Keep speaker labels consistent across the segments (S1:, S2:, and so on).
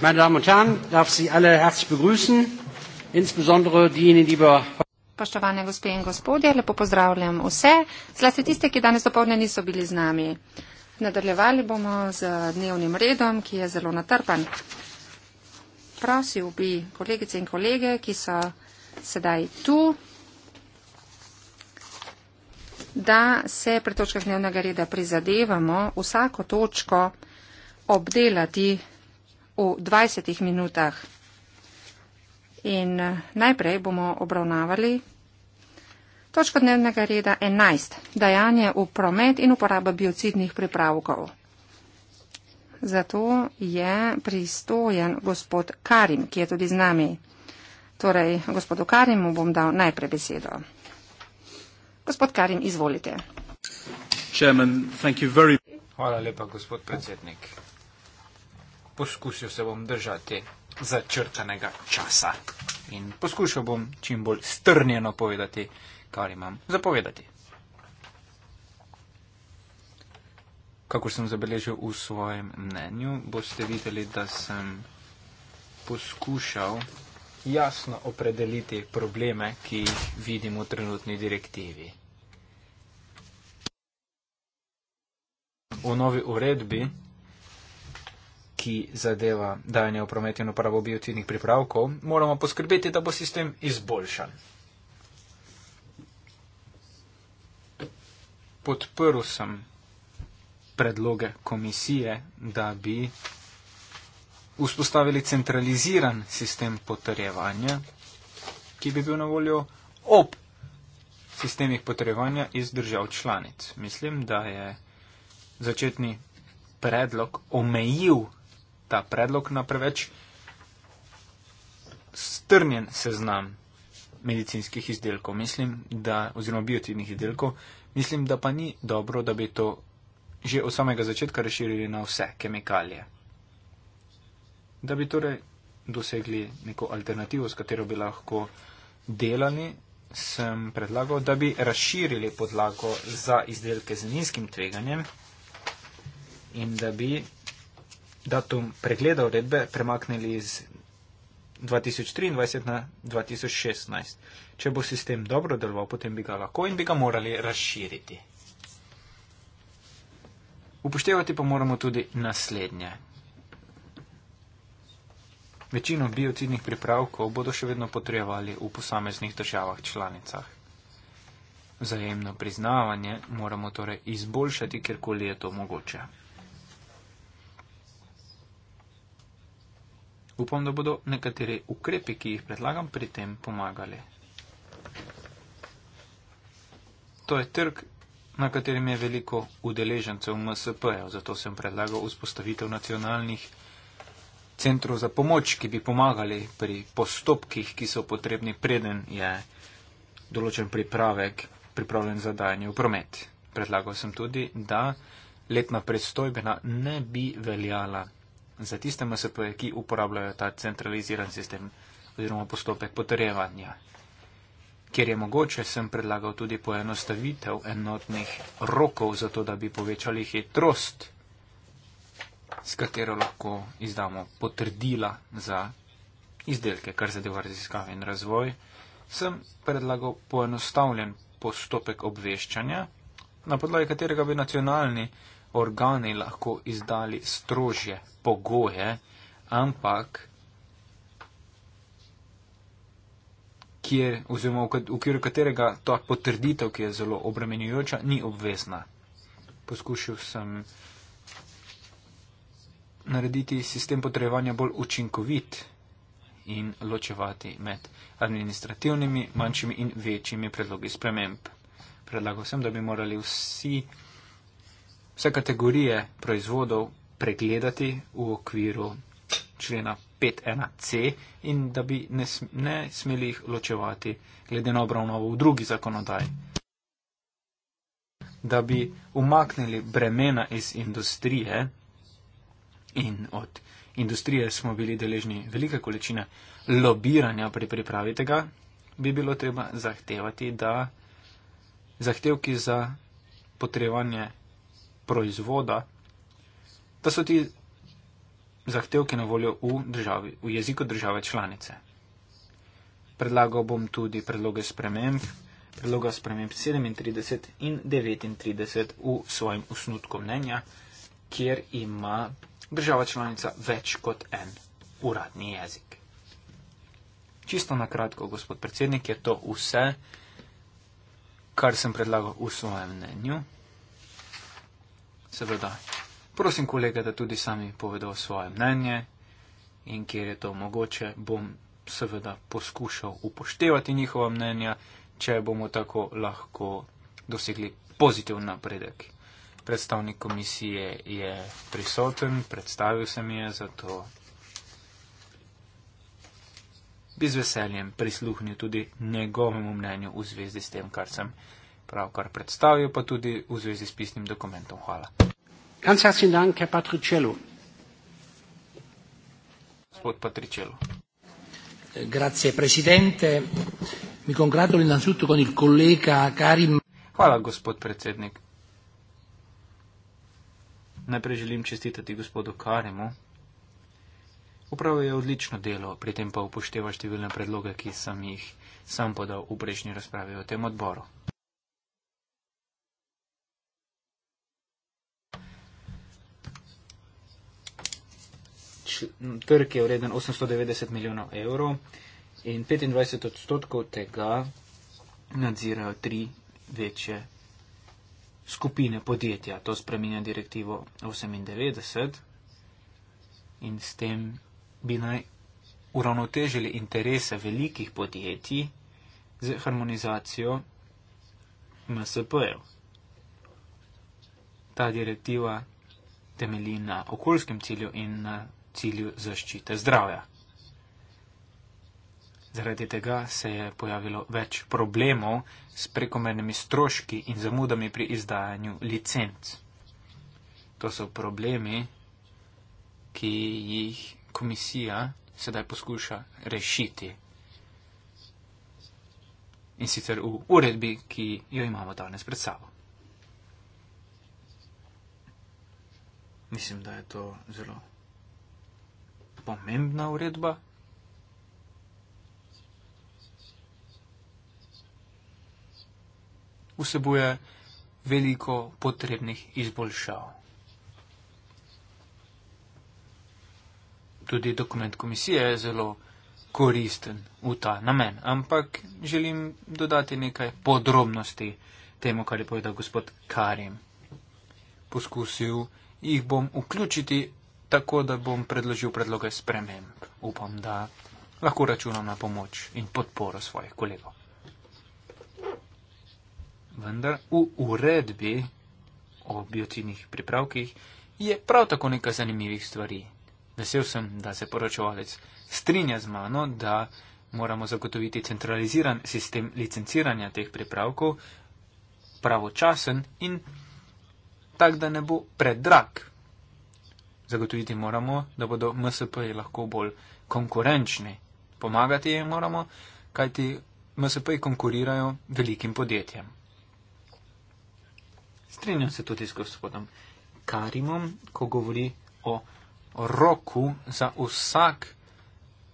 S1: Meine Damen und Herren, darf Sie alle herzlich begrüßen, insbesondere diejenigen, die über
S2: Spoštovane gospe in gospodje, lepo pozdravljam vse, zlasti tiste, ki danes dopolne niso bili z nami. Nadaljevali bomo z dnevnim redom, ki je zelo natrpan. Prosil bi kolegice in kolege, ki so sedaj tu, da se pri točkah dnevnega reda prizadevamo vsako točko obdelati v 20 minutah. In eh, najprej bomo obravnavali točko dnevnega reda 11. Dajanje v promet in uporaba biocidnih pripravkov. Zato je pristojen gospod Karim, ki je tudi z nami. Torej, gospodu Karimu bom dal najprej besedo. Gospod Karim, izvolite.
S1: Chairman, Hvala lepa, gospod predsednik poskusil se bom držati začrtanega časa in poskušal bom čim bolj strnjeno povedati, kar imam zapovedati. Kako sem zabeležil v svojem mnenju, boste videli, da sem poskušal jasno opredeliti probleme, ki jih vidim v trenutni direktivi. V novi uredbi ki zadeva dajanje v promet in uporabo biocidnih pripravkov, moramo poskrbeti, da bo sistem izboljšan. Podprl sem predloge komisije, da bi vzpostavili centraliziran sistem potrjevanja, ki bi bil na voljo ob sistemih potrjevanja iz držav članic. Mislim, da je začetni predlog omejil ta predlog na preveč strnjen seznam medicinskih izdelkov, mislim, da, oziroma biotidnih izdelkov, mislim, da pa ni dobro, da bi to že od samega začetka razširili na vse kemikalije. Da bi torej dosegli neko alternativo, s katero bi lahko delali, sem predlagal, da bi razširili podlago za izdelke z nizkim tveganjem in da bi datum pregleda uredbe premaknili iz 2023 na 2016. Če bo sistem dobro deloval, potem bi ga lahko in bi ga morali razširiti. Upoštevati pa moramo tudi naslednje. Večino biocidnih pripravkov bodo še vedno potrebovali v posameznih državah članicah. Vzajemno priznavanje moramo torej izboljšati, kjerkoli je to mogoče. Upam, da bodo nekateri ukrepi, ki jih predlagam, pri tem pomagali. To je trg, na katerem je veliko udeležencev MSP-jev, zato sem predlagal vzpostavitev nacionalnih centrov za pomoč, ki bi pomagali pri postopkih, ki so potrebni, preden je določen pripravek pripravljen za dajanje v promet. Predlagal sem tudi, da letna predstojbena ne bi veljala za tiste MSP-je, ki uporabljajo ta centraliziran sistem oziroma postopek potrjevanja. Ker je mogoče, sem predlagal tudi poenostavitev enotnih rokov za to, da bi povečali hitrost, s katero lahko izdamo potrdila za izdelke, kar zadeva raziskave in razvoj. Sem predlagal poenostavljen postopek obveščanja, na podlagi katerega bi nacionalni organi lahko izdali strožje pogoje, ampak kjer, oziroma v okviru katerega ta potrditev, ki je zelo obremenjujoča, ni obvezna. Poskušal sem narediti sistem potrejevanja bolj učinkovit in ločevati med administrativnimi, manjšimi in večjimi predlogi sprememb. Predlagal sem, da bi morali vsi vse kategorije proizvodov pregledati v okviru člena 5.1.c in da bi ne, ne smeli jih ločevati glede na obravnavo v drugi zakonodaji. Da bi umaknili bremena iz industrije in od industrije smo bili deležni velike količine lobiranja pri pripravi tega, bi bilo treba zahtevati, da zahtevki za potrebovanje proizvoda, da so ti zahtevki na voljo v, državi, v jeziku države članice. Predlagal bom tudi predloge sprememb, predloga sprememb 37 in 39 v svojem usnutku mnenja, kjer ima država članica več kot en uradni jezik. Čisto na kratko, gospod predsednik, je to vse, kar sem predlagal v svojem mnenju seveda prosim kolege, da tudi sami povedo svoje mnenje in kjer je to mogoče, bom seveda poskušal upoštevati njihova mnenja, če bomo tako lahko dosegli pozitiv napredek. Predstavnik komisije je prisoten, predstavil se mi je, zato bi z veseljem prisluhnil tudi njegovemu mnenju v zvezdi s tem, kar sem pravkar predstavil, pa tudi v zvezi s pisnim dokumentom. Hvala. Ganz herzlichen Dank, Herr Patricello. Gospod Patricello. Eh, grazie, Presidente. Mi congratulo innanzitutto con il collega Karim. Hvala, gospod predsednik. Najprej želim čestitati gospodu Karimu. Upravljal je odlično delo, pri tem pa upošteva številne predloge, ki sem jih sam podal v prejšnji razpravi o tem odboru. trg je vreden 890 milijonov evrov in 25 odstotkov tega nadzirajo tri večje skupine podjetja. To spreminja direktivo 98 in s tem bi naj uravnotežili interese velikih podjetij z harmonizacijo MSP-jev. Ta direktiva temelji na okoljskem cilju in na cilju zaščite zdravja. Zaradi tega se je pojavilo več problemov s prekomernimi stroški in zamudami pri izdajanju licenc. To so problemi, ki jih komisija sedaj poskuša rešiti. In sicer v uredbi, ki jo imamo danes pred sabo. Mislim, da je to zelo pomembna uredba. Vsebuje veliko potrebnih izboljšav. Tudi dokument komisije je zelo koristen v ta namen, ampak želim dodati nekaj podrobnosti temu, kar je povedal gospod Karim. Poskusil jih bom vključiti tako da bom predložil predloge sprememb. Upam, da lahko računam na pomoč in podporo svojih kolegov. Vendar v uredbi o biotinih pripravkih je prav tako nekaj zanimivih stvari. Vesel sem, da se poročevalec strinja z mano, da moramo zagotoviti centraliziran sistem licenciranja teh pripravkov, pravočasen in tak, da ne bo predrag zagotoviti moramo, da bodo MSP-ji lahko bolj konkurenčni. Pomagati jim moramo, kajti MSP-ji konkurirajo velikim podjetjem. Strinjam se tudi s gospodom Karimom, ko govori o roku za vsak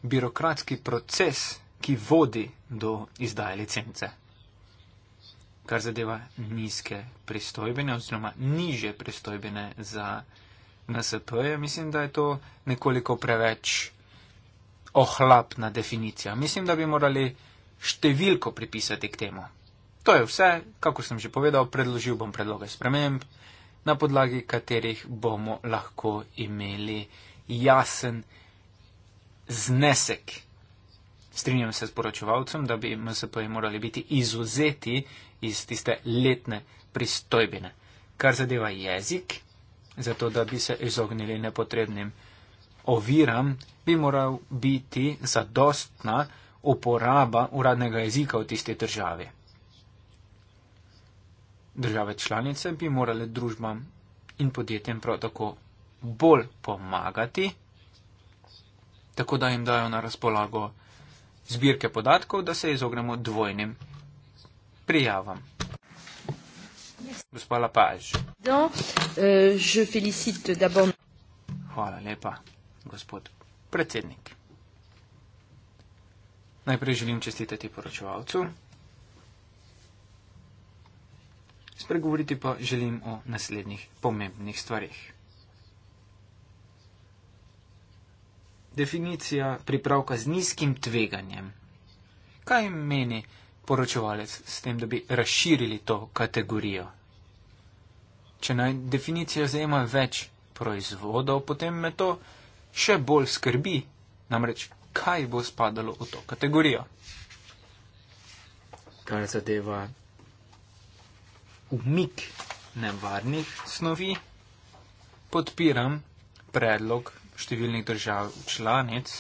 S1: birokratski proces, ki vodi do izdaje licence. Kar zadeva nizke pristojbine oziroma niže pristojbine za. NSP-je, mislim, da je to nekoliko preveč ohlapna definicija. Mislim, da bi morali številko pripisati k temu. To je vse, kako sem že povedal, predložil bom predloge sprememb, na podlagi katerih bomo lahko imeli jasen znesek. Strinjam se s poročevalcem, da bi MSP-ji morali biti izuzeti iz tiste letne pristojbine. Kar zadeva jezik, zato da bi se izognili nepotrebnim oviram, bi moral biti zadostna uporaba uradnega jezika v tisti državi. Države članice bi morale družbam in podjetjem prav tako bolj pomagati, tako da jim dajo na razpolago zbirke podatkov, da se izognemo dvojnim prijavam. Gospa Lapage.
S3: Non, euh,
S1: Hvala lepa, gospod predsednik. Najprej želim čestitati poročevalcu. Spregovoriti pa želim o naslednjih pomembnih stvarih. Definicija pripravka z nizkim tveganjem. Kaj meni poročevalec s tem, da bi razširili to kategorijo Če naj definicija zajema več proizvodov, potem me to še bolj skrbi, namreč kaj bo spadalo v to kategorijo. Kar zadeva umik nevarnih snovi, podpiram predlog številnih držav članic,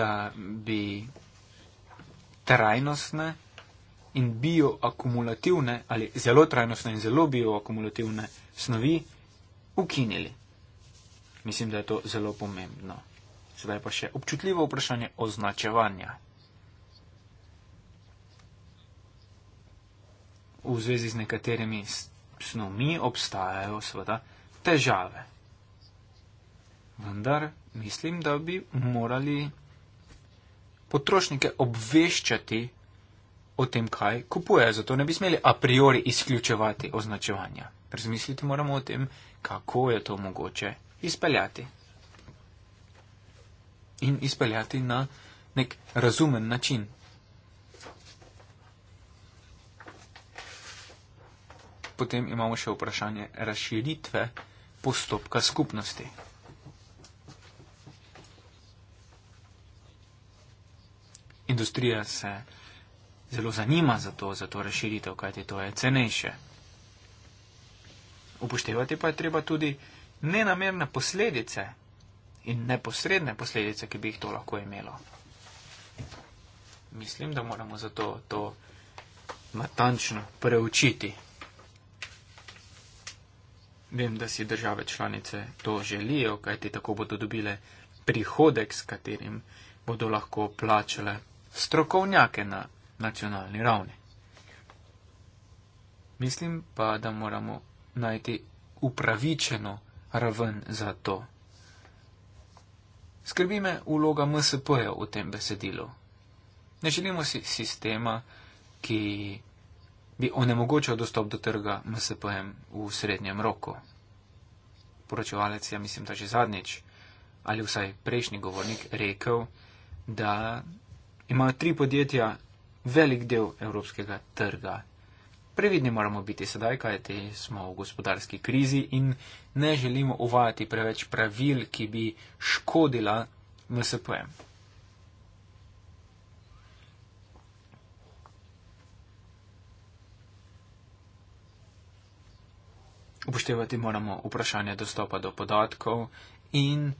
S1: da bi trajnostne in bioakumulativne ali zelo trajnostne in zelo bioakumulativne snovi ukinili. Mislim, da je to zelo pomembno. Sedaj pa še občutljivo vprašanje označevanja. V zvezi z nekaterimi snovmi obstajajo seveda težave. Vendar mislim, da bi morali potrošnike obveščati o tem, kaj kupujejo. Zato ne bi smeli a priori izključevati označevanja. Razmisliti moramo o tem, kako je to mogoče izpeljati. In izpeljati na nek razumen način. Potem imamo še vprašanje razširitve postopka skupnosti. Industrija se zelo zanima za to, za to razširitev, kajti to je cenejše. Upoštevati pa je treba tudi nenamerne posledice in neposredne posledice, ki bi jih to lahko imelo. Mislim, da moramo zato to natančno preučiti. Vem, da si države članice to želijo, kajti tako bodo dobile prihodek, s katerim bodo lahko plačale strokovnjake na nacionalni ravni. Mislim pa, da moramo najti upravičeno raven za to. Skrbi me vloga MSP-ja v tem besedilu. Ne želimo si sistema, ki bi onemogočal dostop do trga MSP-jem v srednjem roku. Poročevalec je, mislim, da že zadnjič ali vsaj prejšnji govornik rekel, da imajo tri podjetja velik del evropskega trga. Previdni moramo biti sedaj, kajti smo v gospodarski krizi in ne želimo uvajati preveč pravil, ki bi škodila MSP-jem. Upoštevati moramo vprašanje dostopa do podatkov in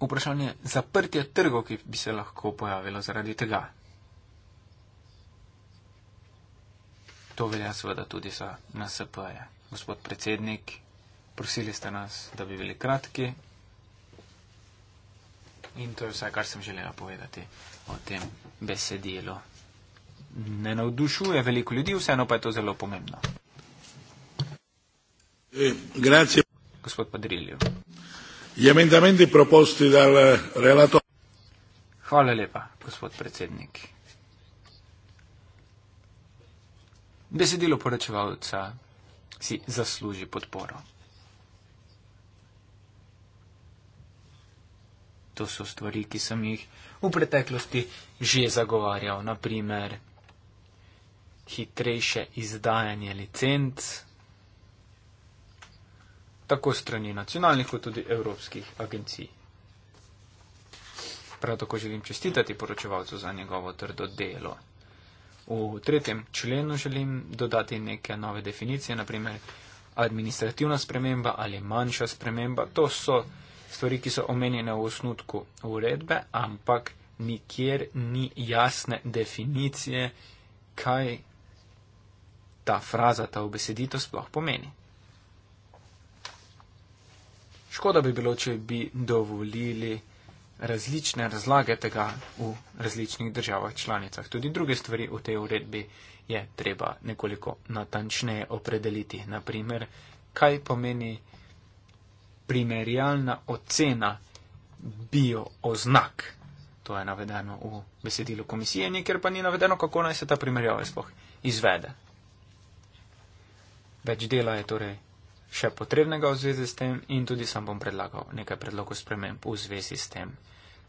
S1: vprašanje zaprtja trgov, ki bi se lahko pojavilo zaradi tega. To velja seveda tudi za NSP-je. Gospod predsednik, prosili ste nas, da bi bili kratki. In to je vse, kar sem želela povedati o tem besedilu. Ne navdušuje veliko ljudi, vseeno pa je to zelo pomembno. Eh, grazie. Gospod Padriljo. Eh, Hvala lepa, gospod predsednik. besedilo poročevalca si zasluži podporo. To so stvari, ki sem jih v preteklosti že zagovarjal, naprimer hitrejše izdajanje licenc, tako strani nacionalnih, kot tudi evropskih agencij. Prav tako želim čestitati poročevalcu za njegovo trdo delo. V tretjem členu želim dodati neke nove definicije, naprimer administrativna sprememba ali manjša sprememba. To so stvari, ki so omenjene v osnutku uredbe, ampak nikjer ni jasne definicije, kaj ta fraza, ta obesedito sploh pomeni. Škoda bi bilo, če bi dovolili različne razlage tega v različnih državah članicah. Tudi druge stvari v tej uredbi je treba nekoliko natančneje opredeliti. Naprimer, kaj pomeni primerjalna ocena bio oznak. To je navedeno v besedilu komisije, nekjer pa ni navedeno, kako naj se ta primerjava sploh izvede. Več dela je torej še potrebnega v zvezi s tem in tudi sam bom predlagal nekaj predlogov sprememb v zvezi s tem,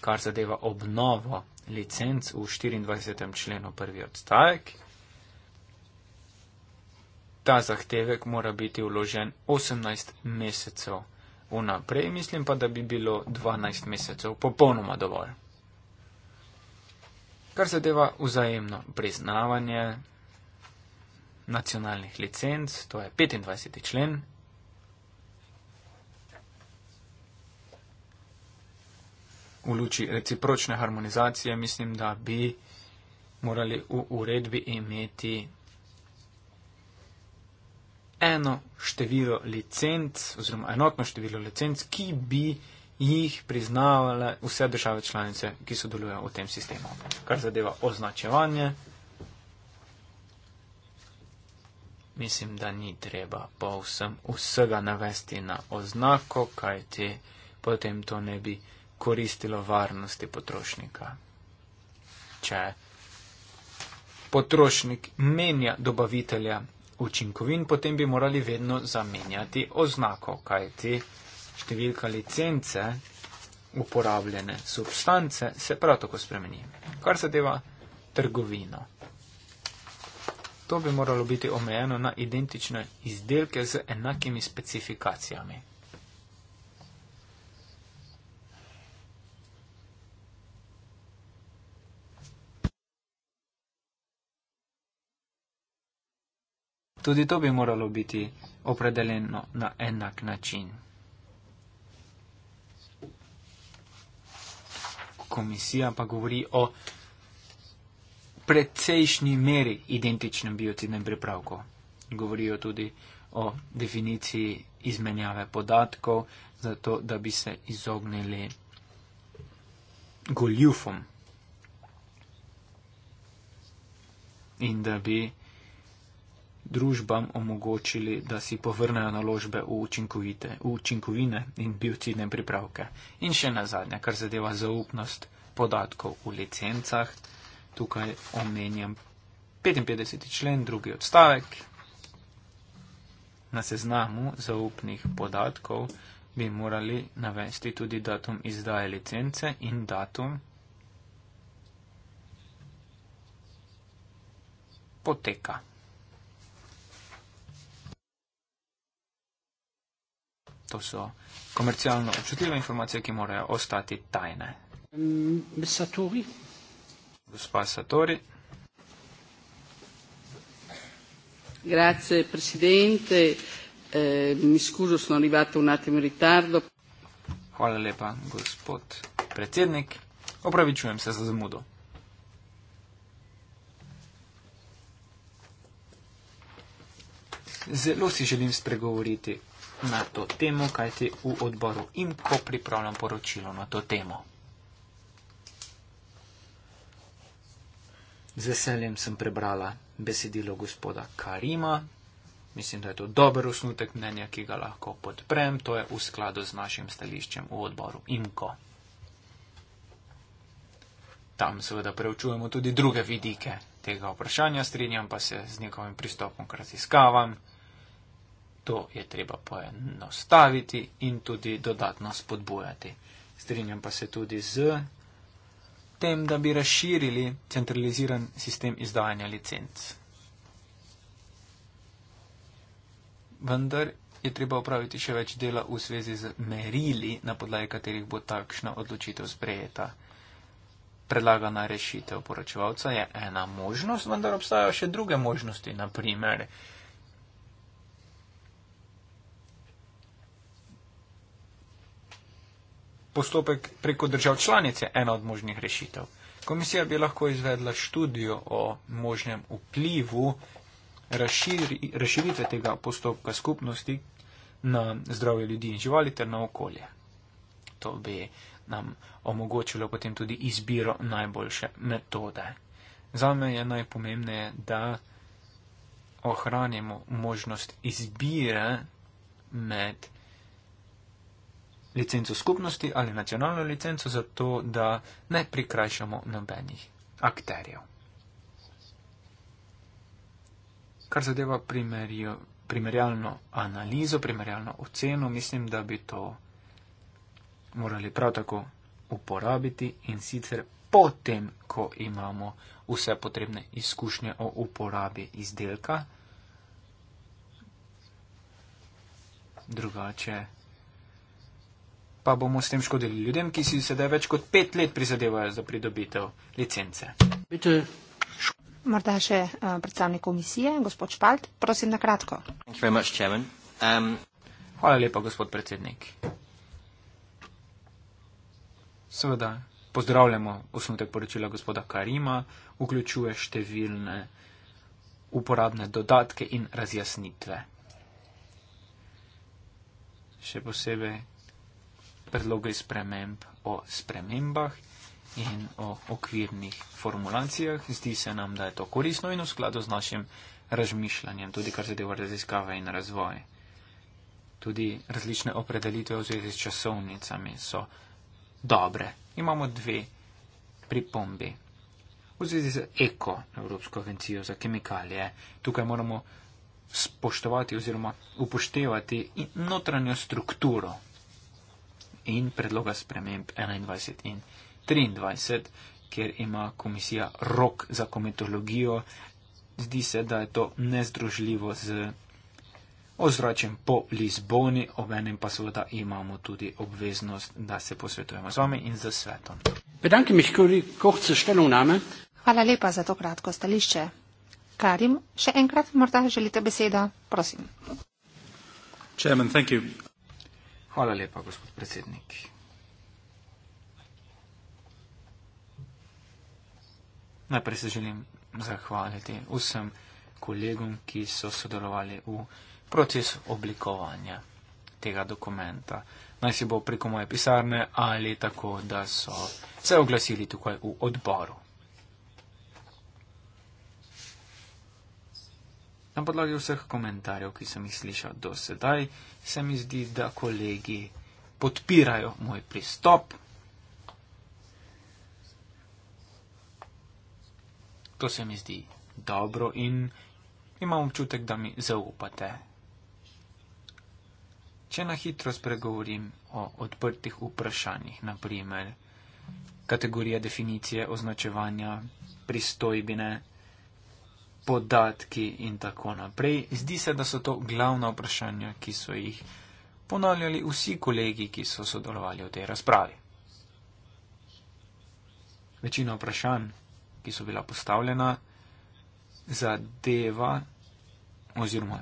S1: kar zadeva obnovo licenc v 24. členu prvi odstavek. Ta zahtevek mora biti uložen 18 mesecev vnaprej, mislim pa, da bi bilo 12 mesecev popolnoma dovolj. Kar zadeva vzajemno priznavanje nacionalnih licenc, to je 25. člen v luči recipročne harmonizacije mislim, da bi morali v uredbi imeti eno število licenc oziroma enotno število licenc, ki bi jih priznavale vse države članice, ki sodelujo v tem sistemu. Kar zadeva označevanje, mislim, da ni treba pa vsem vsega navesti na oznako, kaj te potem to ne bi koristilo varnosti potrošnika. Če potrošnik menja dobavitelja učinkovin, potem bi morali vedno zamenjati oznako, kajti številka licence uporabljene substance se prav tako spremeni. Kar zadeva trgovino. To bi moralo biti omejeno na identične izdelke z enakimi specifikacijami. Tudi to bi moralo biti opredeljeno na enak način. Komisija pa govori o precejšnji meri identičnem biocidnem pripravku. Govorijo tudi o definiciji izmenjave podatkov, zato da bi se izognili goljufom in da bi družbam omogočili, da si povrnejo naložbe v, v učinkovine in biocidne pripravke. In še na zadnje, kar zadeva zaupnost podatkov v licencah, tukaj omenjam 55. člen, drugi odstavek. Na seznamu zaupnih podatkov bi morali navesti tudi datum izdaje licence in datum poteka. To so komercialno občutljive informacije, ki morajo ostati tajne. Satori. Gospa Satori.
S2: Grazie, presidente. Eh, mi scuso, sono arrivato un attimo in ritardo. Hvala
S1: lepa, gospod predsednik. Opravičujem se za zamudo. Zelo si želim spregovoriti na to temo, kajti v odboru IMKO pripravljam poročilo na to temo. Z veseljem sem prebrala besedilo gospoda Karima. Mislim, da je to dober osnutek mnenja, ki ga lahko podprem. To je v skladu z našim stališčem v odboru IMKO. Tam seveda preučujemo tudi druge vidike tega vprašanja, strinjam pa se z njegovim pristopom k raziskavam. To je treba poenostaviti in tudi dodatno spodbujati. Strinjam pa se tudi z tem, da bi razširili centraliziran sistem izdajanja licenc. Vendar je treba upraviti še več dela v zvezi z merili, na podlagi katerih bo takšna odločitev sprejeta. Predlagana rešitev poročevalca je ena možnost, vendar obstajajo še druge možnosti, naprimer. postopek preko držav članice ena od možnih rešitev. Komisija bi lahko izvedla študijo o možnem vplivu razširitve tega postopka skupnosti na zdravje ljudi in živali ter na okolje. To bi nam omogočilo potem tudi izbiro najboljše metode. Za me je najpomembneje, da ohranimo možnost izbire med licenco skupnosti ali nacionalno licenco za to, da ne prikrajšamo nobenih akterjev. Kar zadeva primerjo, primerjalno analizo, primerjalno oceno, mislim, da bi to morali prav tako uporabiti in sicer potem, ko imamo vse potrebne izkušnje o uporabi izdelka. Drugače pa bomo s tem škodili ljudem, ki si sedaj več kot pet let prizadevajo za pridobitev licence. Bite.
S2: Morda še uh, predstavnik komisije, gospod Špalt, prosim na kratko.
S1: Much, um... Hvala lepa, gospod predsednik. Seveda, pozdravljamo osnutek poročila gospoda Karima, vključuje številne uporabne dodatke in razjasnitve. Še posebej predloge sprememb o spremembah in o okvirnih formulacijah. Zdi se nam, da je to korisno in v skladu z našim razmišljanjem, tudi kar zadeva raziskave in razvoj. Tudi različne opredelitve v zvezi s časovnicami so dobre. Imamo dve pripombi. V zvezi z Eko, Evropsko agencijo za kemikalije, tukaj moramo spoštovati oziroma upoštevati notranjo strukturo in predloga sprememb 21 in 23, kjer ima komisija rok za komitologijo. Zdi se, da je to nezdružljivo z ozračjem po Lizboni, obenem pa seveda imamo tudi obveznost, da se posvetujemo z vami in z svetom.
S3: Bedanke, Mihkuri, Hvala lepa
S2: za to kratko stališče. Karim, še enkrat morda želite besedo, prosim.
S1: Chairman, thank you. Hvala lepa, gospod predsednik. Najprej se želim zahvaliti vsem kolegom, ki so sodelovali v procesu oblikovanja tega dokumenta. Naj si bo preko moje pisarne ali tako, da so se oglasili tukaj v odboru. Na podlagi vseh komentarjev, ki sem jih slišal do sedaj, se mi zdi, da kolegi podpirajo moj pristop. To se mi zdi dobro in imam občutek, da mi zaupate. Če na hitro spregovorim o odprtih vprašanjih, naprimer kategorija definicije označevanja pristojbine, podatki in tako naprej. Zdi se, da so to glavna vprašanja, ki so jih ponavljali vsi kolegi, ki so sodelovali v tej razpravi. Večina vprašanj, ki so bila postavljena, zadeva oziroma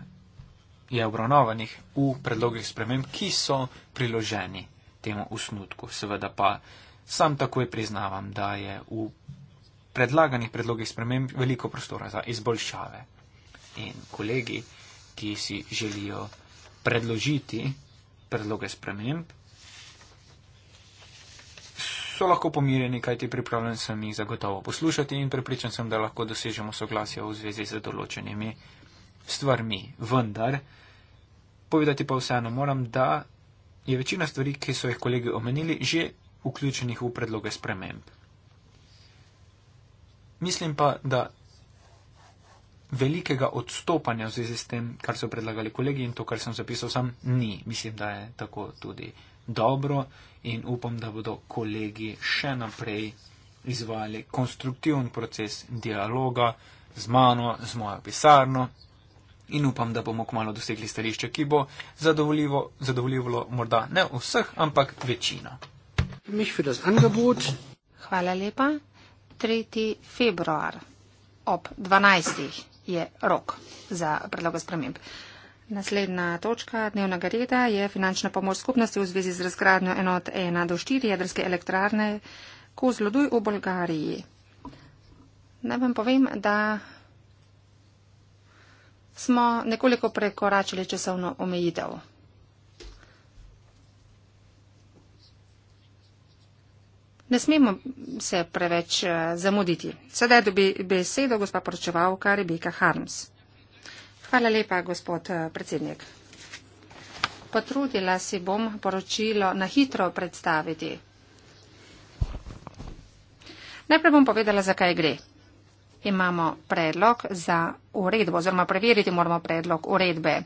S1: je obravnavanih v predlogih sprememb, ki so priloženi temu usnutku. Seveda pa sam takoj priznavam, da je v predlaganih predlogih sprememb veliko prostora za izboljšave. In kolegi, ki si želijo predložiti predloge sprememb, so lahko pomirjeni, kajti pripravljen sem jih zagotovo poslušati in pripričan sem, da lahko dosežemo soglasje v zvezi z določenimi stvarmi. Vendar, povedati pa vseeno moram, da je večina stvari, ki so jih kolegi omenili, že vključenih v predloge sprememb. Mislim pa, da velikega odstopanja v zvezi s tem, kar so predlagali kolegi in to, kar sem zapisal sam, ni. Mislim, da je tako tudi dobro in upam, da bodo kolegi še naprej izvajali konstruktiven proces dialoga z mano, z mojo pisarno in upam, da bomo kmalo dosegli stališče, ki bo zadovoljivo, zadovoljivo morda ne vseh, ampak večino.
S2: Hvala lepa. 3. februar ob 12. je rok za predlog sprememb. Naslednja točka dnevnega reda je finančna pomoč skupnosti v zvezi z razgradnjo enot 1 do 4 jedrske elektrarne Kozloduj v Bolgariji. Naj vam povem, da smo nekoliko prekoračili časovno omejitev. ne smemo se preveč eh, zamuditi. Sedaj dobi besedo gospa poročevalka Rebika Harms. Hvala lepa, gospod eh, predsednik. Potrudila si bom poročilo na hitro predstaviti. Najprej bom povedala, zakaj gre. Imamo predlog za uredbo, oziroma preveriti moramo predlog uredbe.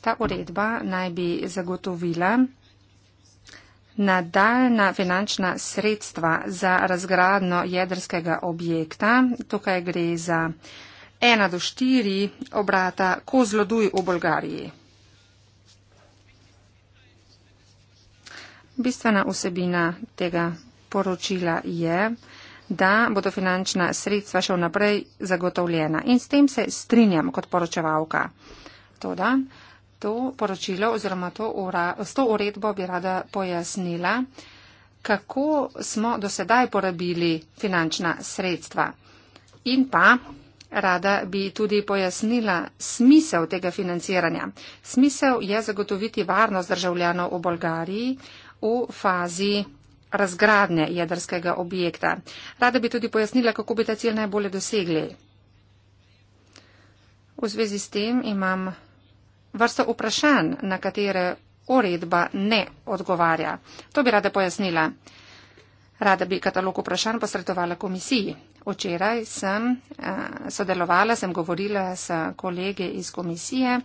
S2: Ta uredba naj bi zagotovila nadaljna finančna sredstva za razgradno jedrskega objekta. Tukaj gre za 1 do 4 obrata Kozloduj v Bolgariji. Bistvena osebina tega poročila je, da bodo finančna sredstva še vnaprej zagotovljena. In s tem se strinjam kot poročevalka. Toda, to poročilo oziroma to ura, s to uredbo bi rada pojasnila, kako smo do sedaj porabili finančna sredstva. In pa rada bi tudi pojasnila smisel tega financiranja. Smisel je zagotoviti varnost državljanov v Bolgariji v fazi razgradnje jedrskega objekta. Rada bi tudi pojasnila, kako bi ta cilj najbolje dosegli. V zvezi s tem imam vrsto vprašanj, na katere uredba ne odgovarja. To bi rada pojasnila. Rada bi katalog vprašanj posredovala komisiji. Včeraj sem eh, sodelovala, sem govorila s kolege iz komisije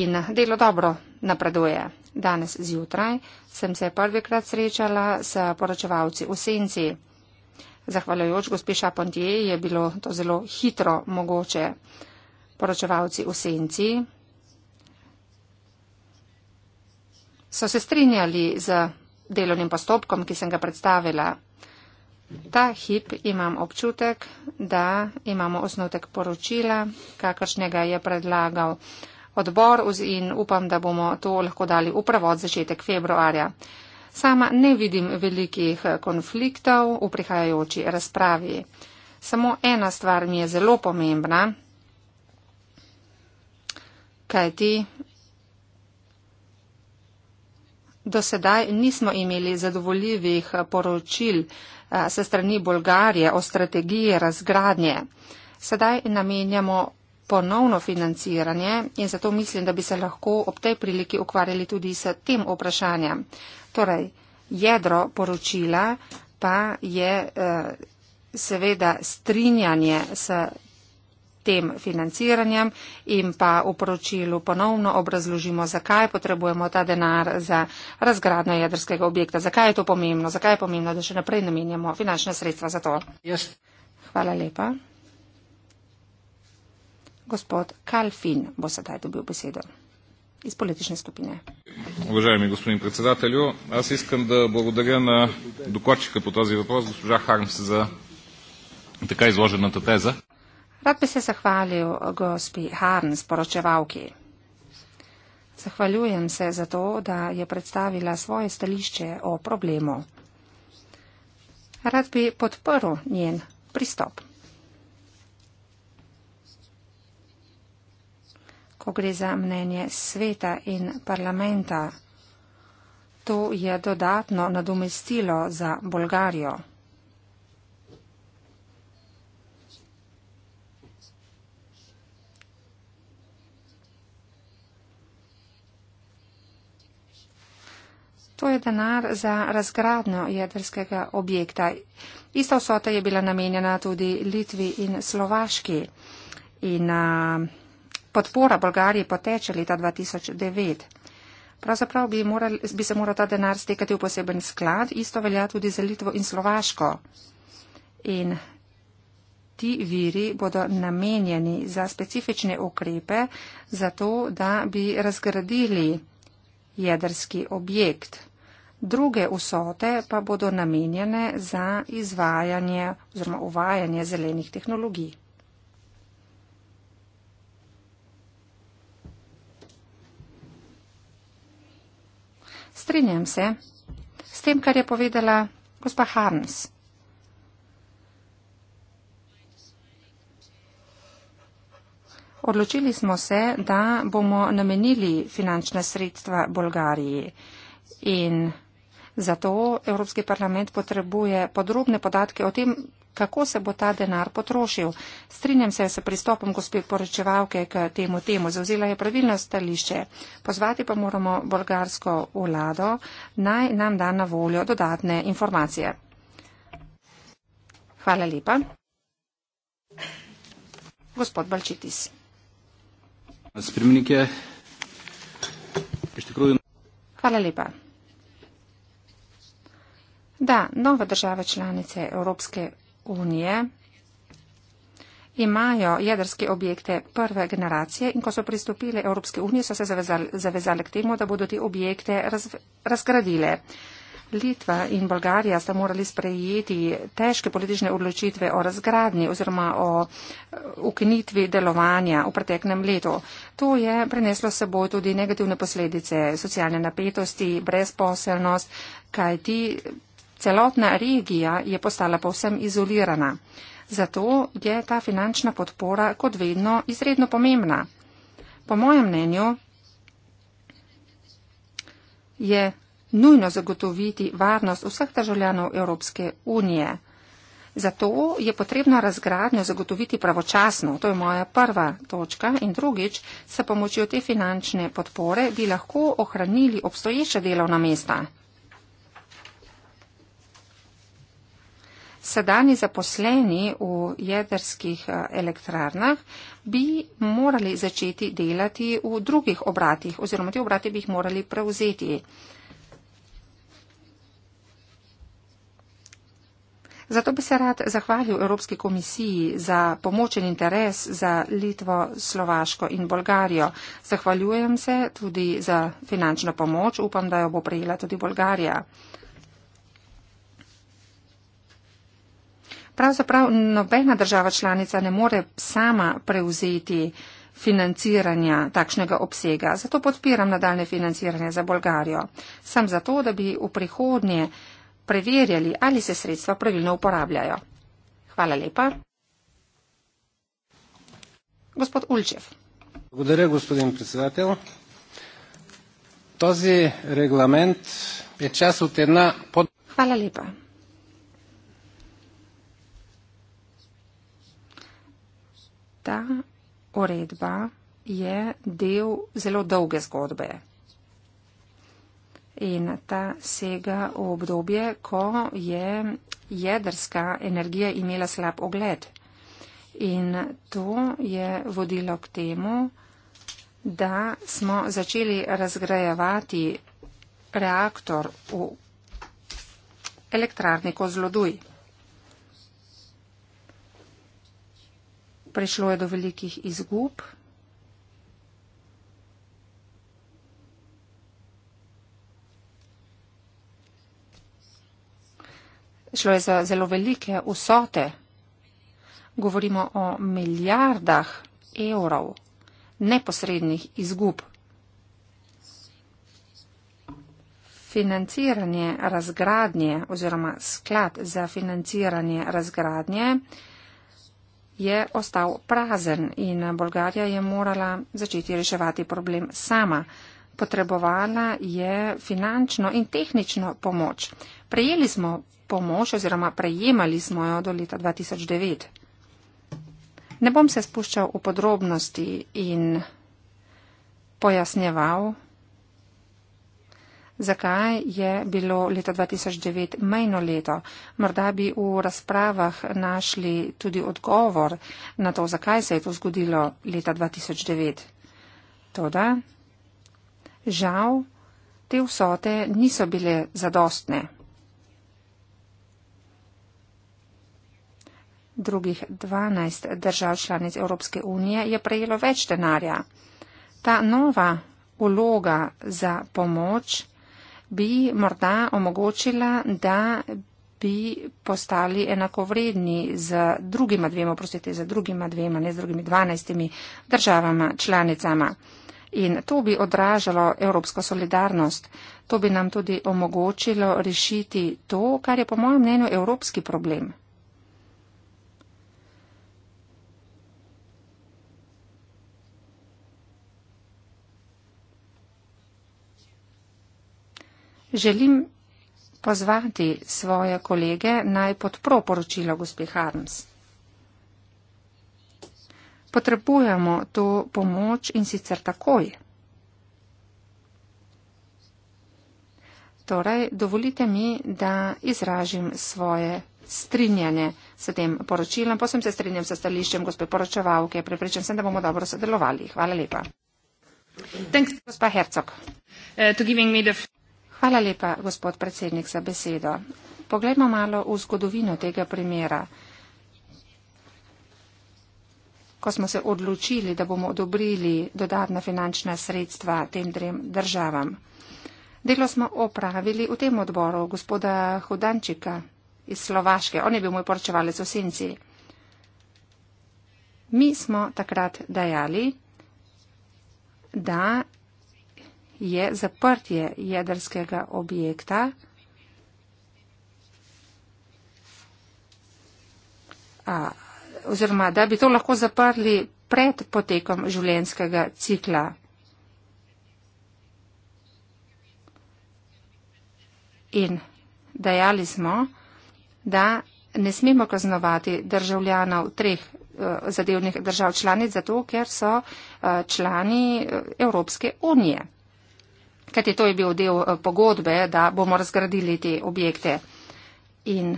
S2: in delo dobro napreduje. Danes zjutraj sem se prvikrat srečala s poročevalci v senci. Zahvaljujoč gospeša Pontije je bilo to zelo hitro mogoče. Poročevalci v senci so se strinjali z delovnim postopkom, ki sem ga predstavila. Ta hip imam občutek, da imamo osnutek poročila, kakršnega je predlagal odbor in upam, da bomo to lahko dali upravo od začetek februarja. Sama ne vidim velikih konfliktov v prihajajoči razpravi. Samo ena stvar mi je zelo pomembna, kajti Do sedaj nismo imeli zadovoljivih eh, poročil eh, se strani Bolgarije o strategiji razgradnje. Sedaj namenjamo ponovno financiranje in zato mislim, da bi se lahko ob tej priliki ukvarjali tudi s tem vprašanjem. Torej, jedro poročila pa je eh, seveda strinjanje s tem financiranjem in pa v poročilu ponovno obrazložimo, zakaj potrebujemo ta denar za razgradno jedrskega objekta, zakaj je to pomembno, zakaj je pomembno, da še naprej namenjamo finančne sredstva za to. Yes. Hvala lepa. Gospod Kalfin bo sedaj dobil besedo iz politične skupine.
S1: Уважаеми господин председателю, аз искам да благодаря на докладчика по този въпрос, госпожа Хармс, за така изложената теза.
S2: Rad bi se zahvalil eh, gospi Harns, poročevalki. Zahvaljujem se za to, da je predstavila svoje stališče o problemu. Rad bi podprl njen pristop. Ko gre za mnenje sveta in parlamenta, to je dodatno nadomestilo za Bolgarijo. to je denar za razgradno jedrskega objekta. Ista vsota je bila namenjena tudi Litvi in Slovaški. In a, podpora Bolgariji poteče leta 2009. Pravzaprav bi, moral, bi se moral ta denar stekati v poseben sklad, isto velja tudi za Litvo in Slovaško. In ti viri bodo namenjeni za specifične ukrepe, zato da bi razgradili jedrski objekt. Druge vsote pa bodo namenjene za izvajanje oziroma uvajanje zelenih tehnologij. Strinjam se s tem, kar je povedala gospa Harms. Odločili smo se, da bomo namenili finančna sredstva Bolgariji in Zato Evropski parlament potrebuje podrobne podatke o tem, kako se bo ta denar potrošil. Strinjam se s pristopom gospe poročevalke k temu temu. Zauzela je pravilno stališče. Pozvati pa moramo bolgarsko vlado, naj nam da na voljo dodatne informacije. Hvala lepa. Gospod Balčitis. Hvala lepa da nove države članice Evropske unije imajo jedrske objekte prve generacije in ko so pristopile Evropske unije, so se zavezali, zavezali k temu, da bodo te objekte raz, razgradile. Litva in Bolgarija sta morali sprejeti težke politične odločitve o razgradni oziroma o eh, ukinitvi delovanja v preteknem letu. To je preneslo s seboj tudi negativne posledice, socialne napetosti, brezposelnost, kajti celotna regija je postala povsem izolirana. Zato je ta finančna podpora kot vedno izredno pomembna. Po mojem mnenju je nujno zagotoviti varnost vseh državljanov Evropske unije. Zato je potrebno razgradnjo zagotoviti pravočasno. To je moja prva točka. In drugič, s pomočjo te finančne podpore bi lahko ohranili obstoječe delovna mesta. sedani zaposleni v jedrskih eh, elektrarnah bi morali začeti delati v drugih obratih oziroma te obrate bi jih morali prevzeti. Zato bi se rad zahvalil Evropski komisiji za pomoč in interes za Litvo, Slovaško in Bolgarijo. Zahvaljujem se tudi za finančno pomoč, upam, da jo bo prejela tudi Bolgarija. pravzaprav nobena država članica ne more sama prevzeti financiranja takšnega obsega. Zato podpiram nadaljne financiranje za Bolgarijo. Sem zato, da bi v prihodnje preverjali, ali se sredstva pravilno uporabljajo. Hvala lepa. Gospod Ulčev.
S1: Благодаря, господин председател. Този регламент е част от една под... Хвала
S2: липа. ta uredba je del zelo dolge zgodbe. In ta sega v obdobje, ko je jedrska energija imela slab ogled. In to je vodilo k temu, da smo začeli razgrajevati reaktor v elektrarni Kozloduj. prišlo je do velikih izgub. Šlo je za zelo velike vsote. Govorimo o milijardah evrov neposrednih izgub. Financiranje razgradnje oziroma sklad za financiranje razgradnje je ostal prazen in Bolgarija je morala začeti reševati problem sama. Potrebovala je finančno in tehnično pomoč. Prejeli smo pomoč oziroma prejemali smo jo do leta 2009. Ne bom se spuščal v podrobnosti in pojasnjeval Zakaj je bilo leto 2009 majno leto? Morda bi v razpravah našli tudi odgovor na to, zakaj se je to zgodilo leta 2009. Toda, žal, te vsote niso bile zadostne. Drugih 12 držav članic Evropske unije je prejelo več denarja. Ta nova vloga za pomoč bi morda omogočila, da bi postali enakovredni z drugima dvema, prosite, z drugima dvema, ne z drugimi dvanajstimi državama, članicama. In to bi odražalo evropsko solidarnost. To bi nam tudi omogočilo rešiti to, kar je po mojem mnenju evropski problem. Želim pozvati svoje kolege naj podpro poročilo gospe Harms. Potrebujemo to pomoč in sicer takoj. Torej, dovolite mi, da izražim svoje strinjanje s tem poročilom. Posem se strinjam s stališčem gospe poročevalke. Prepričan sem, da bomo dobro sodelovali. Hvala lepa. Thanks, gospa Herzog. Uh, Hvala lepa, gospod predsednik, za besedo. Poglejmo malo v zgodovino tega primera. Ko smo se odločili, da bomo odobrili dodatna finančna sredstva tem trem državam. Delo smo opravili v tem odboru gospoda Hudančika iz Slovaške. On je bil moj poročevalec v Sinci. Mi smo takrat dajali, da je zaprtje jedrskega objekta a, oziroma da bi to lahko zaprli pred potekom življenjskega cikla. In dejali smo, da ne smemo kaznovati državljanov treh eh, zadevnih držav članic, zato ker so eh, člani eh, Evropske unije kajti to je bil del eh, pogodbe, da bomo razgradili te objekte. In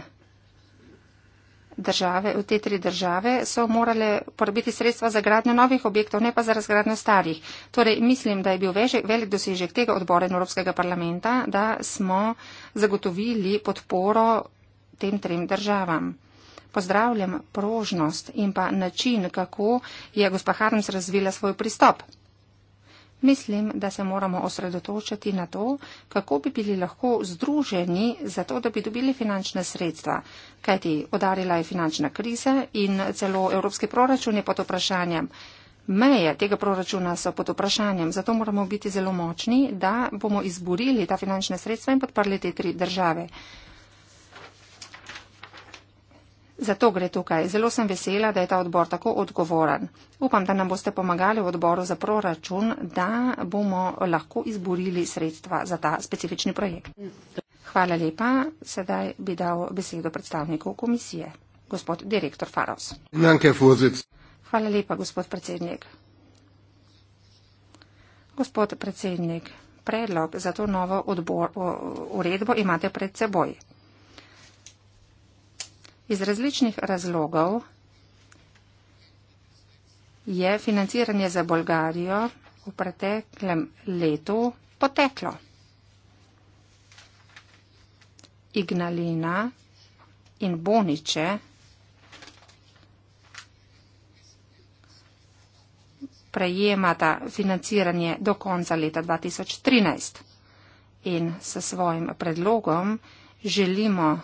S2: države, te tri države so morale porabiti sredstva za gradnjo novih objektov, ne pa za razgradnjo starih. Torej, mislim, da je bil vežek, velik dosežek tega odbora Evropskega parlamenta, da smo zagotovili podporo tem trem državam. Pozdravljam prožnost in pa način, kako je gospa Harms razvila svoj pristop. Mislim, da se moramo osredotočiti na to, kako bi bili lahko združeni za to, da bi dobili finančne sredstva, kajti odarila je finančna kriza in celo evropski proračun je pod vprašanjem. Meje tega proračuna so pod vprašanjem, zato moramo biti zelo močni, da bomo izborili ta finančna sredstva in podprli te tri države. Zato gre tukaj. Zelo sem vesela, da je ta odbor tako odgovoren. Upam, da nam boste pomagali v odboru za proračun, da bomo lahko izborili sredstva za ta specifični projekt. Hvala lepa. Sedaj bi dal besedo predstavniku komisije, gospod direktor Faros. Hvala lepa, gospod predsednik. Gospod predsednik, predlog za to novo odbor, uredbo imate pred seboj. Iz različnih razlogov je financiranje za Bolgarijo v preteklem letu poteklo. Ignalina in Boniče prejemata financiranje do konca leta 2013 in s svojim predlogom želimo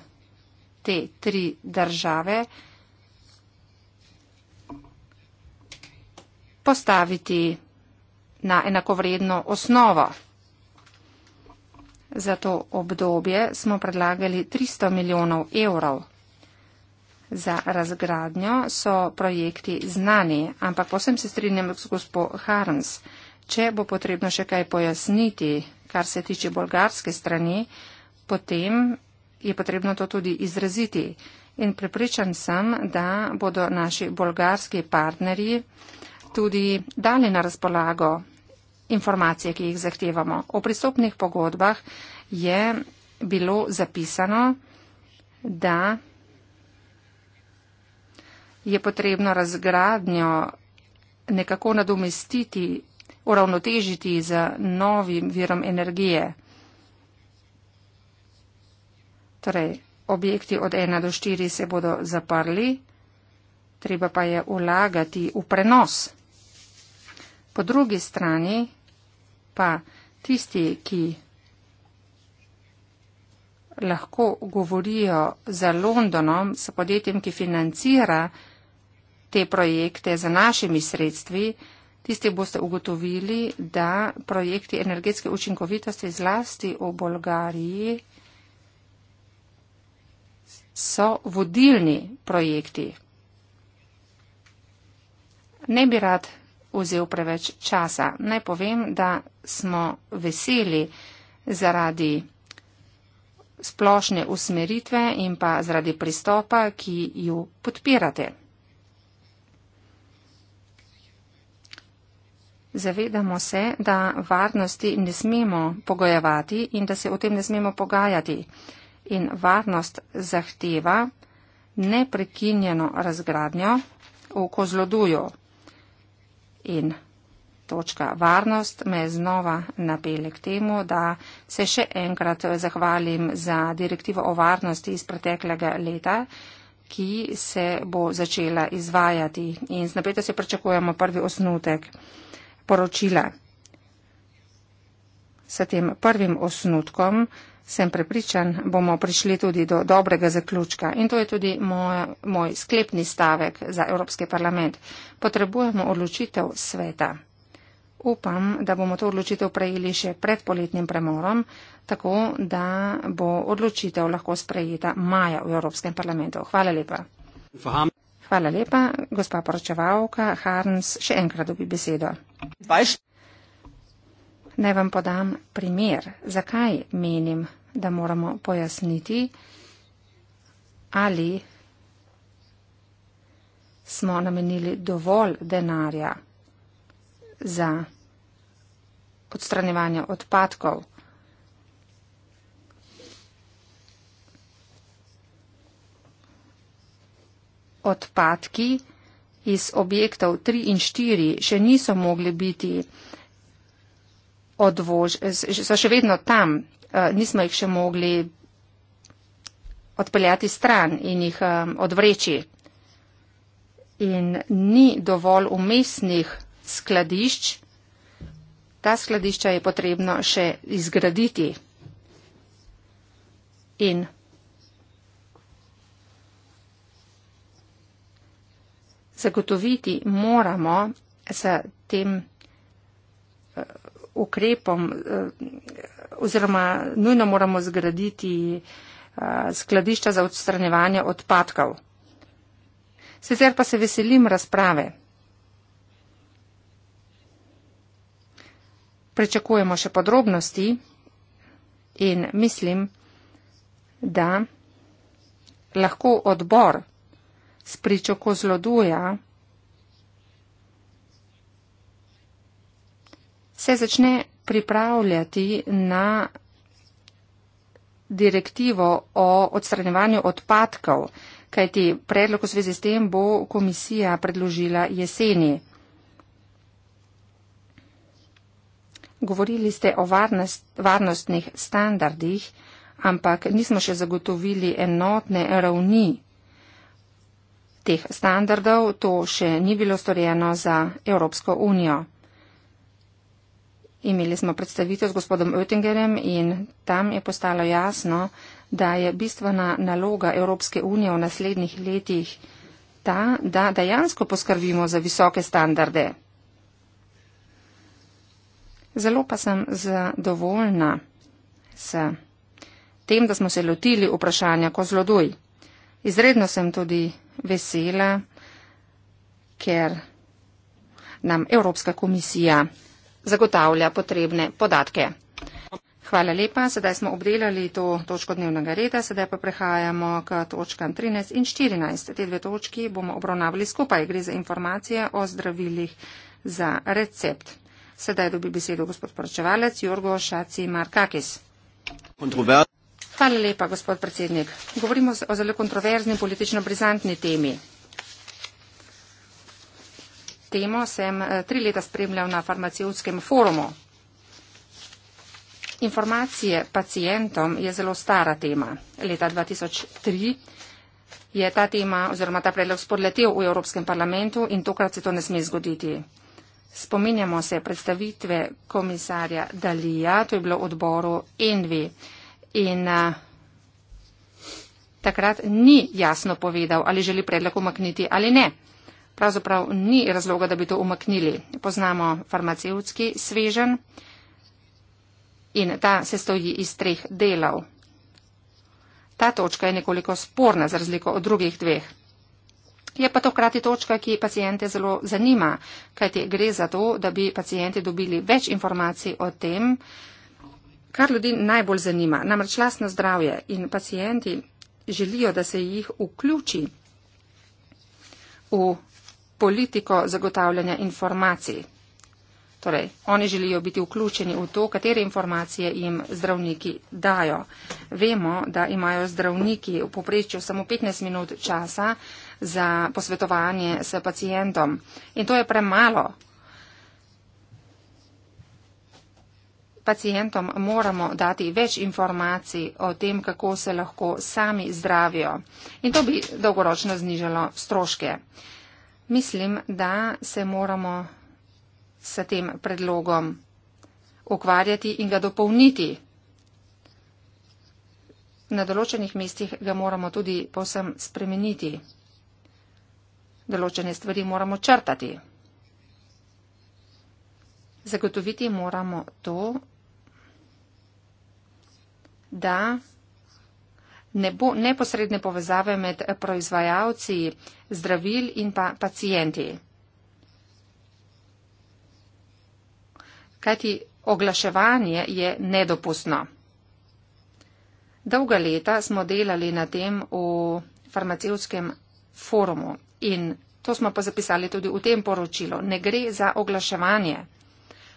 S2: te tri države postaviti na enakovredno osnovo. Za to obdobje smo predlagali 300 milijonov evrov. Za razgradnjo so projekti znani, ampak posem se strinjam s gospod Harms. Če bo potrebno še kaj pojasniti, kar se tiče bolgarske strani, potem je potrebno to tudi izraziti. In prepričan sem, da bodo naši bolgarski partnerji tudi dali na razpolago informacije, ki jih zahtevamo. O pristopnih pogodbah je bilo zapisano, da je potrebno razgradnjo nekako nadomestiti, uravnotežiti z novim virom energije. Torej, objekti od 1 do 4 se bodo zaprli, treba pa je ulagati v prenos. Po drugi strani pa tisti, ki lahko govorijo za Londonom, s podjetjem, ki financira te projekte za našimi sredstvi, tisti boste ugotovili, da projekti energetske učinkovitosti zlasti v Bolgariji so vodilni projekti. Ne bi rad vzel preveč časa. Naj povem, da smo veseli zaradi splošne usmeritve in pa zaradi pristopa, ki ju podpirate. Zavedamo se, da varnosti ne smemo pogojevati in da se o tem ne smemo pogajati in varnost zahteva neprekinjeno razgradnjo v kozloduju. In točka varnost me znova napele k temu, da se še enkrat zahvalim za direktivo o varnosti iz preteklega leta ki se bo začela izvajati in z napetostjo pričakujemo prvi osnutek poročila s tem prvim osnutkom, sem prepričan, bomo prišli tudi do dobrega zaključka. In to je tudi moj, moj sklepni stavek za Evropski parlament. Potrebujemo odločitev sveta. Upam, da bomo to odločitev prejeli še pred poletnim premorom, tako da bo odločitev lahko sprejeta maja v Evropskem parlamentu. Hvala lepa. Faham. Hvala lepa, gospa poročevalka Harns, še enkrat dobi besedo. Vajš. Naj vam podam primer, zakaj menim, da moramo pojasniti, ali smo namenili dovolj denarja za odstranjevanje odpadkov. Odpadki iz objektov 3 in 4 še niso mogli biti odvož, so še vedno tam, eh, nismo jih še mogli odpeljati stran in jih eh, odvreči. In ni dovolj umestnih skladišč, ta skladišča je potrebno še izgraditi. In zagotoviti moramo za tem eh, ukrepom eh, oziroma nujno moramo zgraditi eh, skladišča za odstranjevanje odpadkov. Sicer pa se veselim razprave. Prečakujemo še podrobnosti in mislim, da lahko odbor s pričo kozloduja se začne pripravljati na direktivo o odstranjevanju odpadkov, kajti predlog v zvezi s tem bo komisija predložila jeseni. Govorili ste o varnost, varnostnih standardih, ampak nismo še zagotovili enotne ravni teh standardov, to še ni bilo storjeno za Evropsko unijo. Imeli smo predstavitev z gospodom Oettingerjem in tam je postalo jasno, da je bistvena naloga Evropske unije v naslednjih letih ta, da dejansko poskrbimo za visoke standarde. Zelo pa sem zadovoljna s tem, da smo se lotili vprašanja kozloduj. Izredno sem tudi vesela, ker nam Evropska komisija zagotavlja potrebne podatke. Hvala lepa, sedaj smo obdelali to točko dnevnega reda, sedaj pa prehajamo k točkam 13 in 14. Te dve točki bomo obravnavali skupaj, gre za informacije o zdravilih za recept. Sedaj dobi besedo gospod poročevalec Jorgo Šaci Markakis. Hvala lepa, gospod predsednik. Govorimo o zelo kontroverzni politično brizantni temi temo sem eh, tri leta spremljal na farmacijskem forumu. Informacije pacijentom je zelo stara tema. Leta 2003 je ta tema oziroma ta predlog spodletel v Evropskem parlamentu in tokrat se to ne sme zgoditi. Spominjamo se predstavitve komisarja Dalija, to je bilo odboru Envi in a, eh, takrat ni jasno povedal, ali želi predlog umakniti ali ne pravzaprav ni razloga, da bi to umaknili. Poznamo farmacevtski svežen in ta se stoji iz treh delov. Ta točka je nekoliko sporna za razliko od drugih dveh. Je pa to krati točka, ki pacijente zelo zanima, kajti gre za to, da bi pacijenti dobili več informacij o tem, kar ljudi najbolj zanima, namreč lastno zdravje in pacijenti želijo, da se jih vključi v politiko zagotavljanja informacij. Torej, oni želijo biti vključeni v to, katere informacije jim zdravniki dajo. Vemo, da imajo zdravniki v poprečju samo 15 minut časa za posvetovanje s pacijentom in to je premalo. Pacijentom moramo dati več informacij o tem, kako se lahko sami zdravijo in to bi dolgoročno znižalo stroške. Mislim, da se moramo s tem predlogom ukvarjati in ga dopolniti. Na določenih mestih ga moramo tudi posem spremeniti. Določene stvari moramo črtati. Zagotoviti moramo to, da ne bo neposredne povezave med proizvajalci zdravil in pa pacijenti. Kajti oglaševanje je nedopustno. Dolga leta smo delali na tem v farmacevskem forumu in to smo pa zapisali tudi v tem poročilu. Ne gre za oglaševanje.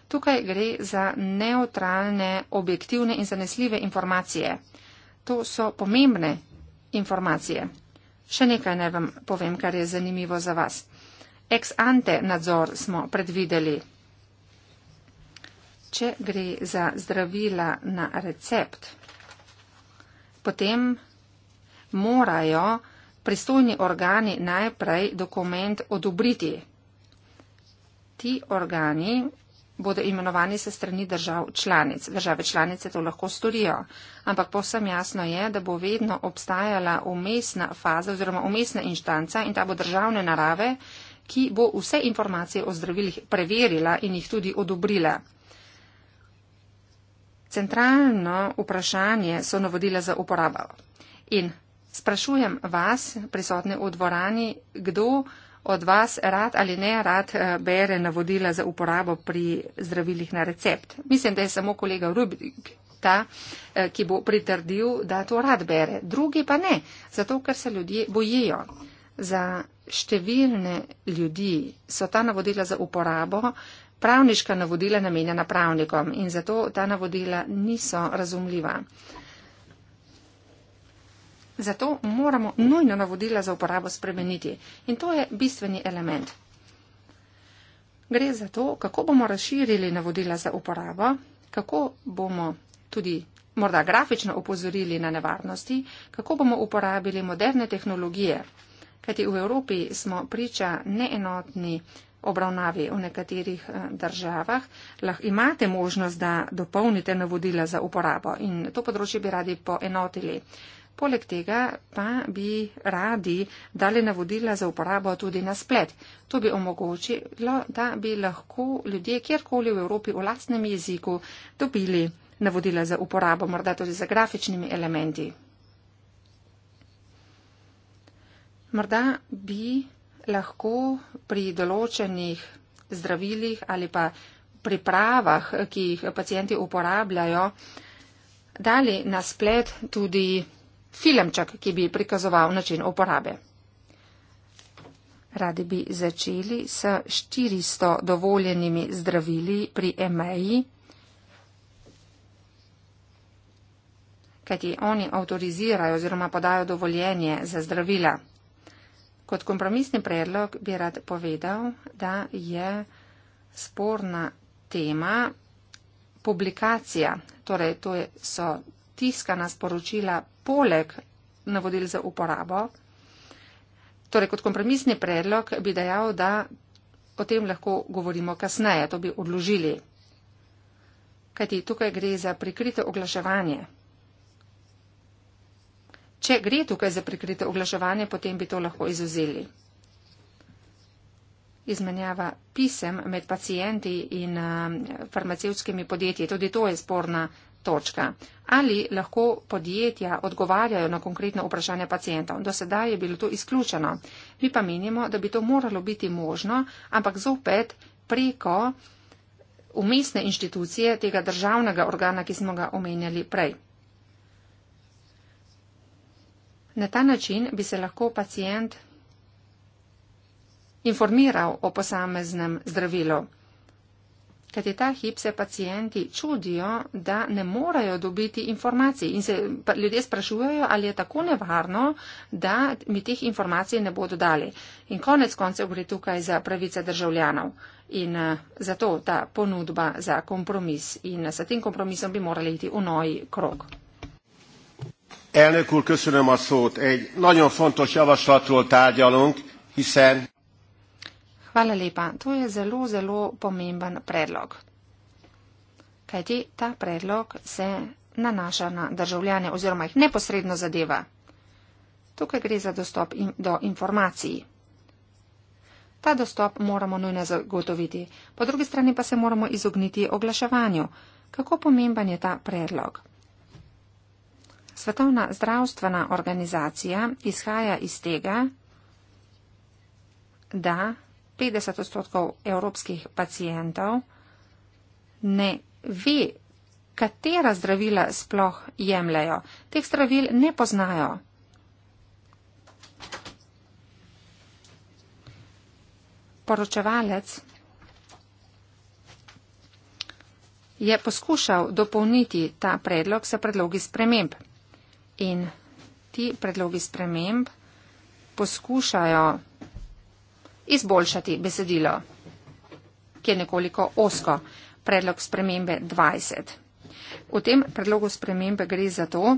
S2: Tukaj gre za neutralne, objektivne in zanesljive informacije to so pomembne informacije. Še nekaj naj ne vam povem, kar je zanimivo za vas. Ex ante nadzor smo predvideli. Če gre za zdravila na recept, potem morajo pristojni organi najprej dokument odobriti. Ti organi bodo imenovani se strani držav članic. Države članice to lahko storijo, ampak posem jasno je, da bo vedno obstajala umestna faza oziroma umestna inštanca in ta bo državne narave, ki bo vse informacije o zdravilih preverila in jih tudi odobrila. Centralno vprašanje so navodila za uporabo. In sprašujem vas, prisotne v dvorani, kdo od vas rad ali ne rad eh, bere navodila za uporabo pri zdravilih na recept. Mislim, da je samo kolega Rubik ta, eh, ki bo pritrdil, da to rad bere. Drugi pa ne, zato ker se ljudje bojijo. Za številne ljudi so ta navodila za uporabo pravniška navodila namenjena pravnikom in zato ta navodila niso razumljiva. Zato moramo nujno navodila za uporabo spremeniti in to je bistveni element. Gre za to, kako bomo razširili navodila za uporabo, kako bomo tudi morda grafično opozorili na nevarnosti, kako bomo uporabili moderne tehnologije, kajti v Evropi smo priča neenotni obravnavi v nekaterih eh, državah, lahko imate možnost, da dopolnite navodila za uporabo in to področje bi radi poenotili. Poleg tega pa bi radi dali navodila za uporabo tudi na splet. To bi omogočilo, da bi lahko ljudje kjerkoli v Evropi v lastnem jeziku dobili navodila za uporabo, morda tudi za grafičnimi elementi. Morda bi lahko pri določenih zdravilih ali pa pripravah, ki jih pacijenti uporabljajo, dali na splet tudi filmček, ki bi prikazoval način uporabe. Radi bi začeli s 400 dovoljenimi zdravili pri MEI, kajti oni avtorizirajo oziroma podajo dovoljenje za zdravila. Kot kompromisni predlog bi rad povedal, da je sporna tema publikacija, torej to je, so tiskana sporočila poleg navodil za uporabo. Torej, kot kompromisni predlog bi dejal, da o tem lahko govorimo kasneje, to bi odložili. Kajti tukaj gre za prikrito oglaševanje. Če gre tukaj za prikrito oglaševanje, potem bi to lahko izuzeli. Izmenjava pisem med pacijenti in eh, farmacevskimi podjetji. Tudi to je sporna Točka. Ali lahko podjetja odgovarjajo na konkretne vprašanja pacijentov? Do sedaj je bilo to izključeno. Mi pa menimo, da bi to moralo biti možno, ampak zopet preko umestne inštitucije tega državnega organa, ki smo ga omenjali prej. Na ta način bi se lahko pacijent informiral o posameznem zdravilu. Kajti ta hip se pacijenti čudijo, da ne morejo dobiti informacij in se ljudje sprašujejo, ali je tako nevarno, da mi teh informacij ne bodo dali. In konec koncev gre tukaj za pravice državljanov. In eh, zato ta ponudba za kompromis. In eh, s tem kompromisom bi morali iti v novi krog.
S3: Elnök úr, köszönöm a szót. Egy nagyon fontos javaslatról tárgyalunk, hiszen.
S2: Hvala lepa. To je zelo, zelo pomemben predlog. Kajti ta predlog se nanaša na državljane oziroma jih neposredno zadeva. Tukaj gre za dostop in, do informacij. Ta dostop moramo nujno zagotoviti. Po drugi strani pa se moramo izogniti oglaševanju. Kako pomemben je ta predlog? Svetovna zdravstvena organizacija izhaja iz tega, da 50 odstotkov evropskih pacijentov ne ve, katera zdravila sploh jemljajo. Teh zdravil ne poznajo. Poročevalec je poskušal dopolniti ta predlog s predlogi sprememb. In ti predlogi sprememb poskušajo izboljšati besedilo, ki je nekoliko osko. Predlog spremembe 20. V tem predlogu spremembe gre za to,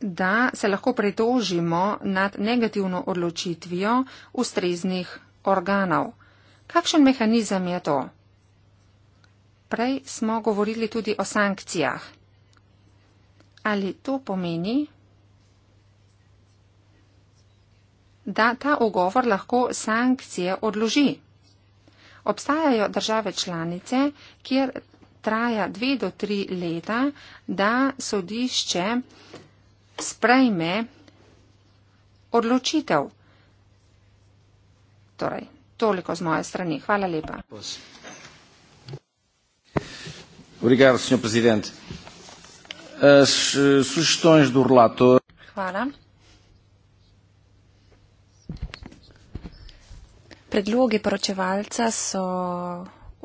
S2: da se lahko pritožimo nad negativno odločitvijo ustreznih organov. Kakšen mehanizem je to? Prej smo govorili tudi o sankcijah. Ali to pomeni, da ta ogovor lahko sankcije odloži. Obstajajo države članice, kjer traja dve do tri leta, da sodišče sprejme odločitev. Torej, toliko z moje strani. Hvala lepa.
S1: Obrigado, eh,
S3: Hvala. predlogi poročevalca so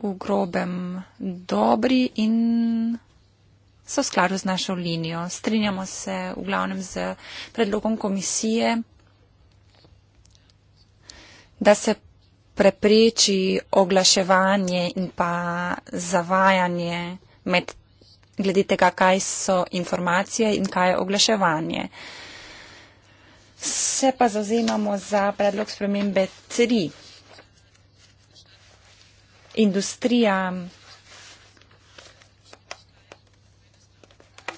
S3: v grobem dobri in so v skladu z našo linijo. Strinjamo se v glavnem z predlogom komisije, da se prepreči oglaševanje in pa zavajanje med glede tega, kaj so informacije in kaj je oglaševanje. Se pa zauzemamo za predlog spremembe 3 industrija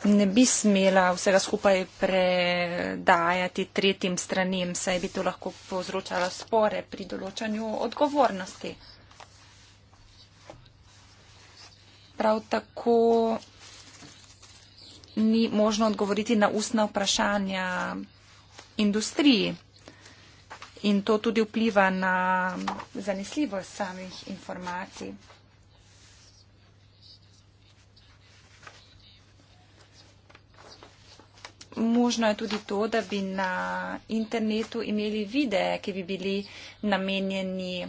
S3: ne bi smela vsega skupaj predajati tretjim stranem, saj bi to lahko povzročalo spore pri določanju odgovornosti. Prav tako ni možno odgovoriti na ustna vprašanja industriji in to tudi vpliva na zanesljivost samih informacij. Možno je tudi to, da bi na internetu imeli videe, ki bi bili namenjeni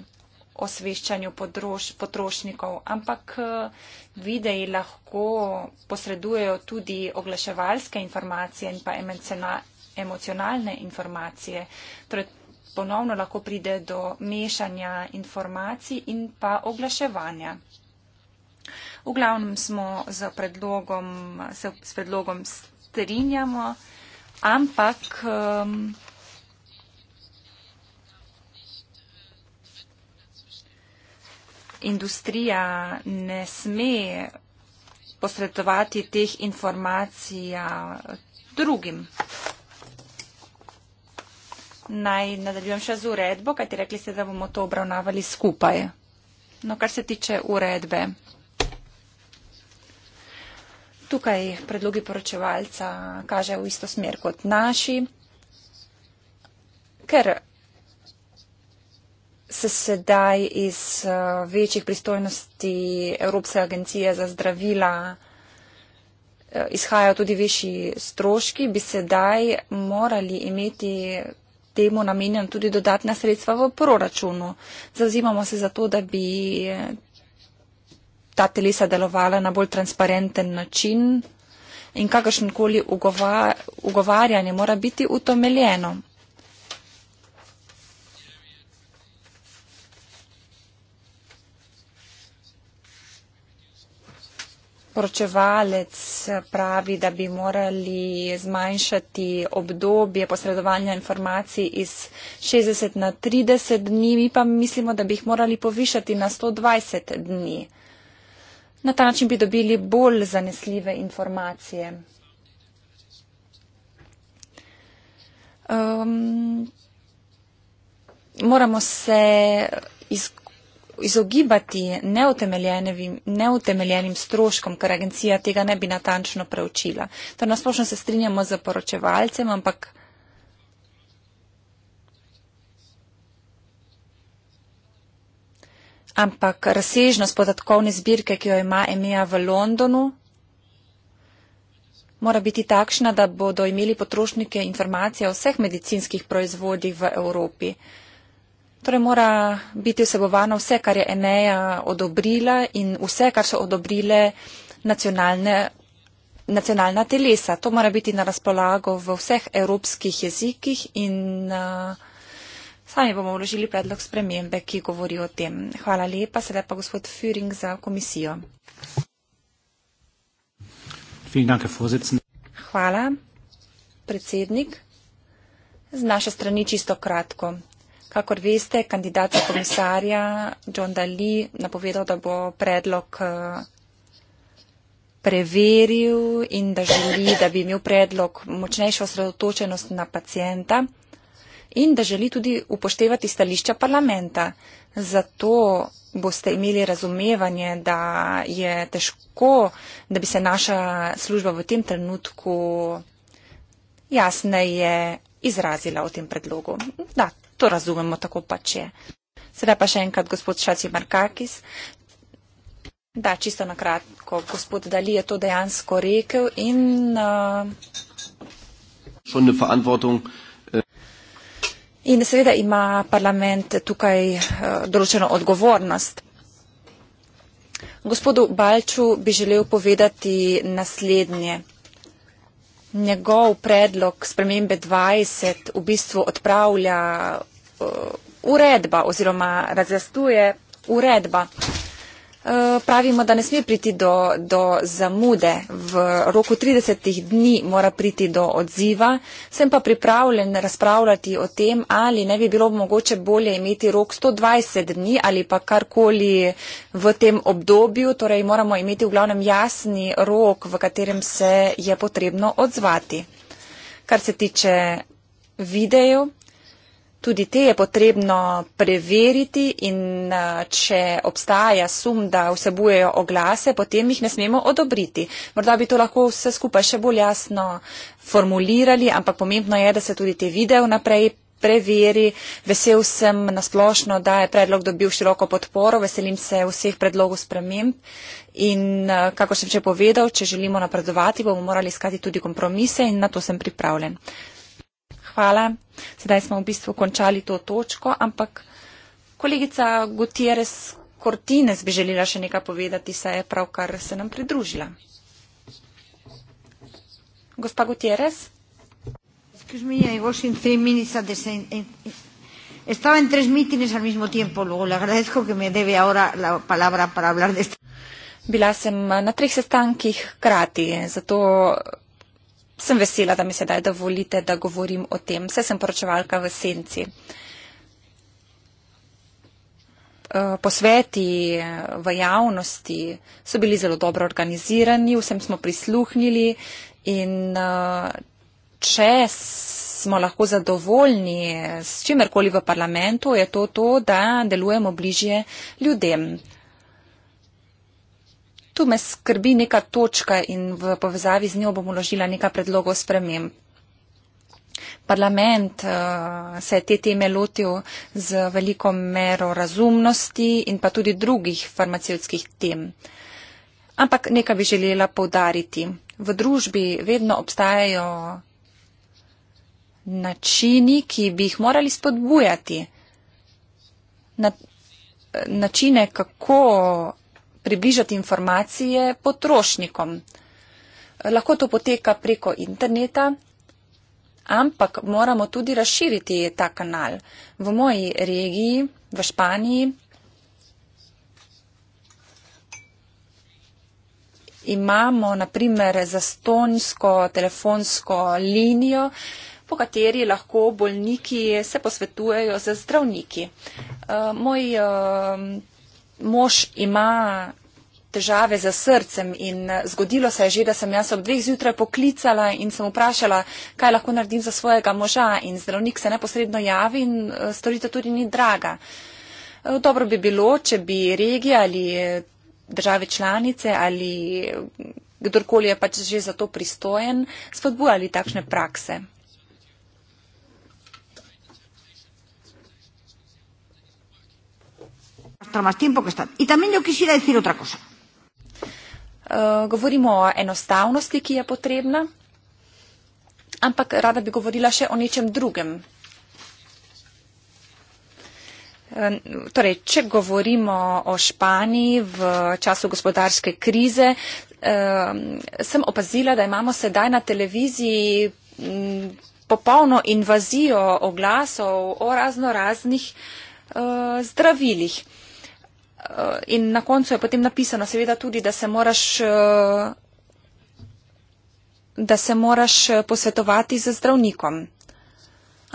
S3: osveščanju podroš, potrošnikov, ampak eh, videi lahko posredujejo tudi oglaševalske informacije in pa emocionalne informacije. Torej, ponovno lahko pride do mešanja informacij in pa oglaševanja. V glavnem smo z predlogom, se s predlogom strinjamo, ampak um, industrija ne sme posredovati teh informacij uh, drugim. Naj nadaljujem še z uredbo, kajti rekli ste, da bomo to obravnavali skupaj. No, kar se tiče uredbe. Tukaj predlogi poročevalca kaže v isto smer kot naši, ker se sedaj iz eh, večjih pristojnosti Evropske agencije za zdravila eh, izhajajo tudi višji stroški, bi sedaj morali imeti temu namenjam tudi dodatna sredstva v proračunu. Zavzimamo se za to, da bi eh, ta telesa delovala na bolj transparenten način in kakršnokoli ugovarjanje mora biti utomeljeno. poročevalec pravi, da bi morali zmanjšati obdobje posredovanja informacij iz 60 na 30 dni, mi pa mislimo, da bi jih morali povišati na 120 dni. Na ta način bi dobili bolj zanesljive informacije. Um, moramo se izkušati izogibati neutemeljenim, neutemeljenim stroškom, ker agencija tega ne bi natančno preučila. To torej, nasplošno se strinjamo z poročevalcem, ampak. Ampak razsežnost podatkovne zbirke, ki jo ima EMEA v Londonu, mora biti takšna, da bodo imeli potrošnike informacije o vseh medicinskih proizvodih v Evropi. Uh, Torej mora biti vsebovano vse, kar je Eneja odobrila in vse, kar so odobrile nacionalne, nacionalna telesa. To mora biti na razpolago v vseh evropskih jezikih in uh, sami bomo vložili predlog spremembe, ki govori o tem. Hvala lepa, sedaj pa gospod Füring za komisijo. Hvala, predsednik. Z naše strani čisto kratko. Kakor veste, kandidat za komisarja John Daly napovedal, da bo predlog eh, preveril in da želi, da bi imel predlog močnejšo osredotočenost na pacijenta in da želi tudi upoštevati stališča parlamenta. Zato boste imeli razumevanje, da je težko, da bi se naša služba v tem trenutku jasneje izrazila o tem predlogu. Da, To razumemo, tako pač je. Sedaj pa še enkrat gospod Šaci Markakis. Da, čisto na kratko, gospod Dali je to dejansko rekel in. Uh, in seveda ima parlament tukaj uh, določeno odgovornost. Gospodu Balču bi želel povedati naslednje njegov predlog spremembe 20 v bistvu odpravlja uh, uredba oziroma razjasnjuje uredba. Eh, pravimo, da ne sme priti do, do zamude. V roku 30 dni mora priti do odziva. Sem pa pripravljen razpravljati o tem, ali ne bi bilo mogoče bolje imeti rok 120 dni ali pa karkoli v tem obdobju. Torej moramo imeti v glavnem jasni rok, v katerem se je potrebno odzvati. Kar se tiče videjo, Tudi te je potrebno preveriti in eh, če obstaja sum, da vsebujejo oglase, potem jih ne smemo odobriti. Morda bi to lahko vse skupaj še bolj jasno formulirali, ampak pomembno je, da se tudi te video naprej preveri. Vesel sem nasplošno, da je predlog dobil široko podporo, veselim se vseh predlogov sprememb in eh, kako sem že povedal, če želimo napredovati, bomo morali iskati tudi kompromise in na to sem pripravljen hvala. Sedaj smo v bistvu končali to točko, ampak kolegica Gutierrez Cortines bi želela še nekaj povedati, saj je pravkar se nam pridružila. Gospa Gutierrez. Estaba en tres mítines al mismo tiempo, luego le agradezco que me debe ahora la palabra para hablar de esto. Bila sem na treh sestankih krati, zato sem vesela, da mi sedaj dovolite, da govorim o tem. Vse sem poročevalka v senci. Eh, posveti eh, v javnosti so bili zelo dobro organizirani, vsem smo prisluhnili in eh, če smo lahko zadovoljni s čimerkoli v parlamentu, je to to, da delujemo bližje ljudem tu me skrbi neka točka in v povezavi z njo bom uložila neka predlogo sprememb. Parlament uh, se je te teme lotil z veliko mero razumnosti in pa tudi drugih farmacevskih tem. Ampak nekaj bi želela povdariti. V družbi vedno obstajajo načini, ki bi jih morali spodbujati. Na, eh, načine, kako približati informacije potrošnikom. Lahko to poteka preko interneta, ampak moramo tudi razširiti ta kanal. V moji regiji, v Španiji, imamo naprimer zastonsko telefonsko linijo, po kateri lahko bolniki se posvetujejo z zdravniki. Eh, moj eh, mož ima težave za srcem in eh, zgodilo se je že, da sem jaz ob dveh zjutraj poklicala in sem vprašala, kaj lahko naredim za svojega moža in zdravnik se neposredno javi in eh, storitev tudi ni draga. Eh, dobro bi bilo, če bi regija ali države članice ali kdorkoli je pač že za to pristojen, spodbujali takšne prakse. para más tiempo que están. Y también yo quisiera decir otra cosa. Uh, govorimo o enostavnosti, ki je potrebna, ampak rada bi govorila še o nečem drugem. Uh, torej, če govorimo o Španiji v času gospodarske krize, uh, sem opazila, da imamo sedaj na televiziji mm, popolno invazijo oglasov o razno raznih uh, zdravilih. Eh, in na koncu je potem napisano seveda tudi, da se moraš, eh, da se moraš eh, posvetovati z zdravnikom.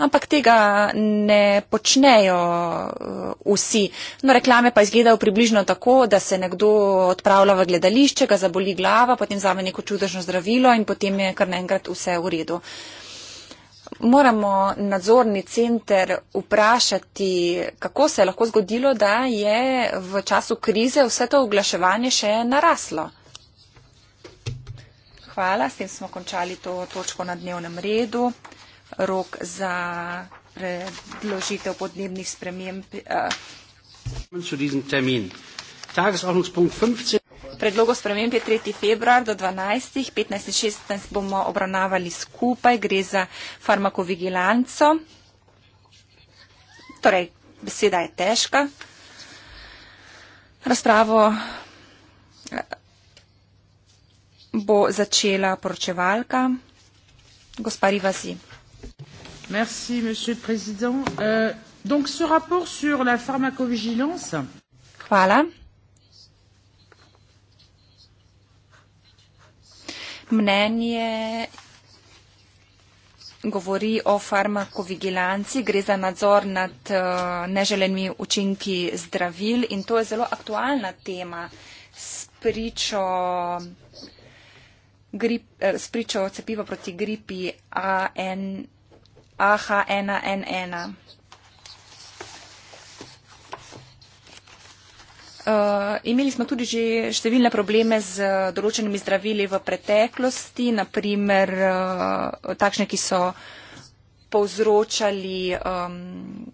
S3: Ampak tega ne počnejo vsi. No, reklame pa izgledajo približno tako, da se nekdo odpravlja v gledališče, ga zaboli glava, potem zame neko čudežno zdravilo in potem je kar naenkrat vse v redu. Uh, moramo nadzorni center vprašati, kako se je lahko zgodilo, da je v času krize vse to oglaševanje še naraslo. Hvala, s tem smo končali to točko na dnevnem redu. Rok za predložitev podnebnih sprememb. Uh predlogov sprememb je 3. februar do 12. 15. in 16. bomo obravnavali skupaj, gre za farmakovigilanco. Torej, beseda je težka. Razpravo eh, bo začela poročevalka, gospa Rivazi. Merci, monsieur le président. Uh, donc, ce rapport sur la pharmacovigilance. Hvala. mnenje govori o farmakovigilanci, gre za nadzor nad eh, neželenimi učinki zdravil in to je zelo aktualna tema spričo grip, eh, spričo cepiva proti gripi AN, AH1N1. Eh, imeli smo tudi že številne probleme z eh, določenimi zdravili v preteklosti, naprimer uh, eh, takšne, ki so povzročali um,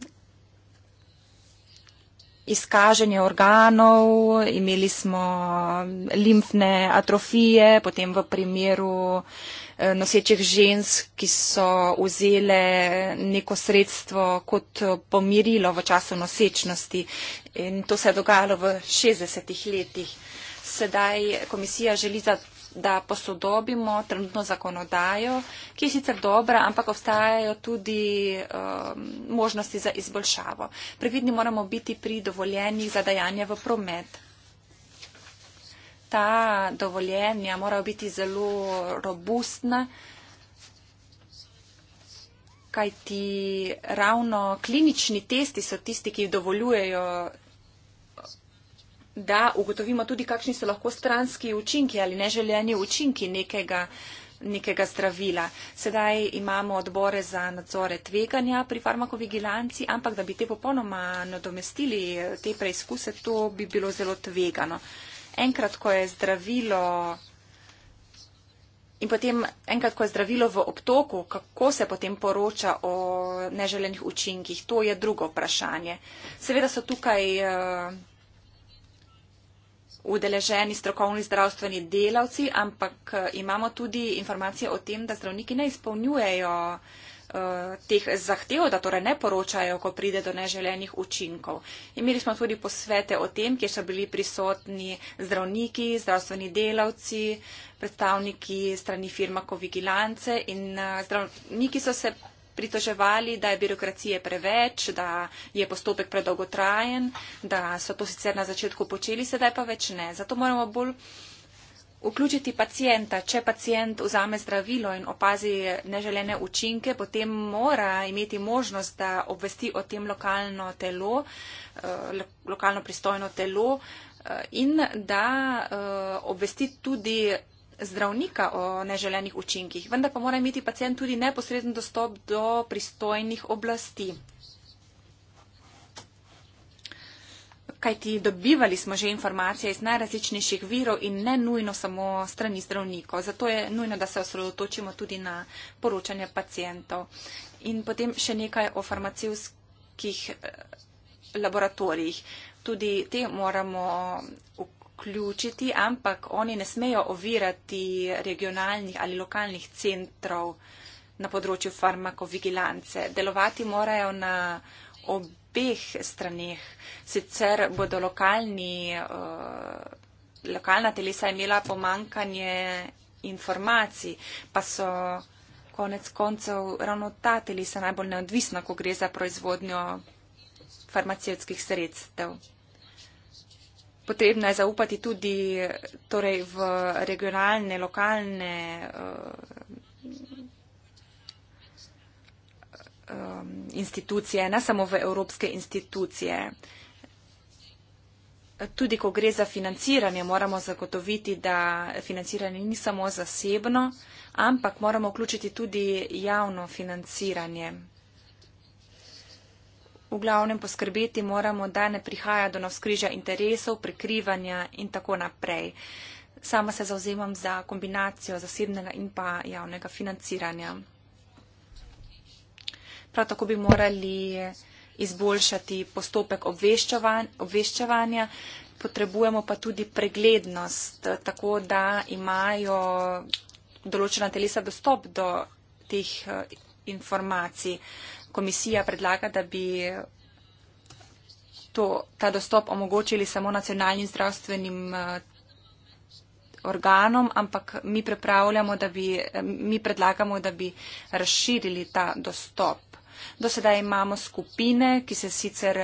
S3: izkaženje organov, imeli smo limfne atrofije, potem v primeru uh, Eh, nosečih žensk, ki so vzele neko sredstvo kot eh, pomirilo v času nosečnosti. In to se je dogajalo v 60-ih letih. Sedaj komisija želi, da posodobimo trenutno zakonodajo, ki je sicer dobra, ampak obstajajo tudi um, možnosti za izboljšavo. Previdni moramo biti pri dovoljenjih za dajanje v promet ta dovoljenja morajo biti zelo robustna, kaj ti ravno klinični testi so tisti, ki dovoljujejo, da ugotovimo tudi, kakšni so lahko stranski učinki ali neželjeni učinki nekega nekega zdravila. Sedaj imamo odbore za nadzore tveganja pri farmakovigilanci, ampak da bi te popolnoma nadomestili te preizkuse, to bi bilo zelo tvegano enkrat, ko je zdravilo. In potem, enkrat, ko je zdravilo v obtoku, kako se potem poroča o neželenih učinkih, to je drugo vprašanje. Seveda so tukaj eh, udeleženi uh, strokovni zdravstveni delavci, ampak eh, imamo tudi informacije o tem, da zdravniki ne izpolnjujejo uh, Eh, teh zahtev, da torej ne poročajo, ko pride do neželenih učinkov. Imeli smo tudi posvete o tem, kjer so bili prisotni zdravniki, zdravstveni delavci, predstavniki strani firma Covigilance in eh, zdravniki so se pritoževali, da je birokracije preveč, da je postopek predolgotrajen, da so to sicer na začetku počeli, sedaj pa več ne. Zato moramo bolj vključiti pacijenta. Če pacijent vzame zdravilo in opazi neželene učinke, potem mora imeti možnost, da obvesti o tem lokalno telo, eh, lokalno pristojno telo eh, in da eh, obvesti tudi zdravnika o neželenih učinkih. Vendar pa mora imeti pacijent tudi neposreden dostop do pristojnih oblasti. kajti dobivali smo že informacije iz najrazličnejših virov in ne nujno samo strani zdravnikov. Zato je nujno, da se osredotočimo tudi na poročanje pacijentov. In potem še nekaj o farmacijskih eh, laboratorijih. Tudi te moramo vključiti, ampak oni ne smejo ovirati regionalnih ali lokalnih centrov na področju farmakovigilance. Delovati morajo na obi obeh straneh. Sicer bodo lokalni, uh, lokalna telesa imela pomankanje informacij, pa so konec koncev ravno ta telesa najbolj neodvisna, ko gre za proizvodnjo farmacijskih sredstev. Potrebno je zaupati tudi torej v regionalne, lokalne. Uh, um, institucije, ne samo v evropske institucije. Tudi, ko gre za financiranje, moramo zagotoviti, da financiranje ni samo zasebno, ampak moramo vključiti tudi javno financiranje. V glavnem poskrbeti moramo, da ne prihaja do navskrižja interesov, prekrivanja in tako naprej. Sama se zauzemam za kombinacijo zasebnega in pa javnega financiranja. Prav tako bi morali izboljšati postopek obveščevanja, potrebujemo pa tudi preglednost, tako da imajo določena telesa dostop do teh eh, informacij. Komisija predlaga, da bi to, ta dostop omogočili samo nacionalnim zdravstvenim eh, organom, ampak mi, da bi, eh, mi predlagamo, da bi razširili ta dostop. Do sedaj imamo skupine, ki se sicer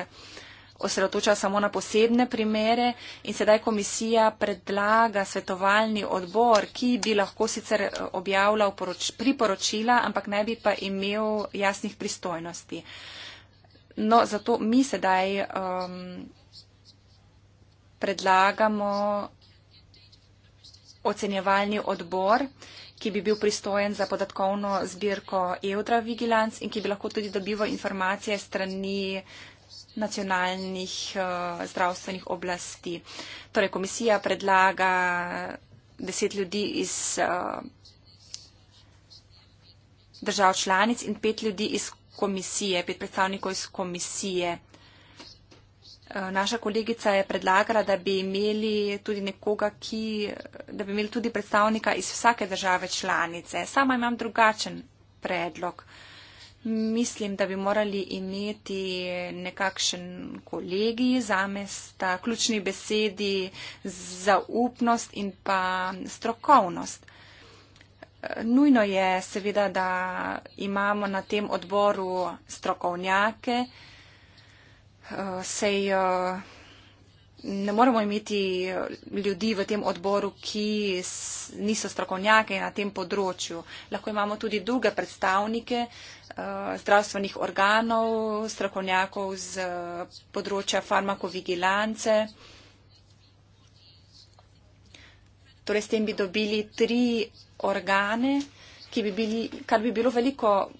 S3: osredotočajo samo na posebne primere in sedaj komisija predlaga svetovalni odbor, ki bi lahko sicer eh, objavljal poroč, priporočila, ampak ne bi pa imel jasnih pristojnosti. No, zato mi sedaj um, predlagamo ocenjevalni odbor. Uh, ki bi bil pristojen za podatkovno zbirko Eudra Vigilance in ki bi lahko tudi dobival informacije strani nacionalnih uh, zdravstvenih oblasti. Torej, komisija predlaga deset ljudi iz uh, držav članic in pet ljudi iz komisije, pet predstavnikov iz komisije naša kolegica je predlagala, da bi imeli tudi nekoga, ki, da bi imeli tudi predstavnika iz vsake države članice. Sama imam drugačen predlog. Mislim, da bi morali imeti nekakšen kolegi, zame sta ključni besedi zaupnost in pa strokovnost. Nujno je seveda, da imamo na tem odboru strokovnjake, uh, eh, sej uh, eh, ne moremo imeti eh, ljudi v tem odboru, ki niso strokovnjake na tem področju. Lahko imamo tudi druge predstavnike zdravstvenih organov, strokovnjakov z področja farmakovigilance. Torej, s tem bi dobili tri organe, ki bi bili, kar bi bilo veliko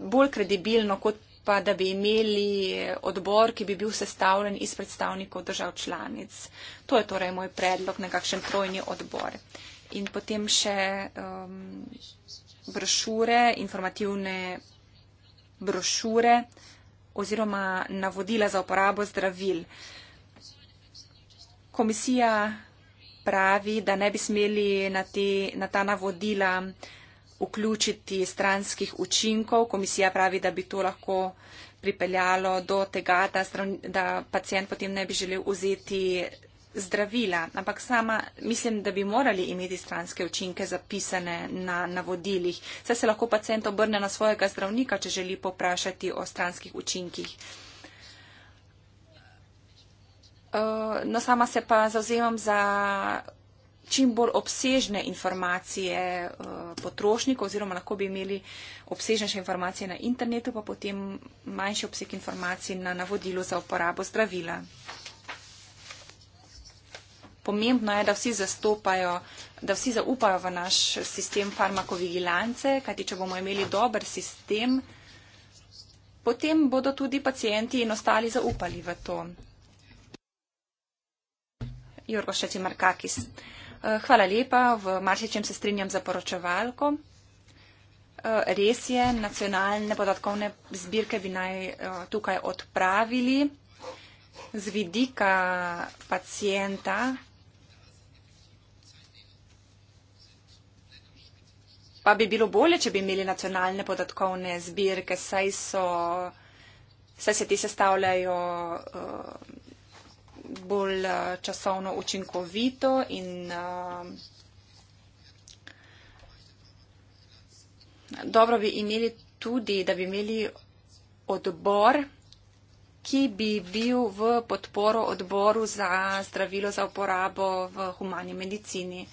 S3: bolj kredibilno kot pa da bi imeli odbor, ki bi bil sestavljen iz predstavnikov držav članic. To je torej moj predlog na kakšen trojni odbor. In potem še um, brošure, informativne brošure oziroma navodila za uporabo zdravil. Komisija pravi, da ne bi smeli na, te, na ta navodila uh, vključiti stranskih učinkov. Komisija pravi, da bi to lahko pripeljalo do tega, da, zdrav, da pacijent potem ne bi želel vzeti zdravila. Ampak sama mislim, da bi morali imeti stranske učinke zapisane na navodilih. Saj se lahko pacijent obrne na svojega zdravnika, če želi poprašati o stranskih učinkih. Uh, no, sama se pa zauzemam za čim bolj obsežne informacije uh, potrošnikov oziroma lahko bi imeli obsežnejše informacije na internetu, pa potem manjši obseg informacij na navodilu za uporabo zdravila. Pomembno je, da vsi zastopajo, da vsi zaupajo v naš sistem farmakovigilance, kajti če bomo imeli dober sistem, potem bodo tudi pacijenti in ostali zaupali v to. Jorgo Šetimarkakis. Eh, hvala lepa. V marsičem se strinjam za poročevalko. Eh, res je, nacionalne podatkovne zbirke bi naj eh, tukaj odpravili. Z vidika pacijenta pa bi bilo bolje, če bi imeli nacionalne podatkovne zbirke, saj, so, saj se ti sestavljajo. Uh, bolj eh, časovno učinkovito in eh, dobro bi imeli tudi, da bi imeli odbor, ki bi bil v podporo odboru za zdravilo za uporabo v humani medicini.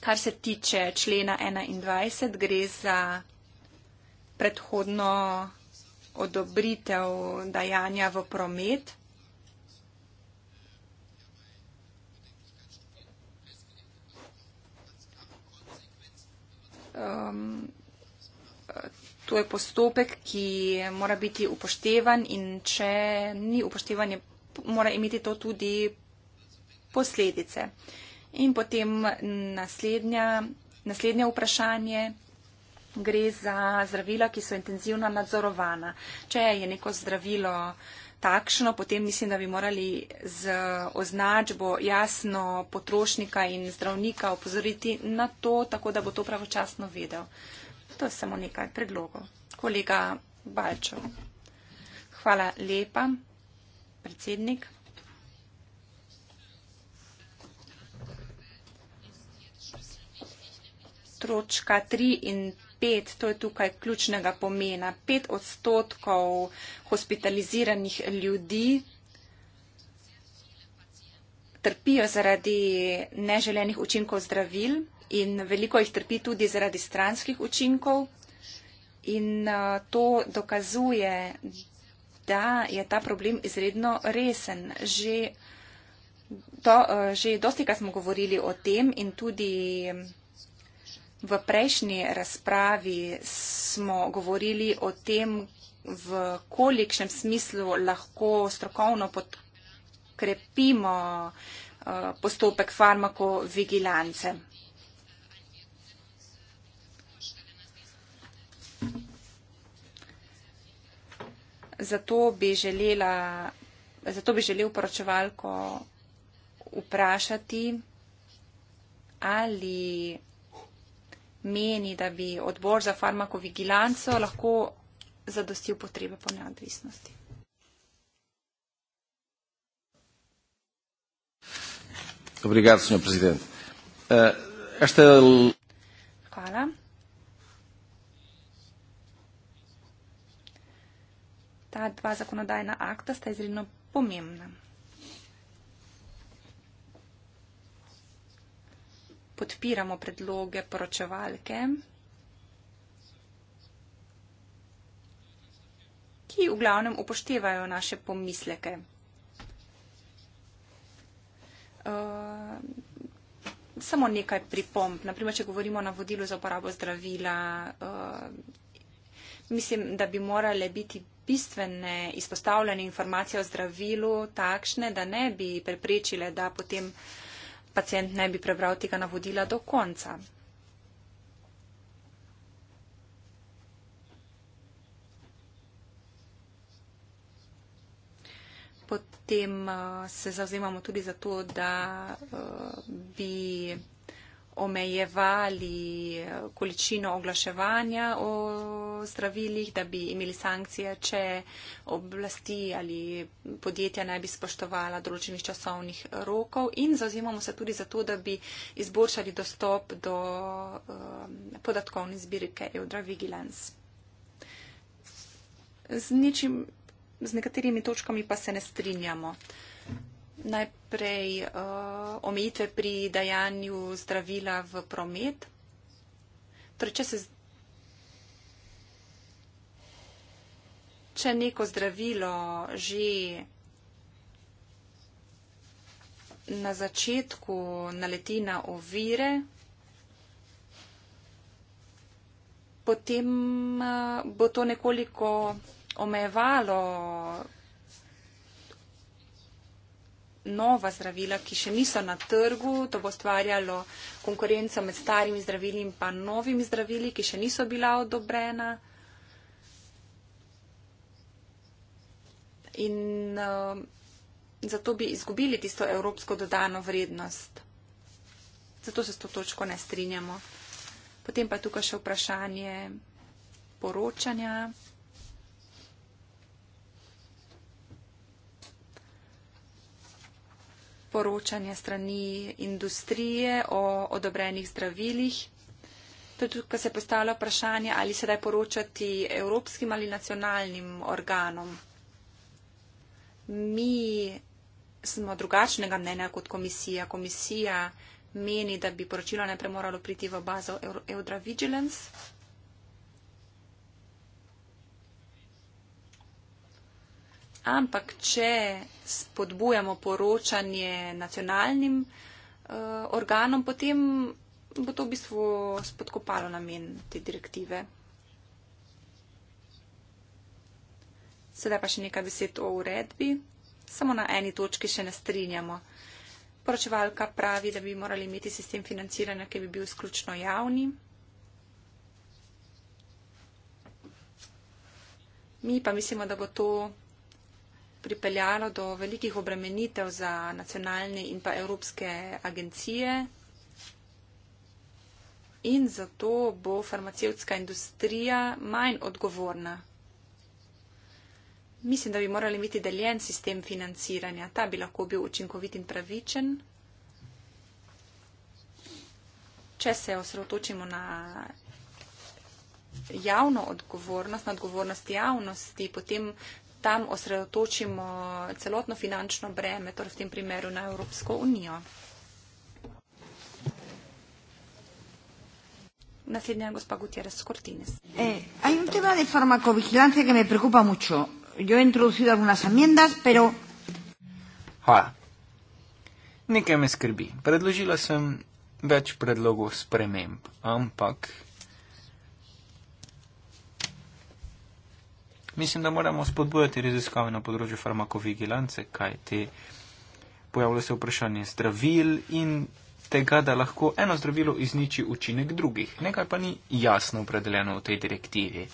S3: Kar se tiče člena 21, gre za predhodno odobritev dajanja v promet. Um, to je postopek, ki mora biti upoštevan in če ni upoštevanje, mora imeti to tudi posledice. In potem naslednja, naslednje vprašanje gre za zdravila, ki so intenzivno nadzorovana. Če je neko zdravilo takšno, potem mislim, da bi morali z označbo jasno potrošnika in zdravnika opozoriti na to, tako da bo to pravočasno vedel. To je samo nekaj predlogov. Kolega Balčov. Hvala lepa, predsednik. Tročka 3 in pet, to je tukaj ključnega pomena, pet odstotkov hospitaliziranih ljudi trpijo zaradi neželenih učinkov zdravil in veliko jih trpi tudi zaradi stranskih učinkov. In uh, to dokazuje, da je ta problem izredno resen. Že, to, uh, že dosti, kar smo govorili o tem in tudi V prejšnji razpravi smo govorili o tem, v kolikšnem smislu lahko strokovno podkrepimo eh, postopek farmakovigilance. Zato bi, želela, zato bi želel poročevalko vprašati, ali meni, da bi odbor za farmakovigilanco lahko zadostil potrebe po neodvisnosti.
S1: Obrigado, senhor presidente. Uh, esta...
S3: Hvala. Ta dva zakonodajna akta sta izredno pomembna. podpiramo predloge poročevalke, ki v glavnem upoštevajo naše pomisleke. Uh, samo nekaj pripomp. Naprimer, če govorimo na vodilu za uporabo zdravila, uh, mislim, da bi morale biti bistvene izpostavljene informacije o zdravilu takšne, da ne bi preprečile, da potem uh, pacijent ne bi prebral tega navodila do konca. Potem uh, se zauzemamo tudi za to, da uh, bi omejevali eh, količino oglaševanja o zdravilih, da bi imeli sankcije, če oblasti ali podjetja naj bi spoštovala določenih časovnih rokov in zauzimamo se tudi za to, da bi izboljšali dostop do eh, podatkovne zbirke Eudravigilance. Z, ničim, z nekaterimi točkami pa se ne strinjamo najprej uh, omejitve pri dajanju zdravila v promet. Torej, če, se, če neko zdravilo že na začetku naleti na ovire, potem uh, bo to nekoliko omejevalo nova zdravila, ki še niso na trgu. To bo stvarjalo konkurenco med starimi zdravili in pa novimi zdravili, ki še niso bila odobrena. In uh, zato bi izgubili tisto evropsko dodano vrednost. Zato se s to točko ne strinjamo. Potem pa tukaj še vprašanje poročanja. poročanja strani industrije o odobrenih zdravilih. Tukaj se postavlja vprašanje, ali se daj poročati evropskim ali nacionalnim organom. Mi smo drugačnega mnenja kot komisija. Komisija meni, da bi poročilo najprej moralo priti v bazo Eudra Vigilance. Ampak, če spodbujamo poročanje nacionalnim eh, organom, potem bo to v bistvu spodkopalo namen te direktive. Sedaj pa še nekaj besed o uredbi. Samo na eni točki še ne strinjamo. Poročevalka pravi, da bi morali imeti sistem financiranja, ki bi bil izključno javni. Mi pa mislimo, da bo to pripeljalo do velikih obremenitev za nacionalne in pa evropske agencije. In zato bo farmacevtska industrija manj odgovorna. Mislim, da bi morali imeti deljen sistem financiranja. Ta bi lahko bil učinkovit in pravičen, če se osredotočimo na javno odgovornost, na odgovornost javnosti, potem tam osredotočimo celotno finančno breme, torej v tem primeru na Evropsko unijo. Naslednja gospa Gutierrez Cortines. Eh, hay un tema de farmacovigilancia que me preocupa mucho. Yo he introducido algunas enmiendas, pero...
S1: Hvala. Nekaj me skrbi. Predložila sem več predlogov sprememb, ampak Mislim, da moramo spodbujati raziskave na področju farmakovigilance, kaj te pojavlja se vprašanje zdravil in tega, da lahko eno zdravilo izniči učinek drugih. Nekaj pa ni jasno opredeljeno v tej direktivi,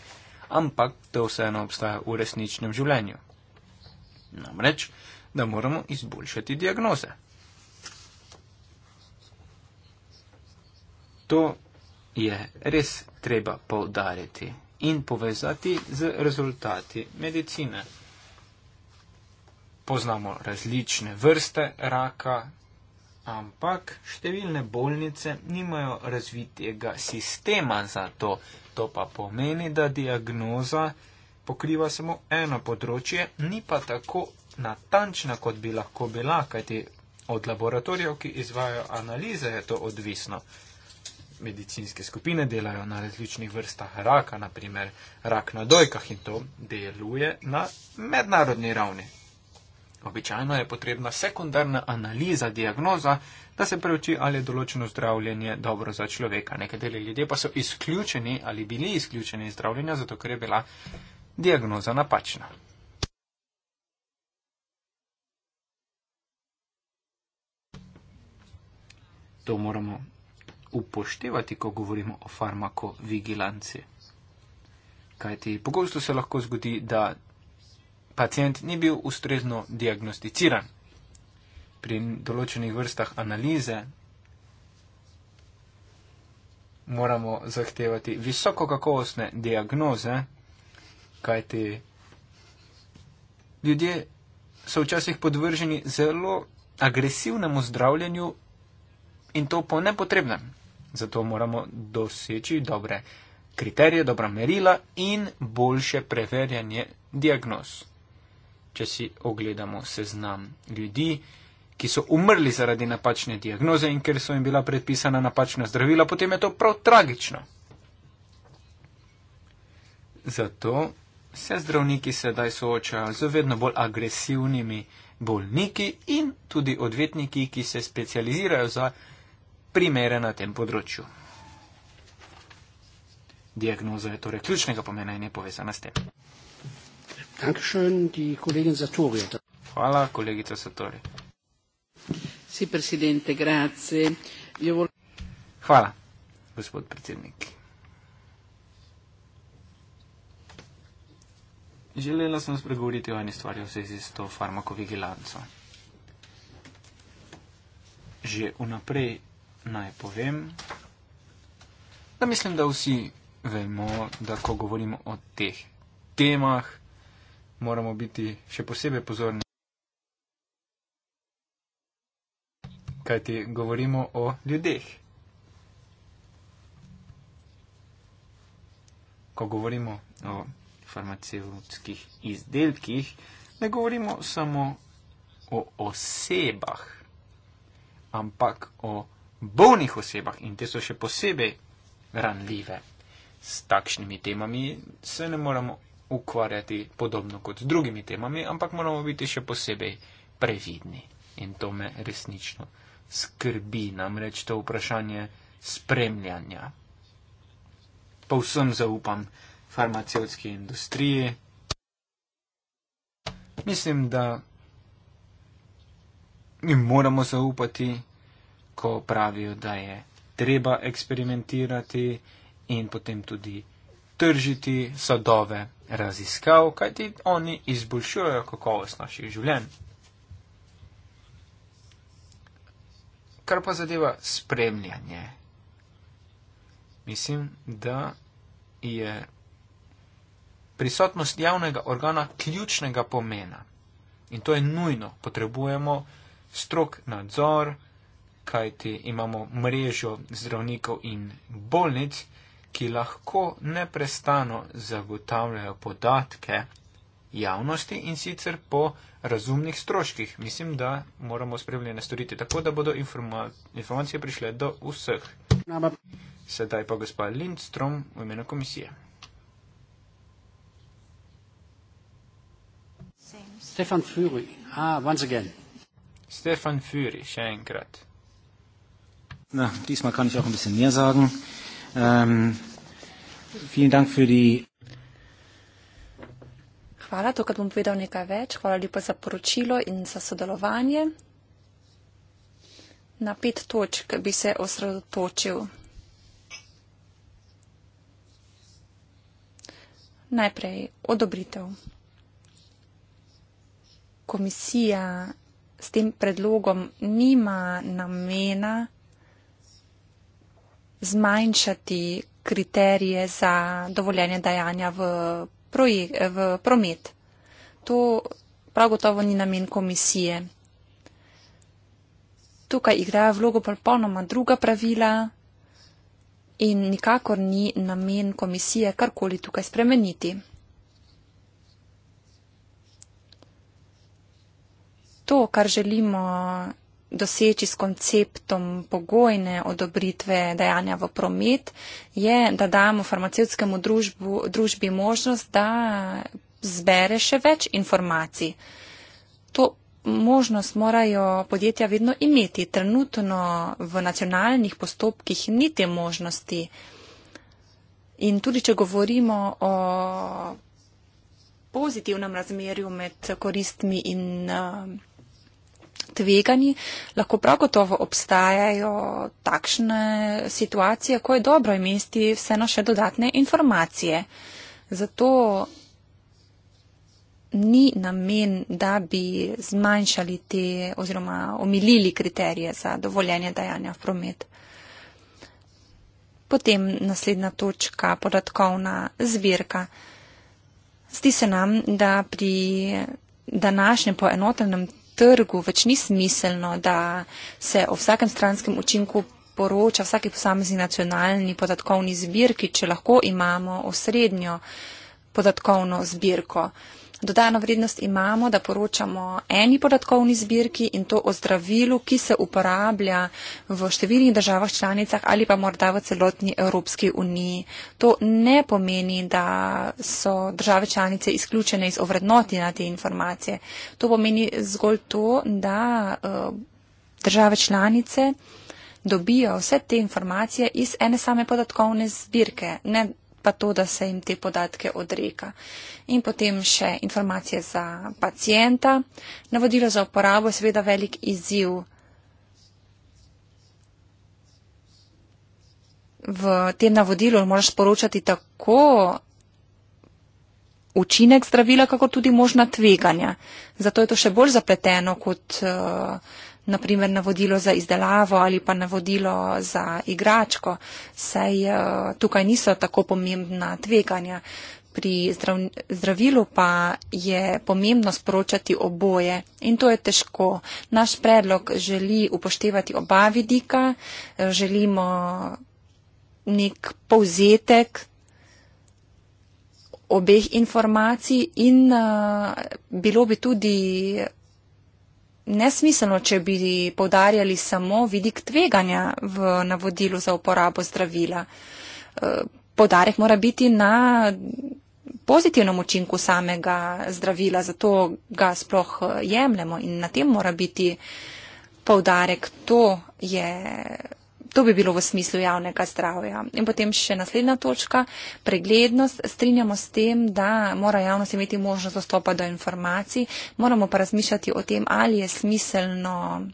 S1: ampak to vseeno obstaja v resničnem življenju. Namreč, da moramo izboljšati diagnoze. To je res treba povdariti in povezati z rezultati medicine. Poznamo različne vrste raka, ampak številne bolnice nimajo razvitega sistema za to. To pa pomeni, da diagnoza pokriva samo eno področje, ni pa tako natančna, kot bi lahko bila, kajti od laboratorijev, ki izvajo analize, je to odvisno medicinske skupine delajo na različnih vrstah raka, naprimer rak na dojkah in to deluje na mednarodni ravni. Običajno je potrebna sekundarna analiza, diagnoza, da se preuči, ali je določeno zdravljenje dobro za človeka. Nekateri ljudje pa so izključeni ali bili izključeni iz zdravljenja, zato ker je bila diagnoza napačna. To moramo upoštevati, ko govorimo o farmakovigilanci. Kajti pogosto se lahko zgodi, da pacijent ni bil ustrezno diagnosticiran. Pri določenih vrstah analize moramo zahtevati visokokakovostne diagnoze, kajti ljudje so včasih podvrženi zelo agresivnemu zdravljenju in to po nepotrebnem. Zato moramo doseči dobre kriterije, dobra merila in boljše preverjanje diagnoz. Če si ogledamo seznam ljudi, ki so umrli zaradi napačne diagnoze in ker so jim bila predpisana napačna zdravila, potem je to prav tragično. Zato se zdravniki sedaj soočajo z vedno bolj agresivnimi bolniki in tudi odvetniki, ki se specializirajo za primere na tem področju. Diagnoza je torej ključnega pomena in je povezana s tem. Hvala, kolegica Satori. Hvala, gospod predsednik. Želela sem spregovoriti o eni stvari v zvezi s to farmakovigilanco. Že vnaprej naj povem, da mislim, da vsi vemo, da ko govorimo o teh temah, moramo biti še posebej pozorni. Kaj ti govorimo o ljudeh? Ko govorimo o farmacevtskih izdelkih, ne govorimo samo o osebah, ampak o bolnih osebah in te so še posebej ranljive. S takšnimi temami se ne moramo ukvarjati podobno kot z drugimi temami, ampak moramo biti še posebej previdni. In to me resnično skrbi, namreč to vprašanje spremljanja. Povsem zaupam farmacevtski industriji. Mislim, da mi moramo zaupati ko pravijo, da je treba eksperimentirati in potem tudi tržiti sadove raziskav, kajti oni izboljšujejo kakovost naših življenj. Kar pa zadeva spremljanje. Mislim, da je prisotnost javnega organa ključnega pomena. In to je nujno. Potrebujemo strok nadzor, kajti imamo mrežo zdravnikov in bolnic, ki lahko neprestano zagotavljajo podatke javnosti in sicer po razumnih stroških. Mislim, da moramo spremljene storiti tako, da bodo informa informacije prišle do vseh. Sedaj pa gospa Lindstrom v imenu komisije. Stefan Fury, ah, once again. Stefan Fury, še enkrat. Na, diesmal kann ich auch ein bisschen mehr sagen. Ähm, vielen Dank für die.
S3: Hvala, tukaj bom povedal nekaj več. Hvala lepa za poročilo in za sodelovanje. Na pet točk bi se osredotočil. Najprej odobritev. Komisija s tem predlogom nima namena zmanjšati kriterije za dovoljenje dajanja v, v promet. To prav gotovo ni namen komisije. Tukaj igrajo vlogo popolnoma druga pravila in nikakor ni namen komisije karkoli tukaj spremeniti. To, kar želimo doseči s konceptom pogojne odobritve dajanja v promet, je, da damo farmacevskemu družbu, družbi možnost, da zbere še več informacij. To možnost morajo podjetja vedno imeti. Trenutno v nacionalnih postopkih ni te možnosti. In tudi, če govorimo o pozitivnem razmerju med koristmi in uh, tvegani. Lahko prav gotovo obstajajo takšne situacije, ko je dobro imeti vseeno še dodatne informacije. Zato ni namen, da bi zmanjšali te oziroma omilili kriterije za dovoljenje dajanja v promet. Potem naslednja točka, podatkovna zbirka. Zdi se nam, da pri današnjem poenotenem trgu več ni smiselno, da se o vsakem stranskem učinku poroča vsaki posamezni nacionalni podatkovni zbirki, če lahko imamo osrednjo podatkovno zbirko. Uh, Dodano vrednost imamo, da poročamo eni podatkovni zbirki in to o zdravilu, ki se uporablja v številnih državah članicah ali pa morda v celotni Evropski uniji. To ne pomeni, da so države članice izključene iz ovrednotina te informacije. To pomeni zgolj to, da eh, države članice dobijo vse te informacije iz ene same podatkovne zbirke. Ne, pa to, da se jim te podatke odreka. In potem še informacije za pacijenta. Navodilo za uporabo je seveda velik izziv v tem navodilu. Moraš sporočati tako učinek zdravila, kako tudi možna tveganja. Zato je to še bolj zapleteno kot. Uh, naprimer navodilo za izdelavo ali pa navodilo za igračko, saj eh, tukaj niso tako pomembna tveganja. Pri zdrav, zdravilu pa je pomembno sporočati oboje in to je težko. Naš predlog želi upoštevati oba vidika, eh, želimo nek povzetek obeh informacij in uh, bilo bi tudi nesmiselno, če bi povdarjali samo vidik tveganja v navodilu za uporabo zdravila. E, Podarek mora biti na pozitivnem učinku samega zdravila, zato ga sploh e, jemljemo in na tem mora biti povdarek. To je To bi bilo v smislu javnega zdravja. In potem še naslednja točka, preglednost. Strinjamo s tem, da mora javnost imeti možnost dostopa do informacij, moramo pa razmišljati o tem, ali je smiselno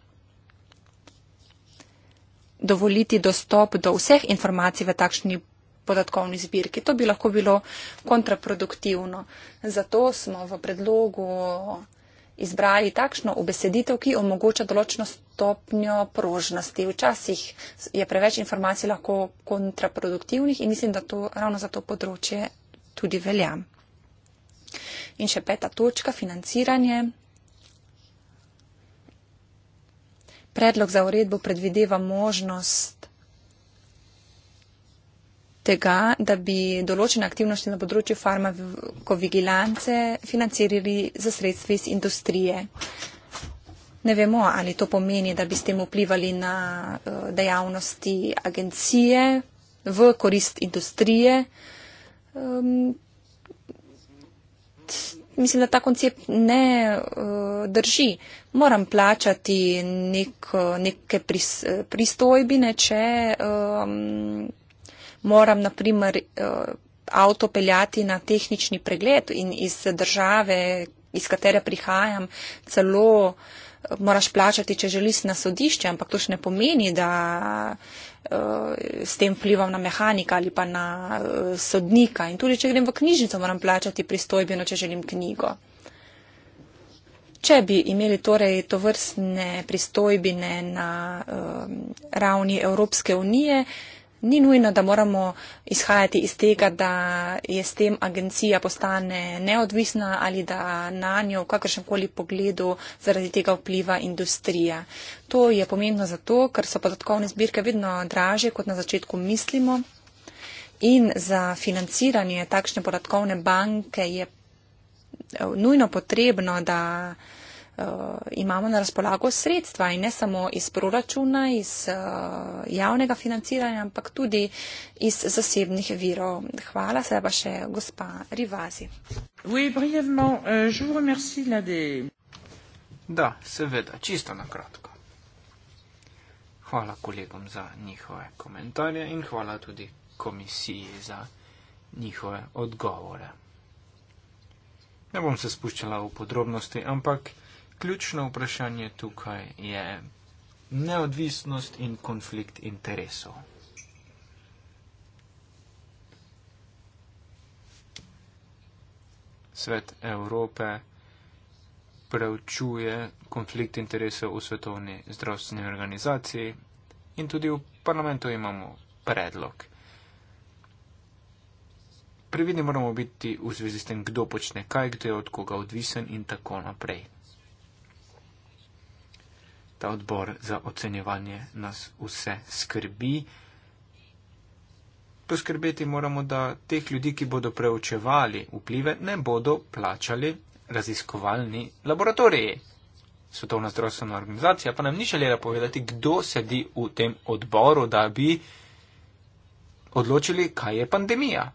S3: dovoliti dostop do vseh informacij v takšni podatkovni zbirki. To bi lahko bilo kontraproduktivno. Zato smo v predlogu izbrali takšno obeseditev, ki omogoča določeno stopnjo prožnosti. Včasih je preveč informacij lahko kontraproduktivnih in mislim, da to ravno za to področje tudi velja. In še peta točka, financiranje. Predlog za uredbo predvideva možnost tega, da bi določene aktivnosti na področju farmakovigilance financirali za sredstva iz industrije. Ne vemo, ali to pomeni, da bi s tem vplivali na eh, dejavnosti agencije v korist industrije. Um, mislim, da ta koncept ne uh, drži. Moram plačati nek, eh, neke pris, pristojbine, če. Um, moram naprimer eh, avto peljati na tehnični pregled in iz države, iz katere prihajam, celo eh, moraš plačati, če želiš na sodišče, ampak to še ne pomeni, da eh, s tem vplivam na mehanika ali pa na sodnika. In tudi, če grem v knjižnico, moram plačati pristojbeno, če želim knjigo. Če bi imeli torej to vrstne pristojbine na um, ravni Evropske unije, uh, ni nujno, da moramo izhajati iz tega, da je s tem agencija postane neodvisna ali da na njo v kakršnemkoli pogledu zaradi tega vpliva industrija. To je pomembno zato, ker so podatkovne zbirke vedno draže, kot na začetku mislimo. In za financiranje takšne podatkovne banke je nujno potrebno, da uh, imamo na razpolago sredstva in ne samo iz proračuna, iz uh, javnega financiranja, ampak tudi iz zasebnih virov. Hvala se pa še gospa Rivazi.
S1: Euh, da, seveda, čisto na kratko. Hvala kolegom za njihove komentarje in hvala tudi komisiji za njihove odgovore. Ne bom se spuščala v podrobnosti, ampak ključno vprašanje tukaj je neodvisnost in konflikt interesov. Svet Evrope preučuje konflikt interesov v svetovni zdravstveni organizaciji in tudi v parlamentu imamo predlog. Previdni moramo biti v zvezi s tem, kdo počne kaj, kdo je od koga odvisen in tako naprej ta odbor za ocenjevanje nas vse skrbi. Poskrbeti moramo, da teh ljudi, ki bodo preučevali vplive, ne bodo plačali raziskovalni laboratoriji. Svetovna zdravstvena organizacija pa nam ni želela povedati, kdo sedi v tem odboru, da bi odločili, kaj je pandemija.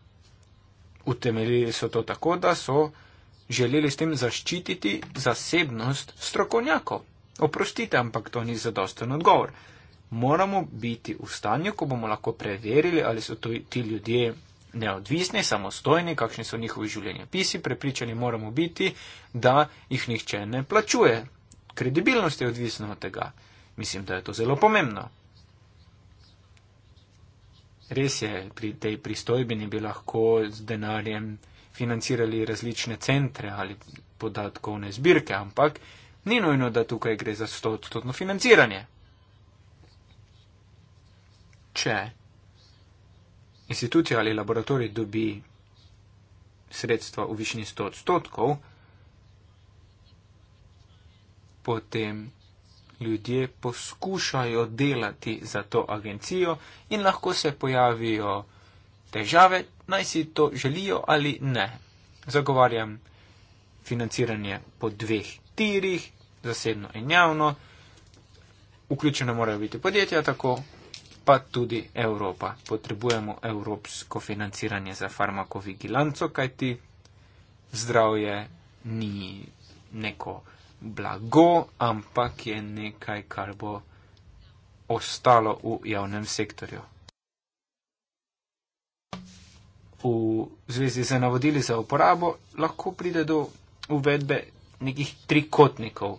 S1: Utemeljili so to tako, da so želeli s tem zaščititi zasebnost strokovnjakov. Oprostite, ampak to ni zadosten odgovor. Moramo biti v stanju, ko bomo lahko preverili, ali so to, ti ljudje neodvisni, samostojni, kakšni so njihovi življenjepisi, prepričani moramo biti, da jih nihče ne plačuje. Kredibilnost je odvisna od tega. Mislim, da je to zelo pomembno. Res je, pri tej pristojbini bi lahko z denarjem financirali različne centre ali podatkovne zbirke, ampak ni nujno, da tukaj gre za 100-odstotno financiranje. Če institucija ali laboratorij dobi sredstva v višini 100 odstotkov, potem ljudje poskušajo delati za to agencijo in lahko se pojavijo težave, naj si to želijo ali ne. Zagovarjam financiranje po dveh tirih, zasebno in javno, vključene morajo biti podjetja, tako pa tudi Evropa. Potrebujemo evropsko financiranje za farmakovigilanco, kajti zdravje ni neko blago, ampak je nekaj, kar bo ostalo v javnem sektorju. V zvezi z navodili za uporabo lahko pride do uvedbe nekih trikotnikov.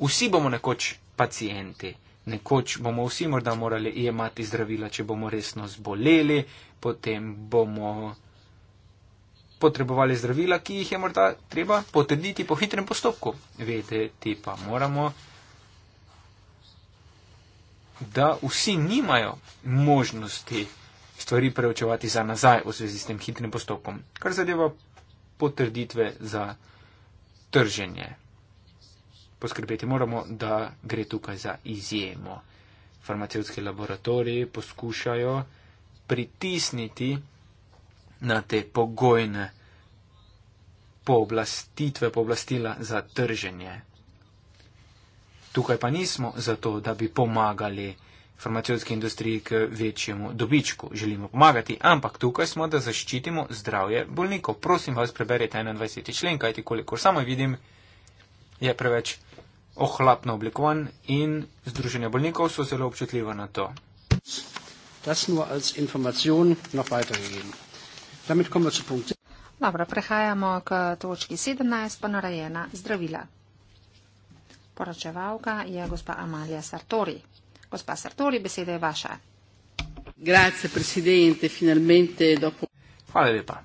S1: Vsi bomo nekoč pacijenti, nekoč bomo vsi morda morali jemati zdravila, če bomo resno zboleli, potem bomo potrebovali zdravila, ki jih je morda treba potrditi po hitrem postopku. Vete, ti pa moramo, da vsi nimajo možnosti stvari preučevati za nazaj v zvezi s tem hitrim postopkom, kar zadeva potrditve za zdravila trženje. Poskrbeti moramo, da gre tukaj za izjemo. Farmacevtski laboratoriji poskušajo pritisniti na te pogojne pooblastitve, pooblastila za trženje. Tukaj pa nismo zato, da bi pomagali farmacijske industrije k večjemu dobičku. Želimo pomagati, ampak tukaj smo, da zaščitimo zdravje bolnikov. Prosim vas, preberite 21. člen, kajti kolikor samo vidim, je preveč ohlapno oblikovan in združenja bolnikov so zelo občutljiva na to.
S2: Dobro, prehajamo k točki 17, ponarejena zdravila. Poročevalka je gospa Amalija Sartori. Gospa Sartori, beseda je vaša.
S1: Grazie, presidente, finalmente dopo. Hvala lepa.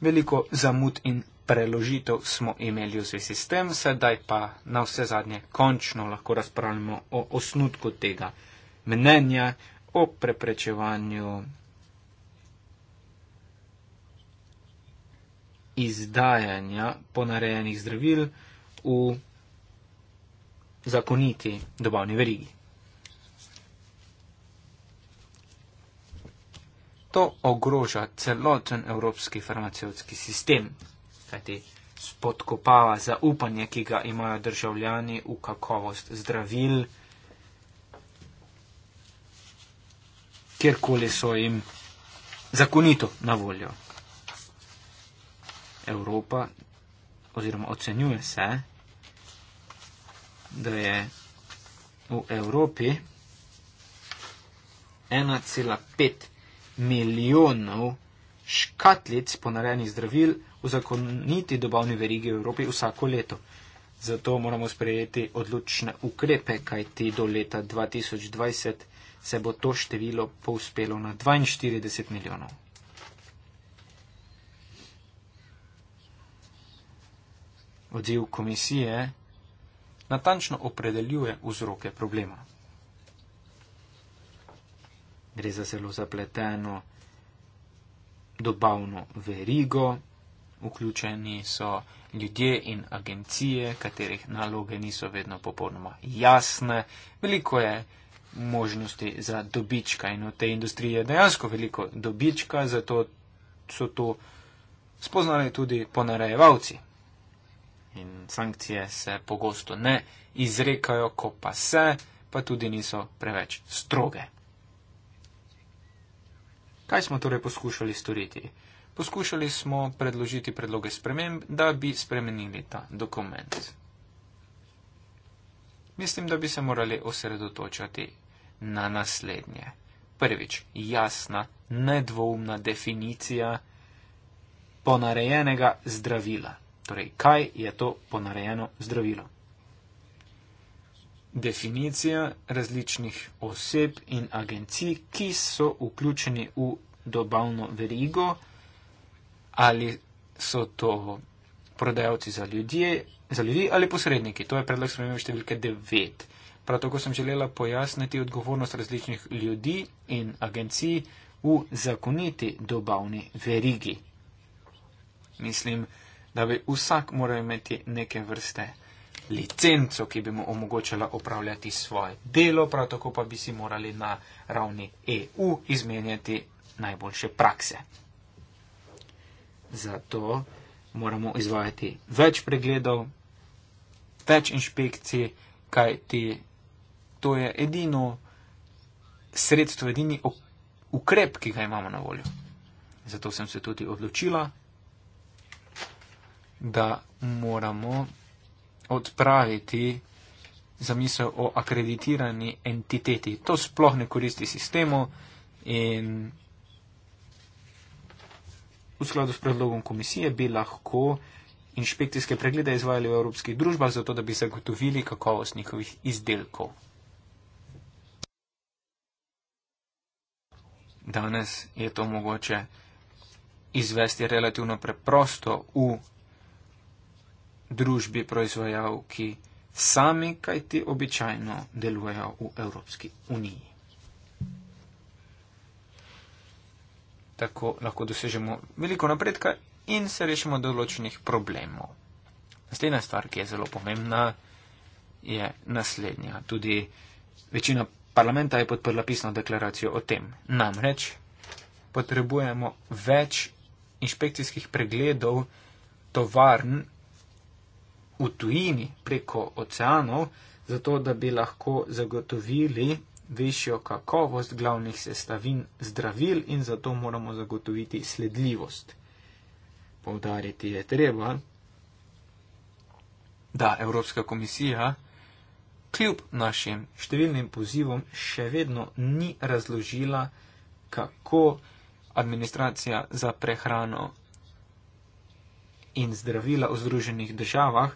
S1: Veliko zamud in preložitev smo imeli v zvezi s tem, sedaj pa na vse zadnje končno lahko razpravljamo o osnutku tega mnenja o preprečevanju izdajanja ponarejenih zdravil v zakoniti dobavni verigi. To ogroža celoten evropski farmacevski sistem, kajti spodkopava zaupanje, ki ga imajo državljani v kakovost zdravil, kjerkoli so jim zakonito na voljo. Evropa oziroma ocenjuje se, da je v Evropi 1,5 milijonov škatlic ponarejenih zdravil v zakoniti dobavni verigi v Evropi vsako leto. Zato moramo sprejeti odločne ukrepe, kajti do leta 2020 se bo to število povspelo na 42 milijonov. Odziv komisije natančno opredeljuje vzroke problema. Gre za zelo zapleteno dobavno verigo, vključeni so ljudje in agencije, katerih naloge niso vedno popolnoma jasne, veliko je možnosti za dobička in v tej industriji je dejansko veliko dobička, zato so to spoznali tudi ponarejevalci in sankcije se pogosto ne izrekajo, ko pa se, pa tudi niso preveč stroge. Kaj smo torej poskušali storiti? Poskušali smo predložiti predloge sprememb, da bi spremenili ta dokument. Mislim, da bi se morali osredotočati na naslednje. Prvič, jasna, nedvoumna definicija ponarejenega zdravila. Torej, kaj je to ponarejeno zdravilo? Definicija različnih oseb in agencij, ki so vključeni v dobavno verigo, ali so to prodajalci za, za ljudi ali posredniki. To je predlog spremembe številke 9. Prav tako sem želela pojasniti odgovornost različnih ljudi in agencij v zakoniti dobavni verigi. Mislim, da da bi vsak moral imeti neke vrste licenco, ki bi mu omogočala opravljati svoje delo, prav tako pa bi si morali na ravni EU izmenjati najboljše prakse. Zato moramo izvajati več pregledov, več inšpekcij, kaj ti to je edino sredstvo, edini ukrep, ki ga imamo na voljo. Zato sem se tudi odločila, da moramo odpraviti zamisel o akreditirani entiteti. To sploh ne koristi sistemu in v skladu s predlogom komisije bi lahko inšpekcijske preglede izvajali v evropskih družbah, zato da bi zagotovili kakovost njihovih izdelkov. Danes je to mogoče izvesti relativno preprosto v družbi proizvajalki sami, kaj ti običajno delujejo v Evropski uniji. Tako lahko dosežemo veliko napredka in se rešimo določenih problemov. Naslednja stvar, ki je zelo pomembna, je naslednja. Tudi večina parlamenta je podprla pisno deklaracijo o tem. Namreč potrebujemo več inšpekcijskih pregledov tovarn v tujini preko oceanov, zato da bi lahko zagotovili višjo kakovost glavnih sestavin zdravil in zato moramo zagotoviti sledljivost. Povdariti je treba, da Evropska komisija kljub našim številnim pozivom še vedno ni razložila, kako administracija za prehrano in zdravila v Združenih državah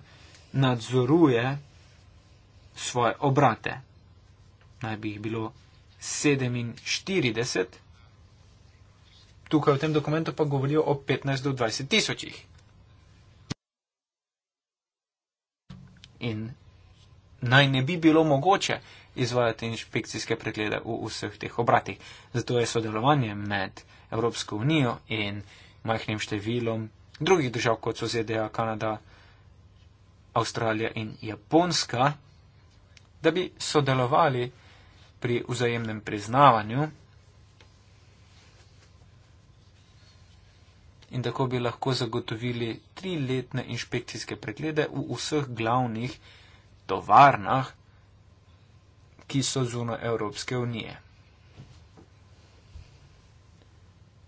S1: nadzoruje svoje obrate. Naj bi jih bilo 47, tukaj v tem dokumentu pa govorijo o 15 do 20 tisočih. In naj ne bi bilo mogoče izvajati inšpekcijske preglede v vseh teh obratih. Zato je sodelovanje med Evropsko unijo in majhnim številom drugih držav, kot so ZDA, Kanada, Avstralija in Japonska, da bi sodelovali pri vzajemnem priznavanju in tako bi lahko zagotovili triletne inšpekcijske preglede v vseh glavnih tovarnah, ki so zuno Evropske unije.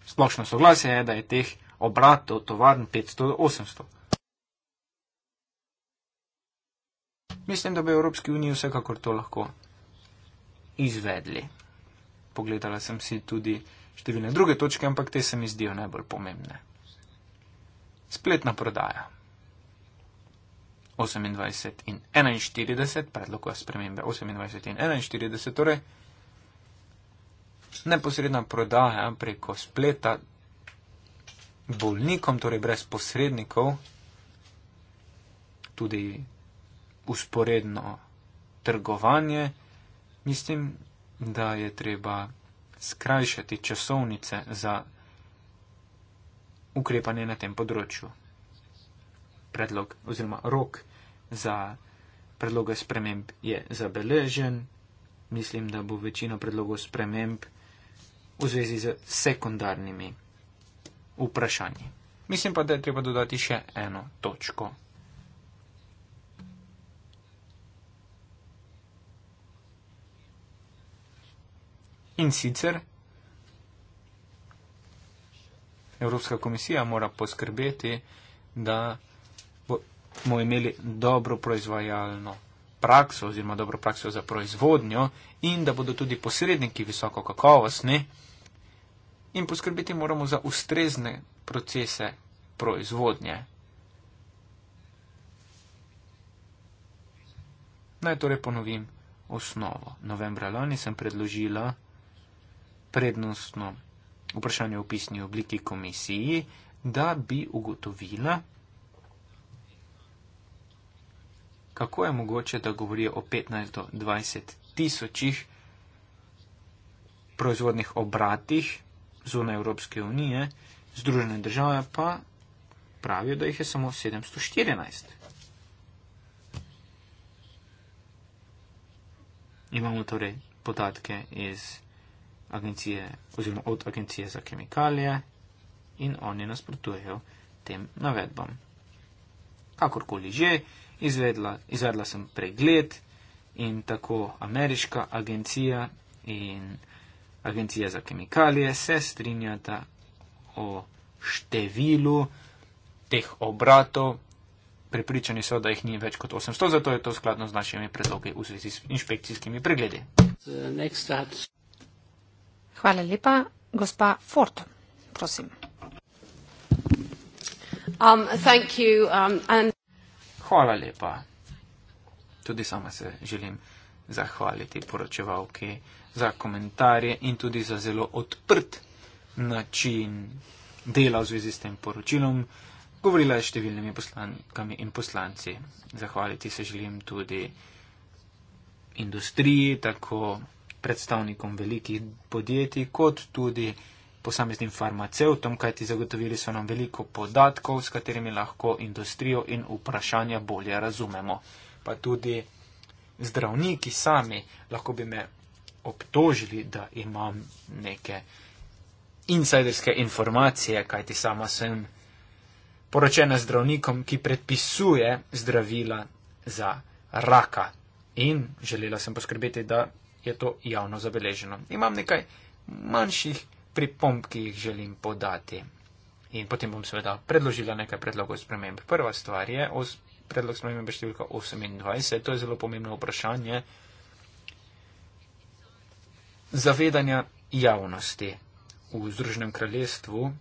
S1: Splošno soglasje je, da je teh obratov tovarn 500 do 800. Mislim, da bi v Evropski uniji vsekakor to lahko izvedli. Pogledala sem si tudi številne druge točke, ampak te se mi zdijo najbolj pomembne. Spletna prodaja. 28 in 41, predlog za spremembe 28 in 41, torej neposredna prodaja preko spleta bolnikom, torej brez posrednikov, tudi usporedno trgovanje, mislim, da je treba skrajšati časovnice za ukrepanje na tem področju. Predlog oziroma rok za predloge sprememb je zabeležen. Mislim, da bo večina predlogov sprememb v zvezi z sekundarnimi vprašanji. Mislim pa, da je treba dodati še eno točko. In sicer Evropska komisija mora poskrbeti, da bomo imeli dobro proizvajalno prakso oziroma dobro prakso za proizvodnjo in da bodo tudi posredniki visoko kakovostni in poskrbeti moramo za ustrezne procese proizvodnje. Naj torej ponovim osnovo. Novembra lani sem predložila prednostno vprašanje v pisni obliki komisiji, da bi ugotovila, kako je mogoče, da govorijo o 15 do 20 tisočih proizvodnih obratih zunaj Evropske unije, Združene države pa pravijo, da jih je samo 714. Imamo torej podatke iz agencije oziroma od agencije za kemikalije in oni nasprotujejo tem navedbam. Kakorkoli že, izvedla, izvedla sem pregled in tako ameriška agencija in Agencija za kemikalije se strinjata o številu teh obratov. Pripričani so, da jih ni več kot 800, zato je to skladno z našimi predlogi v zvezi s inšpekcijskimi pregledi.
S2: Hvala lepa, gospa Ford. Prosim. Um, you, um, and...
S1: Hvala lepa. Tudi sama se želim zahvaliti poročevalki. Okay za komentarje in tudi za zelo odprt način dela v zvezi s tem poročilom. Govorila je s številnimi poslankami in poslanci. Zahvaliti se želim tudi industriji, tako predstavnikom velikih podjetij, kot tudi posameznim farmacevtom, kajti zagotovili so nam veliko podatkov, s katerimi lahko industrijo in vprašanja bolje razumemo. Pa tudi zdravniki sami lahko bi me obtožili, da imam neke insiderske informacije, kajti sama sem poročena zdravnikom, ki predpisuje zdravila za raka. In želela sem poskrbeti, da je to javno zabeleženo. Imam nekaj manjših pripomb, ki jih želim podati. In potem bom seveda predložila nekaj predlogov sprememb. Prva stvar je os, predlog spremembe številka 28. To je zelo pomembno vprašanje zavedanja javnosti. V Združenem kraljestvu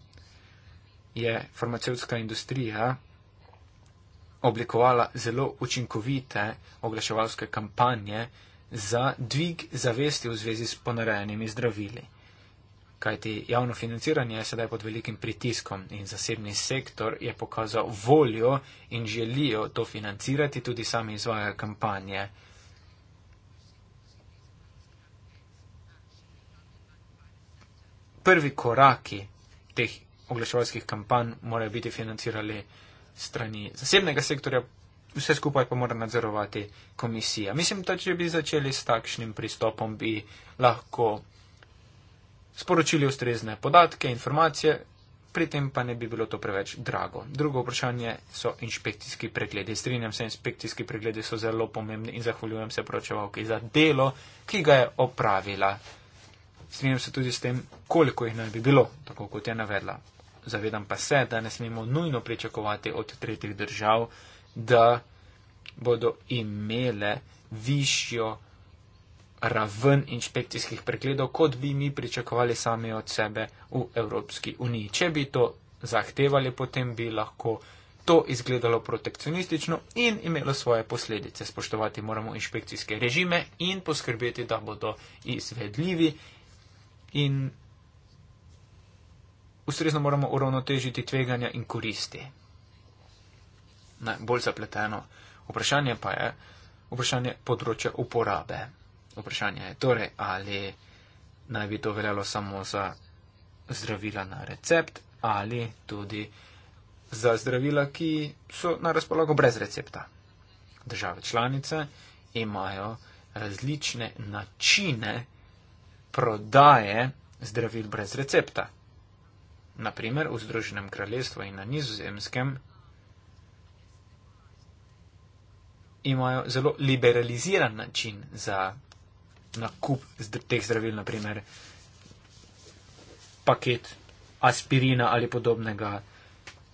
S1: je farmacevtska industrija oblikovala zelo učinkovite oglaševalske kampanje za dvig zavesti v zvezi s ponarejenimi zdravili. Kajti javno financiranje je sedaj pod velikim pritiskom in zasebni sektor je pokazal voljo in želijo to financirati, tudi sami izvajajo kampanje. prvi koraki teh oglaševalskih kampanj morajo biti financirali strani zasebnega sektorja, vse skupaj pa mora nadzorovati komisija. Mislim, da če bi začeli s takšnim pristopom, bi lahko sporočili ustrezne podatke, informacije, pri tem pa ne bi bilo to preveč drago. Drugo vprašanje so inšpekcijski pregledi. Strinjam se, inšpekcijski pregledi so zelo pomembni in zahvaljujem se pročevalki za delo, ki ga je opravila. Smejem se tudi s tem, koliko jih naj bi bilo, tako kot je navedla. Zavedam pa se, da ne smemo nujno pričakovati od tretjih držav, da bodo imele višjo raven inšpekcijskih pregledov, kot bi mi pričakovali sami od sebe v Evropski uniji. Če bi to zahtevali, potem bi lahko to izgledalo protekcionistično in imelo svoje posledice. Spoštovati moramo inšpekcijske režime in poskrbeti, da bodo izvedljivi in ustrezno moramo uravnotežiti tveganja in koristi. Najbolj zapleteno vprašanje pa je vprašanje področja uporabe. Vprašanje je torej, ali naj bi to veljalo samo za zdravila na recept ali tudi za zdravila, ki so na razpolago brez recepta. Države članice imajo različne načine prodaje zdravil brez recepta. Naprimer, v Združenem kraljestvu in na nizozemskem imajo zelo liberaliziran način za nakup teh zdravil, naprimer paket aspirina ali podobnega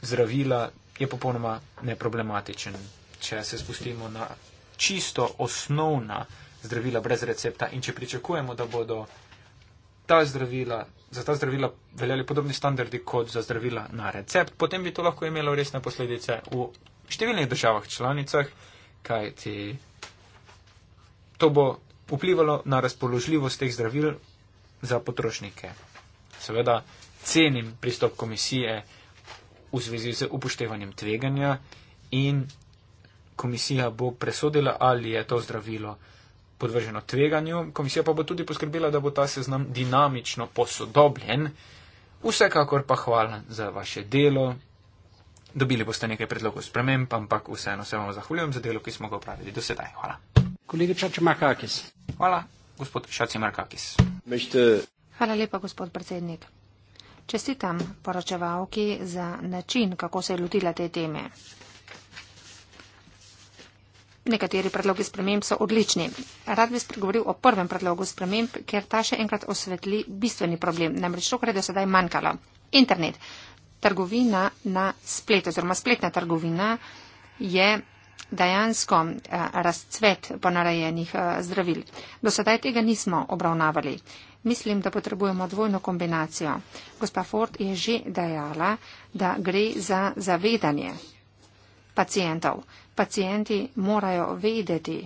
S1: zdravila je popolnoma neproblematičen. Če se spustimo na čisto osnovna zdravila brez recepta in če pričakujemo, da bodo ta zdravila, za ta zdravila veljali podobni standardi kot za zdravila na recept, potem bi to lahko imelo resne posledice v številnih državah članicah, kajti to bo vplivalo na razpoložljivost teh zdravil za potrošnike. Seveda cenim pristop komisije v zvezi z upoštevanjem tveganja in komisija bo presodila, ali je to zdravilo podvrženo tveganju. Komisija pa bo tudi poskrbela, da bo ta seznam dinamično posodobljen. Vsekakor pa hvala za vaše delo. Dobili boste nekaj predlogov sprememb, ampak vseeno se vam zahvaljujem za delo, ki smo ga opravili do sedaj. Hvala. Kolega Čače Markakis. Hvala, gospod Šaci Markakis. Mešte.
S2: Hvala lepa, gospod predsednik. Čestitam poročevalki za način, kako se je lotila te teme. Nekateri predlogi sprememb so odlični. Rad bi spregovoril o prvem predlogu sprememb, ker ta še enkrat osvetli bistveni problem, namreč to, kar je do sedaj manjkalo. Internet. Trgovina na splet oziroma spletna trgovina je dejansko eh, razcvet ponarejenih eh, zdravil. Do sedaj tega nismo obravnavali. Mislim, da potrebujemo dvojno kombinacijo. Gospa Ford je že dejala, da gre za zavedanje pacijentov. Pacijenti morajo vedeti,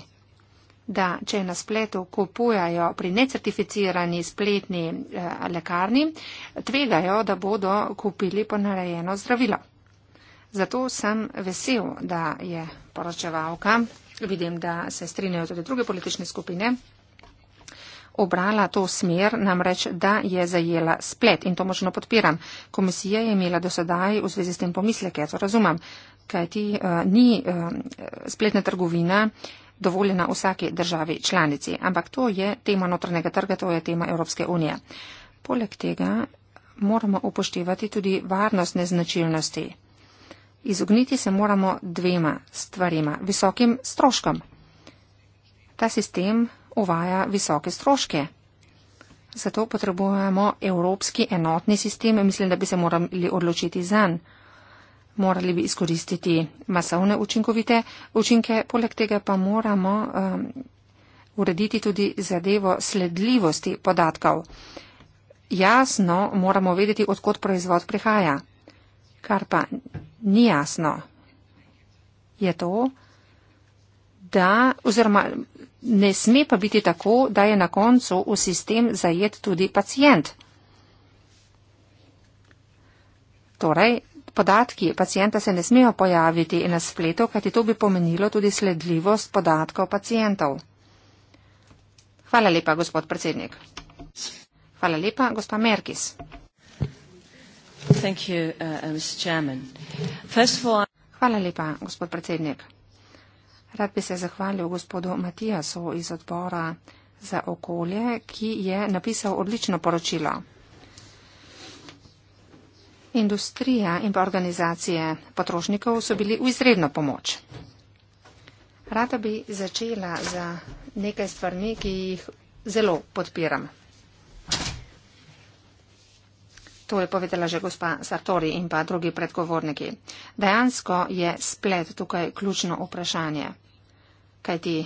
S2: da če na spletu kupujajo pri necertificirani spletni eh, lekarni, tvegajo, da bodo kupili ponarejeno zdravilo. Zato sem vesel, da je poročevalka, vidim, da se strinjajo tudi druge politične skupine, obrala to smer, namreč, da je zajela splet in to močno podpiram. Komisija je imela dosedaj v zvezi s tem pomisleke, to razumem kajti eh, ni eh, spletna trgovina dovoljena vsaki državi članici, ampak to je tema notranjega trga, to je tema Evropske unije. Poleg tega moramo upoštevati tudi varnostne značilnosti. Izogniti se moramo dvema stvarima, visokim stroškom. Ta sistem uvaja visoke stroške. Zato potrebujemo evropski enotni sistem in mislim, da bi se morali odločiti zanj morali bi izkoristiti masovne učinkovite učinke, poleg tega pa moramo um, urediti tudi zadevo sledljivosti podatkov. Jasno moramo vedeti, odkot proizvod prihaja. Kar pa ni jasno, je to, da oziroma ne sme pa biti tako, da je na koncu v sistem zajet tudi pacijent. Torej, Podatki pacijenta se ne smejo pojaviti na spletu, kajti to bi pomenilo tudi sledljivost podatkov pacijentov. Hvala lepa, gospod predsednik. Hvala lepa, gospa Merkis. You, uh, uh all... Hvala lepa, gospod predsednik. Rad bi se zahvalil gospodu Matijasu iz odbora za okolje, ki je napisal odlično poročilo. Industrija in pa organizacije potrošnikov so bili v izredno pomoč. Rada bi začela za nekaj stvarmi, ki jih zelo podpiram. To je povedala že gospa Sartori in pa drugi predgovorniki. Dejansko je splet tukaj ključno vprašanje, kajti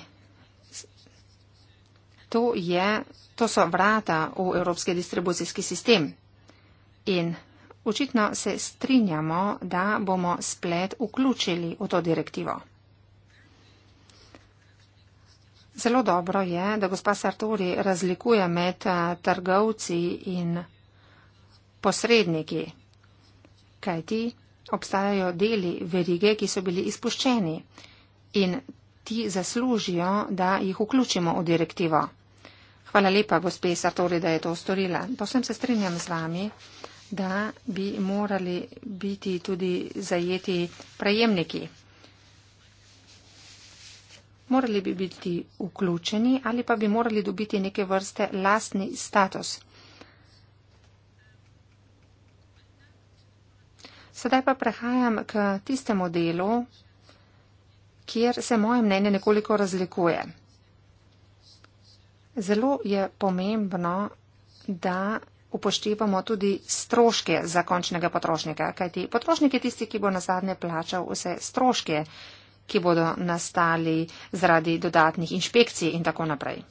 S2: to, je, to so vrata v evropski distribucijski sistem. In Očitno se strinjamo, da bomo splet vključili v to direktivo. Zelo dobro je, da gospa Sartori razlikuje med eh, trgovci in posredniki, kajti obstajajo deli verige, ki so bili izpuščeni in ti zaslužijo, da jih vključimo v direktivo. Hvala lepa, gospe Sartori, da je to storila. Povsem se strinjam z vami da bi morali biti tudi zajeti prejemniki. Morali bi biti vključeni ali pa bi morali dobiti neke vrste lastni status. Sedaj pa prehajam k tistemu delu, kjer se moje mnenje nekoliko razlikuje. Zelo je pomembno, da upoštevamo tudi stroške za končnega potrošnika, kajti potrošnik je tisti, ki bo na zadnje plačal vse stroške, ki bodo nastali zaradi dodatnih inšpekcij in tako naprej.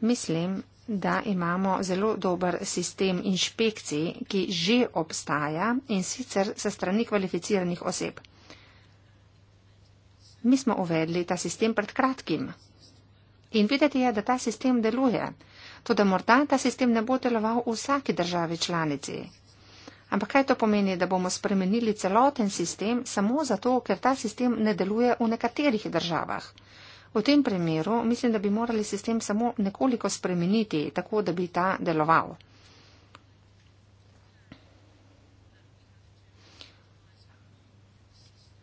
S2: Mislim, da imamo zelo dober sistem inšpekcij, ki že obstaja in sicer se strani kvalificiranih oseb. Mi smo uvedli ta sistem pred kratkim in videti je, da ta sistem deluje tudi morda ta sistem ne bo deloval v vsaki državi članici. Ampak kaj to pomeni, da bomo spremenili celoten sistem samo zato, ker ta sistem ne deluje v nekaterih državah? V tem primeru mislim, da bi morali sistem samo nekoliko spremeniti, tako da bi ta deloval.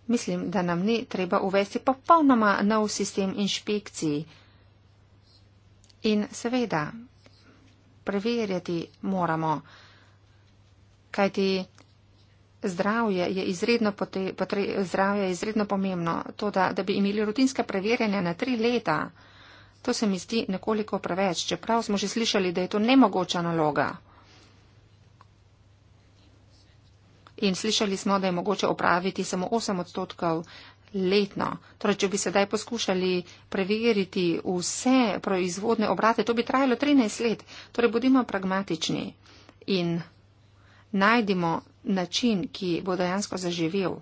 S2: Mislim, da nam ni treba uvesti popolnoma nov sistem inšpekcij. In seveda, preverjati moramo, kajti zdravje je izredno, pote, potre, zdravje je izredno pomembno. To, da, da bi imeli rutinska preverjanja na tri leta, to se mi zdi nekoliko preveč, čeprav smo že slišali, da je to nemogoča naloga. In slišali smo, da je mogoče opraviti samo 8 odstotkov letno. Torej, če bi sedaj poskušali preveriti vse proizvodne obrate, to bi trajalo 13 let. Torej, bodimo pragmatični in najdimo način, ki bo dejansko zaživel.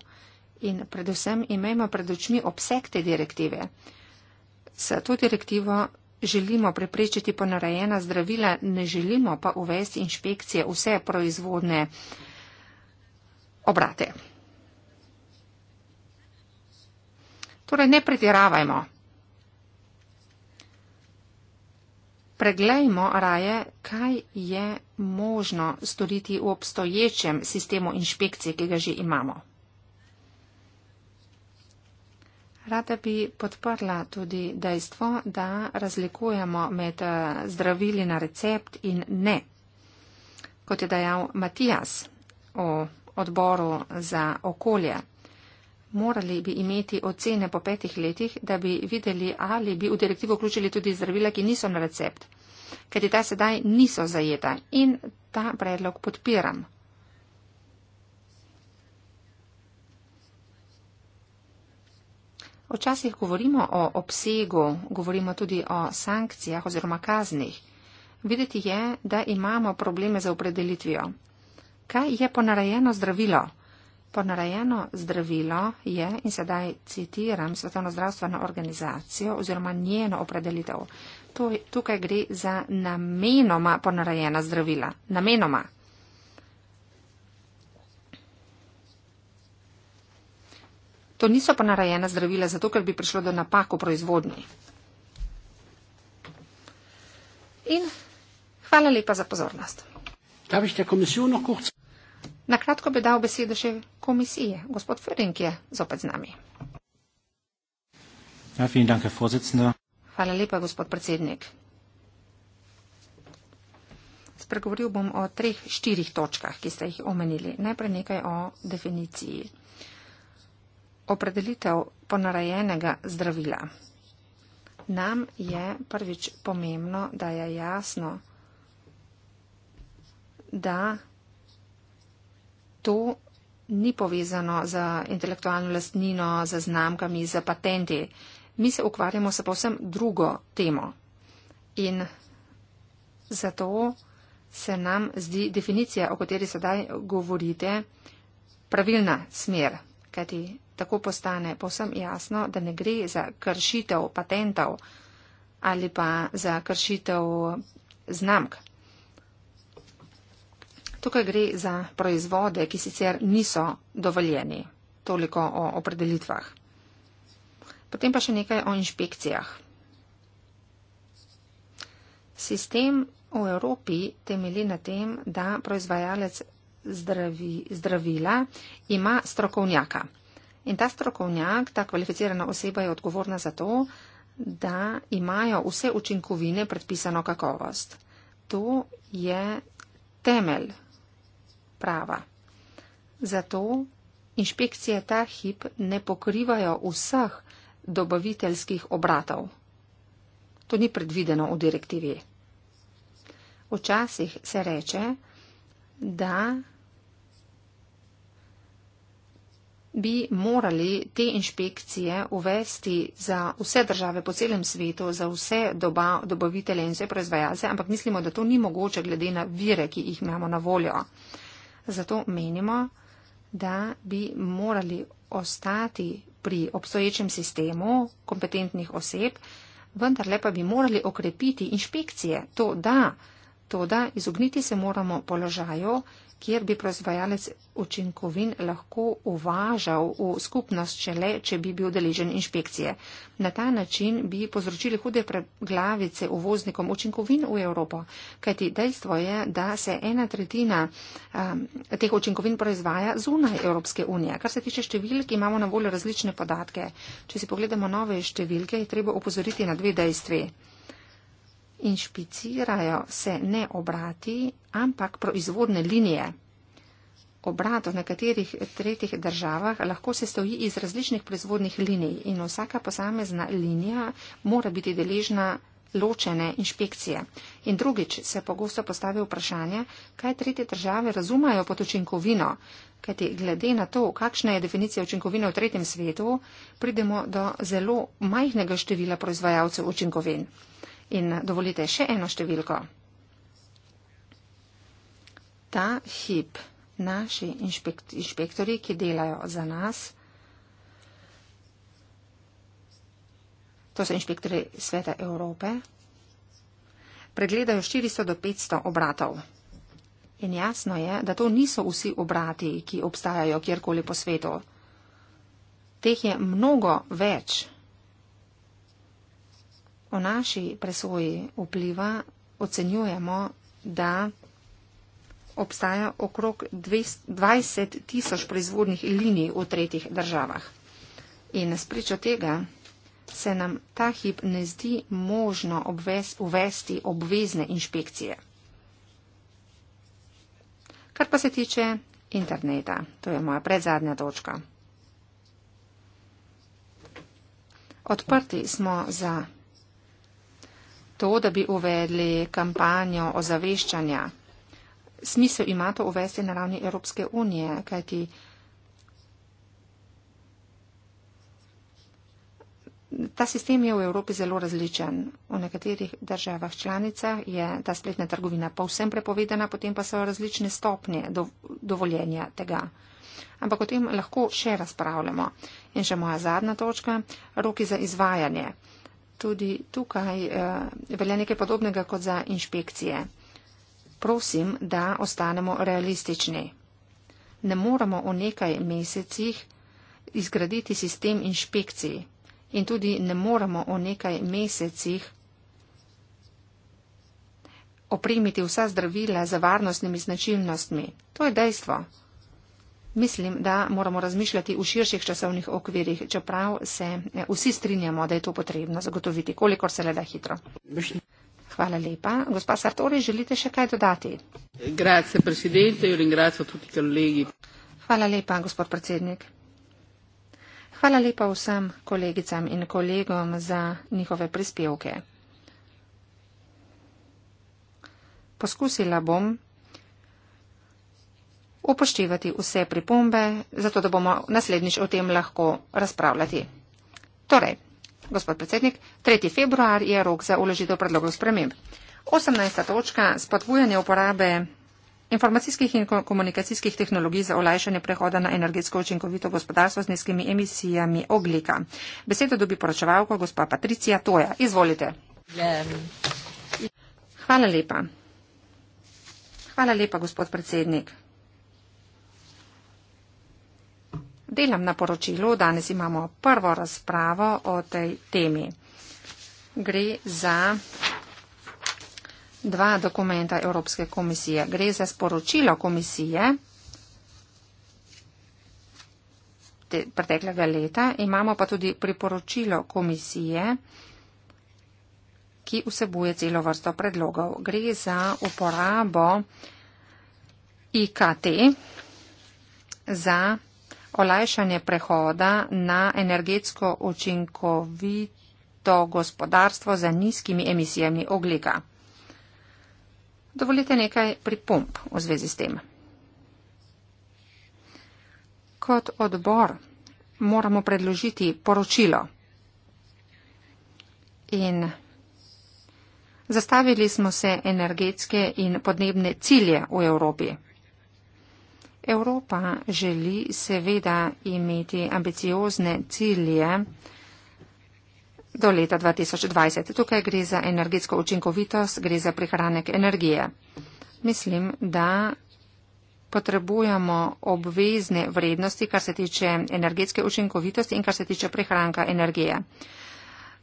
S2: In predvsem imejmo pred očmi obseg te direktive. S to direktivo želimo preprečiti ponarejena zdravila, ne želimo pa uvesti inšpekcije vse proizvodne obrate. Torej, ne pretiravajmo. Preglejmo raje, kaj je možno storiti v obstoječem sistemu inšpekcije, ki ga že imamo. Rada bi podprla tudi dejstvo, da razlikujemo med eh, zdravili na recept in ne. Kot je dejal Matijas o odboru za okolje, Morali bi imeti ocene po petih letih, da bi videli, ali bi v direktivo vključili tudi zdravila, ki niso na recept, ker ti ta sedaj niso zajeta in ta predlog podpiram. Včasih govorimo o obsegu, govorimo tudi o sankcijah oziroma kaznih. Videti je, da imamo probleme za opredelitvijo. Kaj je ponarejeno zdravilo? Ponarejeno zdravilo je, in sedaj citiram Svetovno zdravstveno organizacijo oziroma njeno opredelitev. To, tukaj gre za namenoma ponarejena zdravila. Namenoma. To niso ponarejena zdravila, zato ker bi prišlo do napak v proizvodnji. In hvala lepa za pozornost. Da bi ste komisijo lahko. Na kratko bi dal besedo še komisije. Gospod Ferenc je zopet z nami. Ja, dank, Hvala lepa, gospod predsednik. Spregovoril bom o treh, štirih točkah, ki ste jih omenili. Najprej nekaj o definiciji. Opredelitev ponarejenega zdravila. Nam je prvič pomembno, da je jasno, da to ni povezano z intelektualno lastnino, z znamkami, z patenti. Mi se ukvarjamo s povsem drugo temo. In zato se nam zdi definicija, o kateri sedaj govorite, pravilna smer, kajti tako postane povsem jasno, da ne gre za kršitev patentov ali pa za kršitev znamk. Tukaj gre za proizvode, ki sicer niso dovoljeni. Toliko o opredelitvah. Potem pa še nekaj o inšpekcijah. Sistem v Evropi temeli na tem, da proizvajalec zdravi, zdravila ima strokovnjaka. In ta strokovnjak, ta kvalificirana oseba je odgovorna za to, da imajo vse učinkovine predpisano kakovost. To je temelj prava. Zato inšpekcije ta hip ne pokrivajo vseh dobaviteljskih obratov. To ni predvideno v direktivi. Včasih se reče, da bi morali te inšpekcije uvesti za vse države po celem svetu, za vse doba, dobavitele in vse proizvajalce, ampak mislimo, da to ni mogoče glede na vire, ki jih imamo na voljo. Zato menimo, da bi morali ostati pri obstoječem sistemu kompetentnih oseb, vendar le pa bi morali okrepiti inšpekcije. To da, to da, izogniti se moramo položaju, kjer bi proizvajalec učinkovin lahko uvažal v skupnost šele, če bi bil deležen inšpekcije. Na ta način bi povzročili hude preglavice uvoznikom učinkovin v Evropo, kajti dejstvo je, da se ena tretjina um, teh učinkovin proizvaja zunaj Evropske unije. Kar se tiče številk, imamo na voljo različne podatke. Če si pogledamo nove številke, je treba upozoriti na dve dejstvi inšpicirajo se ne obrati, ampak proizvodne linije. Obrat v nekaterih tretjih državah lahko se stoji iz različnih proizvodnih linij in vsaka posamezna linija mora biti deležna ločene inšpekcije. In drugič se pogosto postavi vprašanje, kaj tretje države razumajo pod učinkovino, kajti glede na to, kakšna je definicija učinkovine v tretjem svetu, pridemo do zelo majhnega števila proizvajalcev učinkovin. In dovolite še eno številko. Ta hip naši inšpekt, inšpektori, ki delajo za nas, to so inšpektori Sveta Evrope, pregledajo 400 do 500 obratov. In jasno je, da to niso vsi obrati, ki obstajajo kjerkoli po svetu. Teh je mnogo več o naši presoji vpliva, ocenjujemo, da obstaja okrog 20 tisoč proizvodnih linij v tretjih državah. In spričo tega se nam ta hip ne zdi možno obves, uvesti obvezne inšpekcije. Kar pa se tiče interneta, to je moja predzadnja točka. Odprti smo za to, da bi uvedli kampanjo ozaveščanja. Smisel ima to uvesti na ravni Evropske unije, kajti ta sistem je v Evropi zelo različen. V nekaterih državah članicah je ta spletna trgovina povsem prepovedana, potem pa so različne stopnje do, dovoljenja tega. Ampak o tem lahko še razpravljamo. In še moja zadnja točka, roki za izvajanje tudi tukaj eh, velja nekaj podobnega kot za inšpekcije. Prosim, da ostanemo realistični. Ne moramo v nekaj mesecih izgraditi sistem inšpekcij in tudi ne moramo v nekaj mesecih opremiti vsa zdravila za varnostnimi značilnostmi. To je dejstvo. Mislim, da moramo razmišljati v širših časovnih okvirih, čeprav se eh, vsi strinjamo, da je to potrebno zagotoviti, kolikor se le da hitro. Hvala lepa. Gospa Sartori, želite še kaj dodati? Grazie, presidente, in grazie tudi kolegi. Hvala lepa, gospod predsednik. Hvala lepa vsem kolegicam in kolegom za njihove prispevke. Poskusila bom upoštevati vse pripombe, zato da bomo naslednjič o tem lahko razpravljati. Torej, gospod predsednik, 3. februar je rok za uložitev predlogov sprememb. 18. točka spodbujanje uporabe informacijskih in komunikacijskih tehnologij za olajšanje prehoda na energetsko učinkovito gospodarstvo z nizkimi emisijami oglika. Besedo dobi poročevalko gospa Patricija Toja. Izvolite. Hvala lepa. Hvala lepa, gospod predsednik. delam na poročilu, danes imamo prvo razpravo o tej temi. Gre za dva dokumenta Evropske komisije. Gre za sporočilo komisije te, preteklega leta, imamo pa tudi priporočilo komisije, ki vsebuje celo vrsto predlogov. Gre za uporabo IKT za olajšanje prehoda na energetsko učinkovito gospodarstvo za nizkimi emisijami ogljika. Dovolite nekaj pripomp v zvezi s tem. Kot odbor moramo predložiti poročilo in zastavili smo se energetske in podnebne cilje v Evropi. Evropa želi seveda imeti ambiciozne cilje do leta 2020. Tukaj gre za energetsko učinkovitost, gre za prihranek energije. Mislim, da potrebujemo obvezne vrednosti, kar se tiče energetske učinkovitosti in kar se tiče prihranka energije.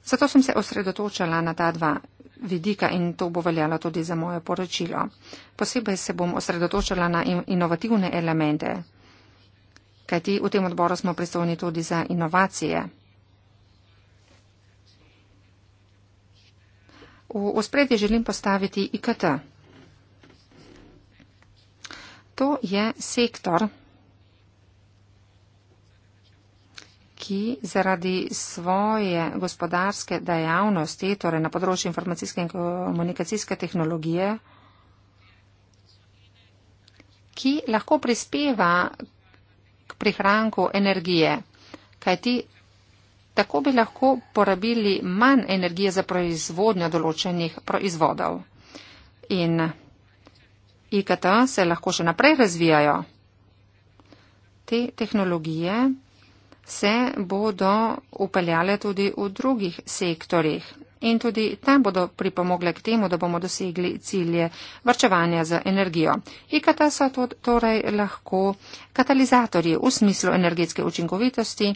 S2: Zato sem se osredotočala na ta dva vidika in to bo veljalo tudi za moje poročilo. Posebej se bom osredotočila na inovativne elemente, kajti v tem odboru smo pristojni tudi za inovacije. V ospredje želim postaviti IKT. To je sektor, ki zaradi svoje gospodarske dejavnosti, torej na področju informacijske in komunikacijske tehnologije, ki lahko prispeva k prihranku energije, kajti tako bi lahko porabili manj energije za proizvodnjo določenih proizvodov. In IKT se lahko še naprej razvijajo. Te tehnologije se bodo upeljale tudi v drugih sektorjih. In tudi tam bodo pripomogle k temu, da bomo dosegli cilje vrčevanja z energijo. IKT so torej lahko katalizatorji v smislu energetske učinkovitosti.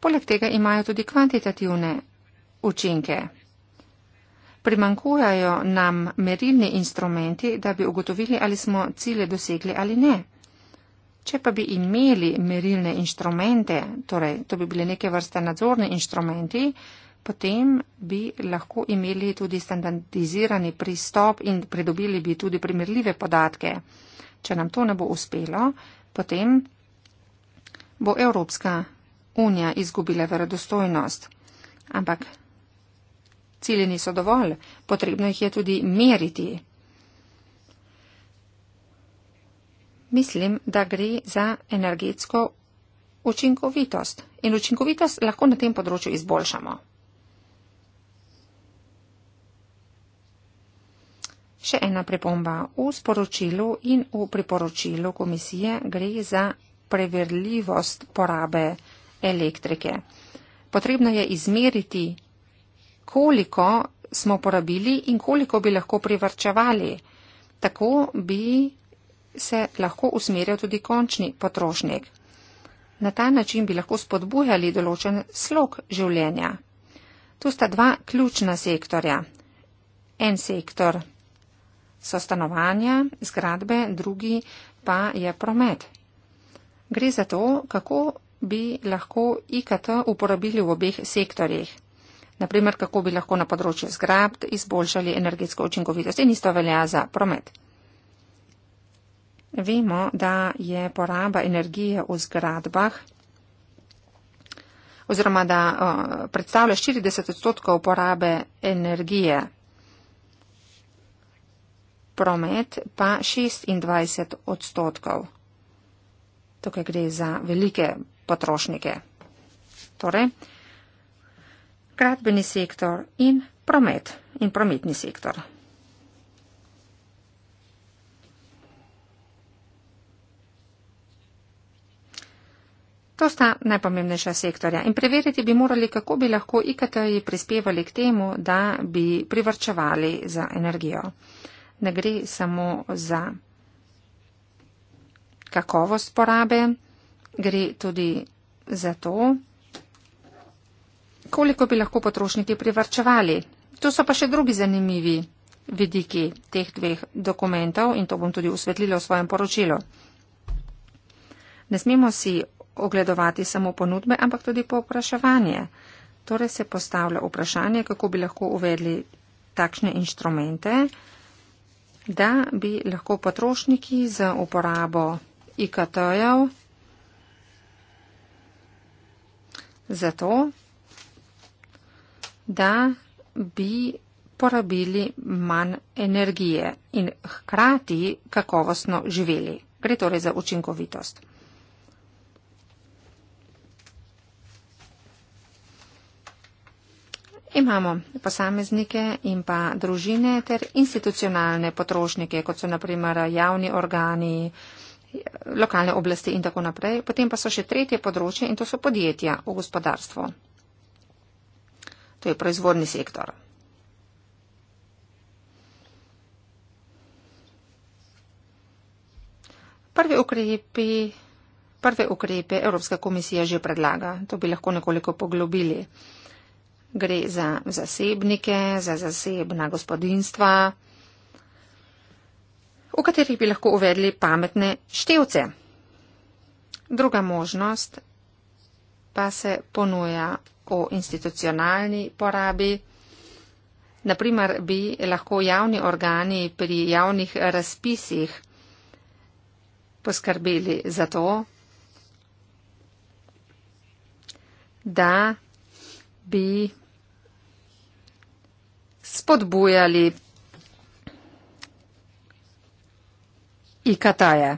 S2: Poleg tega imajo tudi kvantitativne učinke. Primankujajo nam merilni instrumenti, da bi ugotovili, ali smo cilje dosegli ali ne. Če pa bi imeli merilne inštrumente, torej to bi bile neke vrste nadzorni inštrumenti, potem bi lahko imeli tudi standardizirani pristop in pridobili bi tudi primerljive podatke. Če nam to ne bo uspelo, potem bo Evropska unija izgubila verodostojnost. Ampak cilji niso dovolj, potrebno jih je tudi meriti. mislim, da gre za energetsko učinkovitost in učinkovitost lahko na tem področju izboljšamo. Še ena pripomba. V sporočilu in v priporočilu komisije gre za preverljivost porabe elektrike. Potrebno je izmeriti, koliko smo porabili in koliko bi lahko privrčevali. Tako bi se lahko usmerjal tudi končni potrošnik. Na ta način bi lahko spodbujali določen slog življenja. Tu sta dva ključna sektorja. En sektor so stanovanja, zgradbe, drugi pa je promet. Gre za to, kako bi lahko IKT uporabili v obeh sektorjih. Naprimer, kako bi lahko na področju zgrabt izboljšali energetsko učinkovitost in isto velja za promet. Vemo, da je poraba energije v zgradbah oziroma da uh, predstavlja 40 odstotkov porabe energije, promet pa 26 odstotkov. Tukaj gre za velike potrošnike. Torej, gradbeni sektor in promet in prometni sektor. To sta najpomembnejša sektorja in preveriti bi morali, kako bi lahko IKT-ji prispevali k temu, da bi privrčevali za energijo. Ne gre samo za kakovost porabe, gre tudi za to, koliko bi lahko potrošniki privrčevali. To so pa še drugi zanimivi vidiki teh dveh dokumentov in to bom tudi usvetlila v svojem poročilu. Ne smemo si ogledovati samo ponudbe, ampak tudi povpraševanje. Torej se postavlja vprašanje, kako bi lahko uvedli takšne inštrumente, da bi lahko potrošniki z uporabo IKT-jev zato, da bi porabili manj energije in hkrati kakovostno živeli. Gre torej za učinkovitost. Imamo posameznike in pa družine ter institucionalne potrošnike, kot so naprimer javni organi, lokalne oblasti in tako naprej. Potem pa so še tretje področje in to so podjetja v gospodarstvu. To je proizvodni sektor. Prvi ukrepi, prve ukrepe Evropska komisija že predlaga. To bi lahko nekoliko poglobili gre za zasebnike, za zasebna gospodinstva, v katerih bi lahko uvedli pametne števce. Druga možnost pa se ponuja o institucionalni porabi. Naprimer bi lahko javni organi pri javnih razpisih poskrbeli za to, da bi spodbujali i kataje.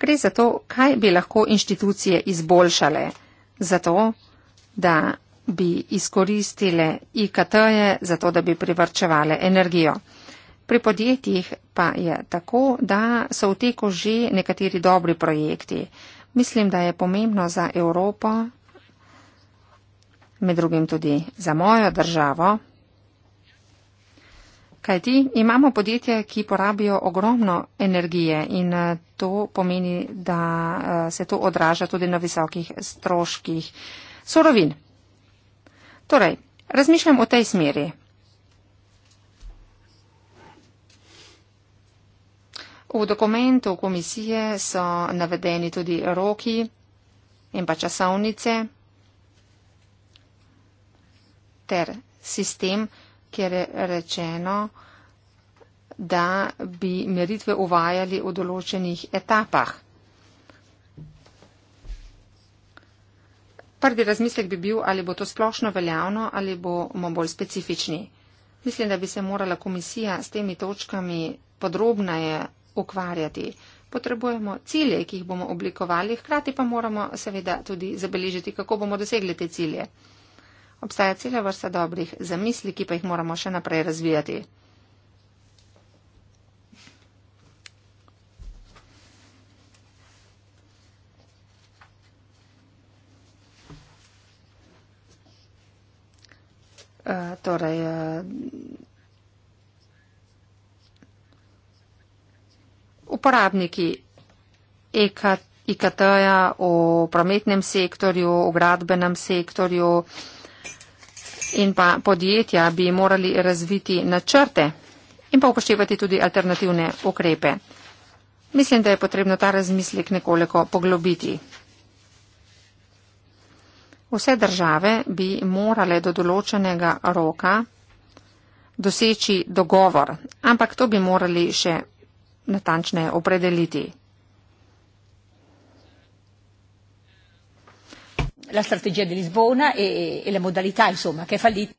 S2: Gre za to, kaj bi lahko inštitucije izboljšale, zato da bi izkoristile IKT-je, zato da bi privrčevale energijo. Pri podjetjih pa je tako, da so v teku že nekateri dobri projekti. Mislim, da je pomembno za Evropo, med drugim tudi za mojo državo. Kaj ti, imamo podjetje, ki porabijo ogromno energije in eh, to pomeni, da eh, se to odraža tudi na visokih stroških sorovin. Torej, razmišljam o tej smeri. V dokumentu komisije so navedeni tudi roki in pa časovnice ter sistem, kjer je rečeno, da bi meritve uvajali v določenih etapah. Prvi razmislek bi bil, ali bo to splošno veljavno ali bomo bolj specifični. Mislim, da bi se morala komisija s temi točkami podrobneje ukvarjati. Potrebujemo cilje, ki jih bomo oblikovali, hkrati pa moramo seveda tudi zabeležiti, kako bomo dosegli te cilje obstaja cela vrsta dobrih zamisli, ki pa jih moramo še naprej razvijati. Uh, torej, uh, uporabniki e IKT-ja v prometnem sektorju, v gradbenem sektorju, uh, in pa podjetja bi morali razviti načrte in pa upoštevati tudi alternativne ukrepe. Mislim, da je potrebno ta razmislek nekoliko poglobiti. Vse države bi morale do določenega roka doseči dogovor, ampak to bi morali še natančneje opredeliti.
S3: la strategia di Lisbona e, e la modalità insomma, che è fallita.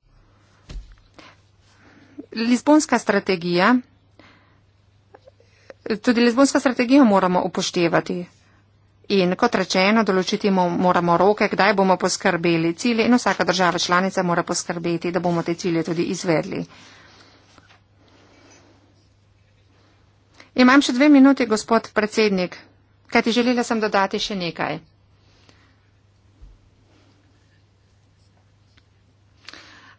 S2: Lisbonska strategija, tudi Lisbonska strategija moramo upoštevati. In kot rečeno, določiti moramo roke, kdaj bomo poskrbeli cilje in vsaka država članica mora poskrbeti, da bomo te cilje tudi izvedli. Imam še dve minuti, gospod predsednik, kajti želela sem dodati še nekaj.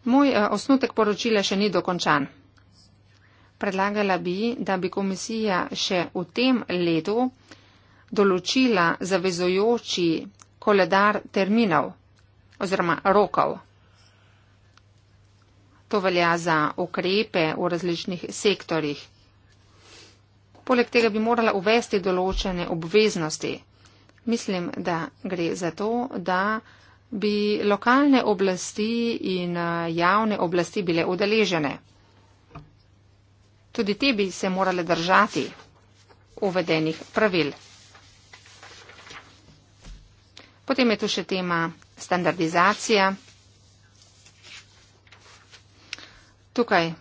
S2: Moj eh, osnutek poročila še ni dokončan. Predlagala bi, da bi komisija še v tem letu določila zavezojoči koledar terminov oziroma rokov. To velja za ukrepe v različnih sektorjih. Poleg tega bi morala uvesti določene obveznosti. Mislim, da gre za to, da bi lokalne oblasti in eh, javne oblasti bile udeležene. Tudi te bi se morale držati uvedenih pravil. Potem je tu še tema standardizacija. Tukaj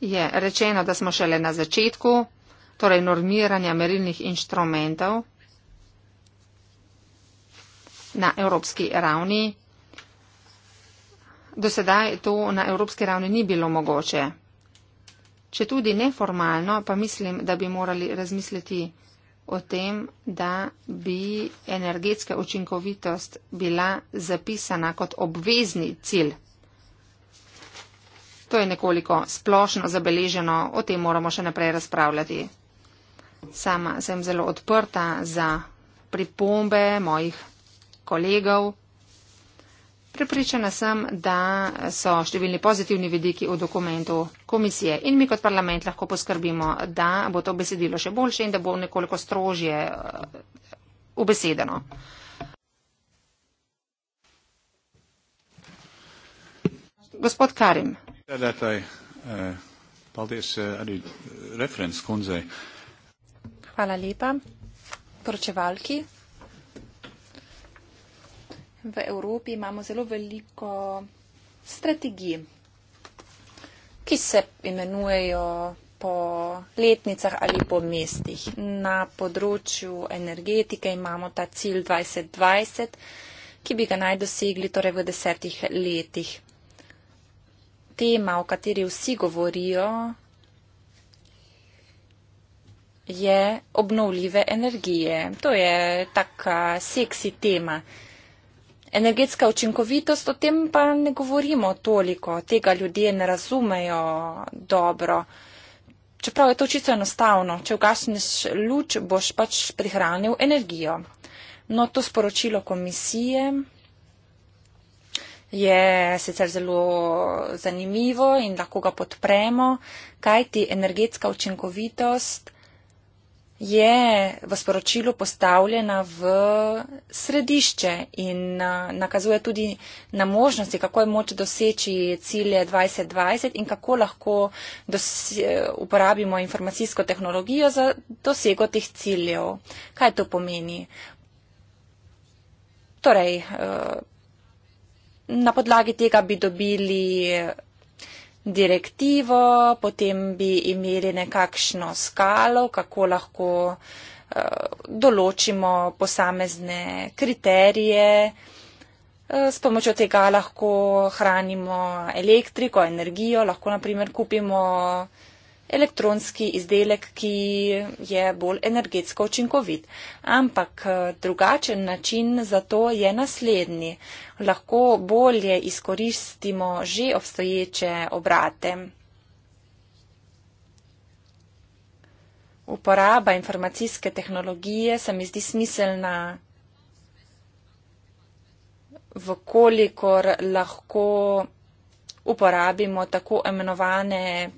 S2: je rečeno, da smo šele na začetku, torej normiranja merilnih inštrumentov na evropski ravni. Do sedaj to na evropski ravni ni bilo mogoče. Če tudi neformalno, pa mislim, da bi morali razmisliti o tem, da bi energetska učinkovitost bila zapisana kot obvezni cilj. To je nekoliko splošno zabeleženo, o tem moramo še naprej razpravljati. Sama sem zelo odprta za pripombe mojih kolegov. Pripričana sem, da so številni pozitivni vidiki v dokumentu komisije in mi kot parlament lahko poskrbimo, da bo to besedilo še boljše in da bo nekoliko strožje eh, ubesedeno.
S3: Gospod Karim. Eh, eh, Hvala lepa poročevalki v Evropi imamo zelo veliko strategij, ki se imenujejo po letnicah ali po mestih. Na področju energetike imamo ta cilj 2020, ki bi ga naj dosegli torej v desetih letih. Tema, o kateri vsi govorijo, je obnovljive energije. To je taka seksi tema. Energetska učinkovitost, o tem pa ne govorimo toliko, tega ljudje ne razumejo dobro. Čeprav je to čisto enostavno, če ugasneš luč, boš pač prihranil energijo. No, to sporočilo komisije je sicer zelo zanimivo in lahko ga podpremo, kaj ti energetska učinkovitost je v sporočilu postavljena v središče in nakazuje tudi na možnosti, kako je moč doseči cilje 2020 in kako lahko e, uporabimo informacijsko tehnologijo za dosego teh ciljev. Kaj to pomeni? Torej, e, na podlagi tega bi dobili direktivo, potem bi imeli nekakšno skalo, kako lahko eh, določimo posamezne kriterije. Eh, s pomočjo tega lahko hranimo elektriko, energijo, lahko naprimer kupimo elektronski izdelek, ki je bolj energetsko učinkovit. Ampak eh, drugačen način za to je naslednji. Lahko bolje izkoristimo že obstoječe obrate. Uporaba informacijske tehnologije se mi zdi smiselna, vkolikor lahko uporabimo tako imenovane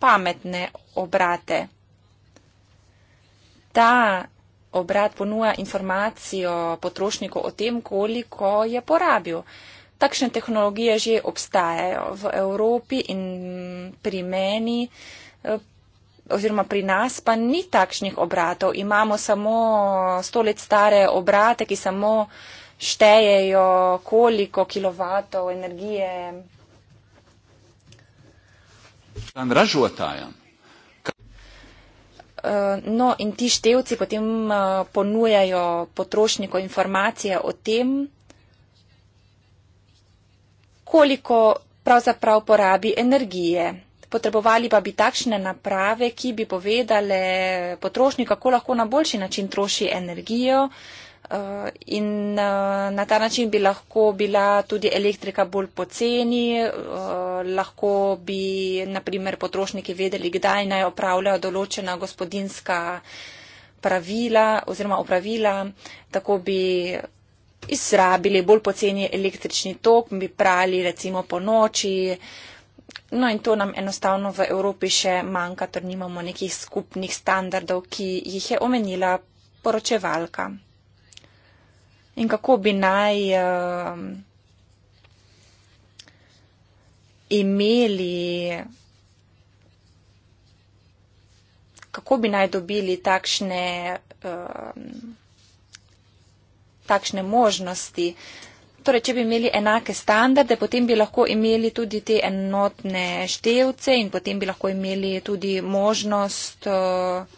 S3: pametne obrate. Ta obrat ponuja informacijo potrošniku o tem, koliko je porabil. Takšne tehnologije že obstajajo v Evropi in pri meni eh, oziroma pri nas pa ni takšnih obratov. Imamo samo stolet stare obrate, ki samo štejejo, koliko kilovatov energije
S1: tam ražotajam.
S3: Eh, no, in ti števci potem eh, ponujajo potrošniku informacije o tem, koliko pravzaprav porabi energije. Potrebovali pa bi takšne naprave, ki bi povedale potrošniku, kako lahko na boljši način troši energijo, Eh, in eh, na ta način bi lahko bila tudi elektrika bolj poceni, eh, lahko bi naprimer potrošniki vedeli, kdaj naj opravljajo določena gospodinska pravila oziroma opravila, tako bi izrabili bolj poceni električni tok, bi prali recimo po noči. No in to nam enostavno v Evropi še manjka, ker nimamo nekih skupnih standardov, ki jih je omenila poročevalka in kako bi naj uh, imeli, kako bi naj dobili takšne, uh, takšne možnosti. Torej, če bi imeli enake standarde, potem bi lahko imeli tudi te enotne števce in potem bi lahko imeli tudi možnost uh,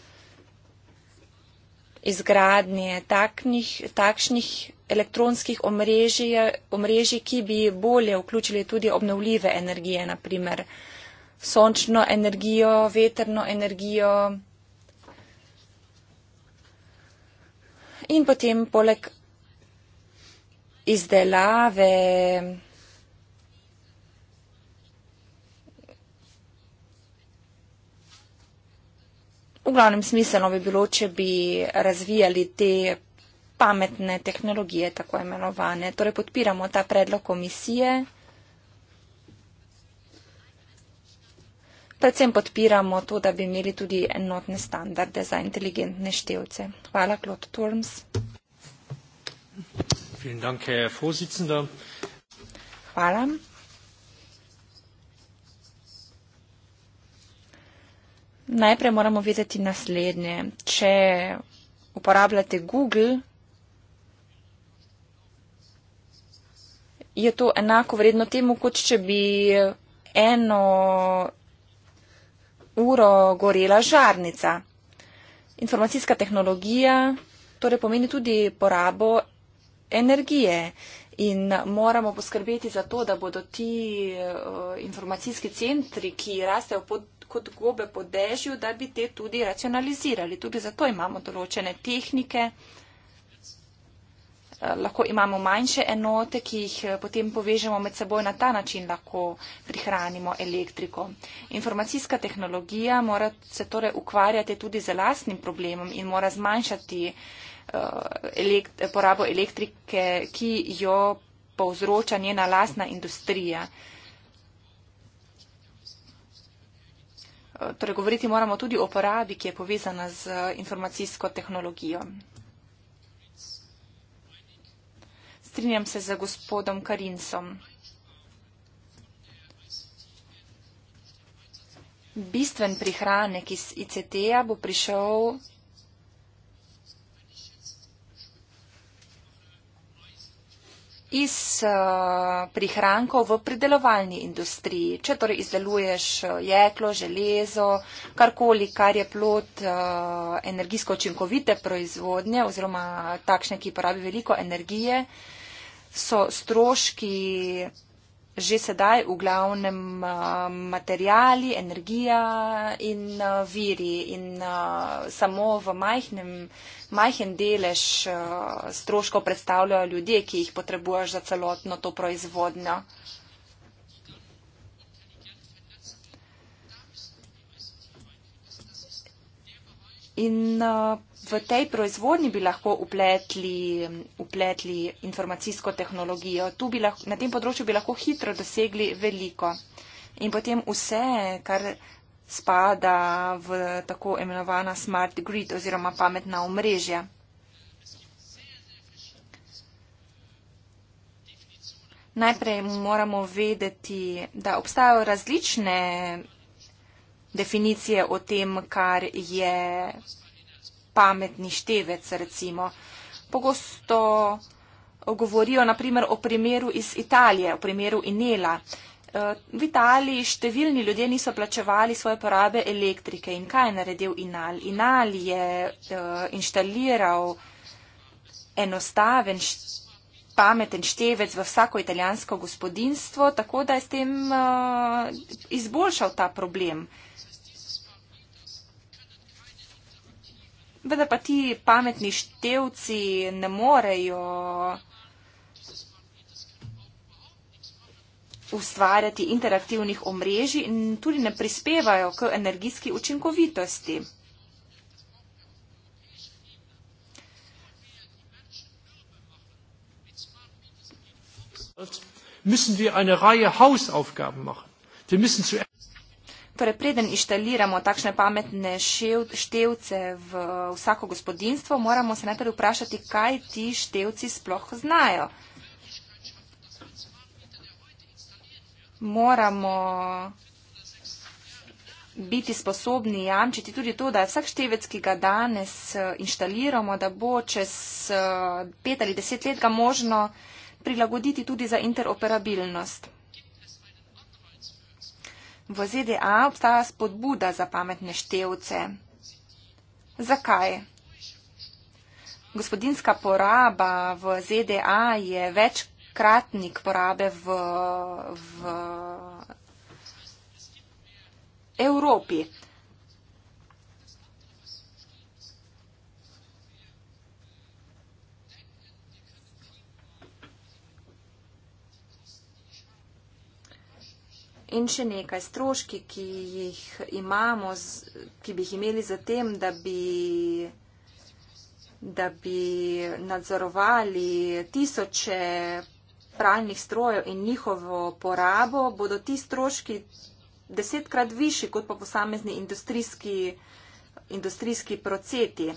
S3: izgradnje taknih, takšnih uh, elektronskih omrežij, omrežij, ki bi bolje vključili tudi obnovljive energije, naprimer sončno energijo, veterno energijo. In potem poleg izdelave V glavnem smiselno bi bilo, če bi razvijali te pametne tehnologije, tako imenovane. Torej podpiramo ta predlog komisije. Predvsem podpiramo to, da bi imeli tudi enotne standarde za inteligentne števce. Hvala, Claude Turms. Hvala. Najprej moramo videti naslednje. Če uporabljate Google, je to enako vredno temu, kot če bi eno uro gorela žarnica. Informacijska tehnologija torej pomeni tudi porabo energije in moramo poskrbeti za to, da bodo ti eh, informacijski centri, ki rastejo pod, kot gobe po dežju, da bi te tudi racionalizirali. Tudi zato imamo določene tehnike, Eh, lahko imamo manjše enote, ki jih eh, potem povežemo med seboj, na ta način lahko prihranimo elektriko. Informacijska tehnologija mora se torej ukvarjati tudi z lastnim problemom in mora zmanjšati eh, elekt, porabo elektrike, ki jo povzroča njena lastna industrija. Torej, govoriti moramo tudi o porabi, ki je povezana z informacijsko tehnologijo. Strinjam se za gospodom Karinsom. Bistven prihranek iz ICT-ja bo prišel iz eh, prihrankov v predelovalni industriji. Če torej izdeluješ eh, jeklo, železo, karkoli, kar je plot eh, energijsko očinkovite proizvodnje oziroma takšne, ki porabi veliko energije, so stroški že sedaj v glavnem eh, materijali, energija in eh, viri. In eh, samo v majhnem, majhen delež stroškov predstavljajo ljudje, ki jih potrebuješ za celotno to proizvodnjo. In tej proizvodnji bi lahko upletli, upletli informacijsko tehnologijo. Lahko, na tem področju bi lahko hitro dosegli veliko. In potem vse, kar spada v tako imenovana smart grid oziroma pametna omrežja. Najprej moramo vedeti, da obstajajo različne definicije o tem, kar je pametni števec, recimo. Pogosto govorijo naprimer o primeru iz Italije, o primeru Inela. Eh, v Italiji številni ljudje niso plačevali svoje porabe elektrike in kaj je naredil Inal? Inal je uh, inštaliral enostaven, pameten števec v vsako italijansko gospodinstvo, tako da je s tem uh, izboljšal ta problem. Uh, Vendar pa ti pametni števci ne morejo ustvarjati interaktivnih omrežij in tudi ne prispevajo k energijski učinkovitosti. Müssen wir eine Reihe
S1: Hausaufgaben machen? Wir müssen zuerst.
S3: Torej, preden inštaliramo takšne pametne števce v vsako gospodinstvo, moramo se najprej vprašati, kaj ti števci sploh znajo. Moramo biti sposobni jamčiti tudi to, da je vsak števec, ki ga danes eh, inštaliramo, da bo čez eh, pet ali deset let ga možno prilagoditi tudi za interoperabilnost v ZDA obstaja spodbuda za pametne števce. Zakaj? Gospodinska poraba v ZDA je večkratnik porabe v, v Evropi. in še nekaj stroški, ki jih imamo, ki bi jih imeli za tem, da bi, da bi nadzorovali tisoče pralnih strojev in njihovo porabo, bodo ti stroški desetkrat višji kot pa posamezni industrijski, industrijski proceti.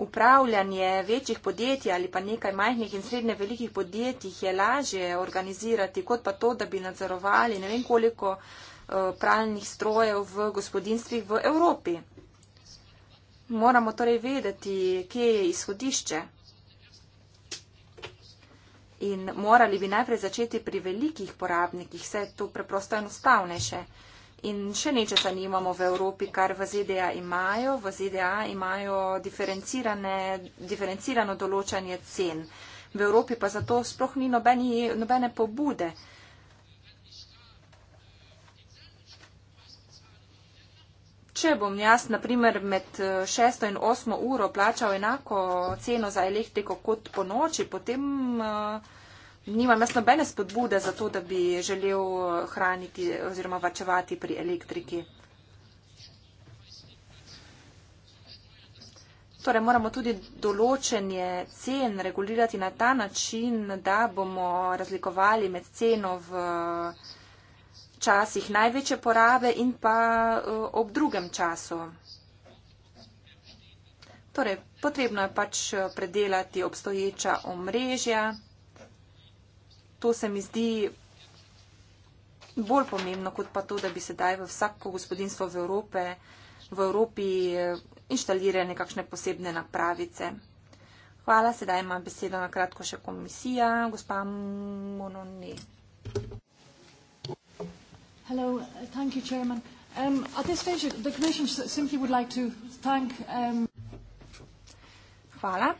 S3: upravljanje večjih podjetij ali pa nekaj majhnih in srednje velikih podjetij je lažje organizirati, kot pa to, da bi nadzorovali ne vem koliko eh, pralnih strojev v gospodinstvih v Evropi. Moramo torej vedeti, kje je izhodišče. In morali bi najprej začeti pri velikih porabnikih, vse to preprosto enostavnejše. In še nečesa nimamo v Evropi, kar v ZDA imajo. V ZDA imajo diferencirano določanje cen. V Evropi pa zato sploh ni nobeni, nobene pobude. Če bom jaz, na primer, med 6 eh, in 8 uro plačal enako ceno za elektriko kot po noči, potem uh, nimam jaz nobene spodbude za to, da bi želel hraniti oziroma vačevati pri elektriki. Torej, moramo tudi določenje cen regulirati na ta način, da bomo razlikovali med ceno v časih največje porabe in pa eh, ob drugem času. Torej, potrebno je pač eh, predelati obstoječa omrežja to se mi zdi bolj pomembno, kot pa to, da bi sedaj v vsako gospodinstvo v, Evrope, v Evropi eh, inštalirali nekakšne posebne napravice. Hvala, sedaj ima besedo na kratko še komisija, gospa Mononi. Hello, uh, thank you, Chairman. Um, at this stage, the Commission simply would like to thank. Um... Hvala.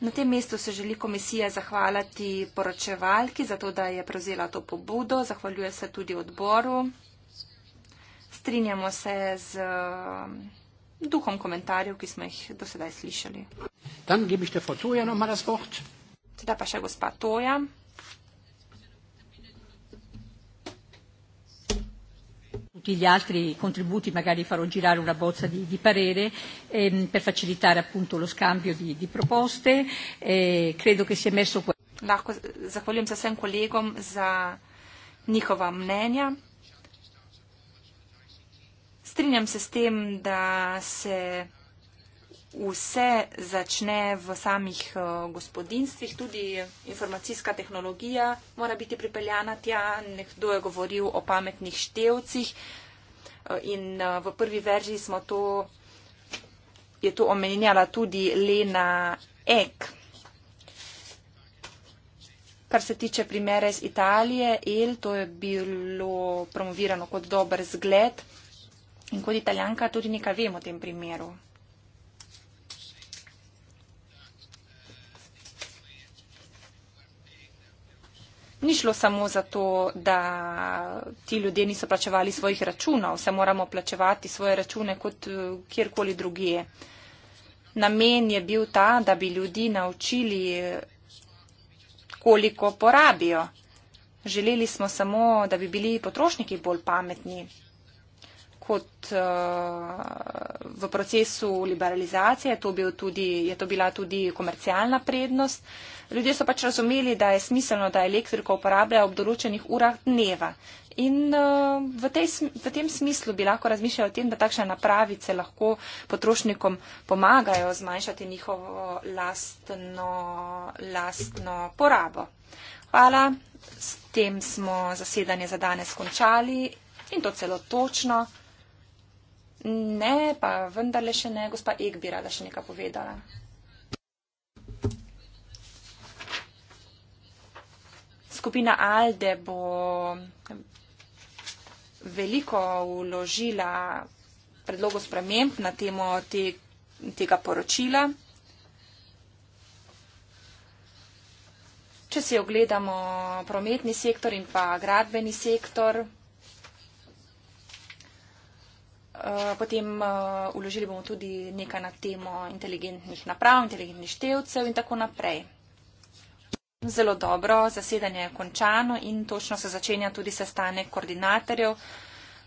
S3: Na tem mestu se želi komisija zahvaliti poročevalki za to, da je prevzela to pobudo. Zahvaljuje se tudi odboru. Strinjamo se z um, duhom komentarjev, ki smo jih do sedaj slišali. Teda pa še gospa Toja. tutti gli altri contributi magari farò girare una bozza di, di parere ehm, per facilitare appunto lo scambio di, di proposte. Eh, credo che sia messo qua. Lahko zahvaljujem se vsem kolegom za njihova mnenja. Strinjam se s tem, da se vse začne v samih eh, gospodinstvih, tudi informacijska tehnologija mora biti pripeljana tja. Nekdo je govoril o pametnih števcih eh, in eh, v prvi verziji smo to, je to omenjala tudi Lena Ek. Kar se tiče primere iz Italije, El, to je bilo promovirano kot dober zgled. In kot italijanka tudi nekaj vem o tem primeru. ni šlo samo za to, da ti ljudje niso plačevali svojih računov, se moramo plačevati svoje račune kot eh, kjerkoli drugje. Namen je bil ta, da bi ljudi naučili, koliko porabijo. Želeli smo samo, da bi bili potrošniki bolj pametni. Kot uh, v procesu liberalizacije je to, bil tudi, je to bila tudi komercialna prednost. Uh, ljudje so pač razumeli, da je smiselno, da elektriko uporabljajo ob določenih urah dneva. In uh, v, tej, v tem smislu bi lahko razmišljali o tem, da takšne napravice lahko potrošnikom pomagajo zmanjšati njihovo lastno, lastno porabo. Hvala, s tem smo zasedanje za danes končali in to celo točno. Ne, pa vendarle še ne, gospa Ek bi rada še nekaj povedala. skupina Alde bo veliko uložila predlogo sprememb na temo te, tega poročila. Če si ogledamo prometni sektor in pa gradbeni sektor, eh, potem uložili eh, bomo tudi nekaj na temo inteligentnih naprav, inteligentnih števcev in tako naprej. Zelo dobro, zasedanje je končano in točno se začenja tudi sestanek koordinatorjev.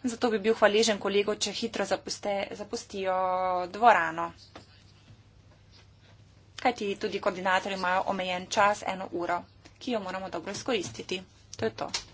S3: Zato bi bil hvaležen kolego, če hitro zapuste, zapustijo dvorano. Kaj ti tudi koordinatorji imajo omejen čas, eno uro, ki jo moramo dobro izkoristiti. To je to.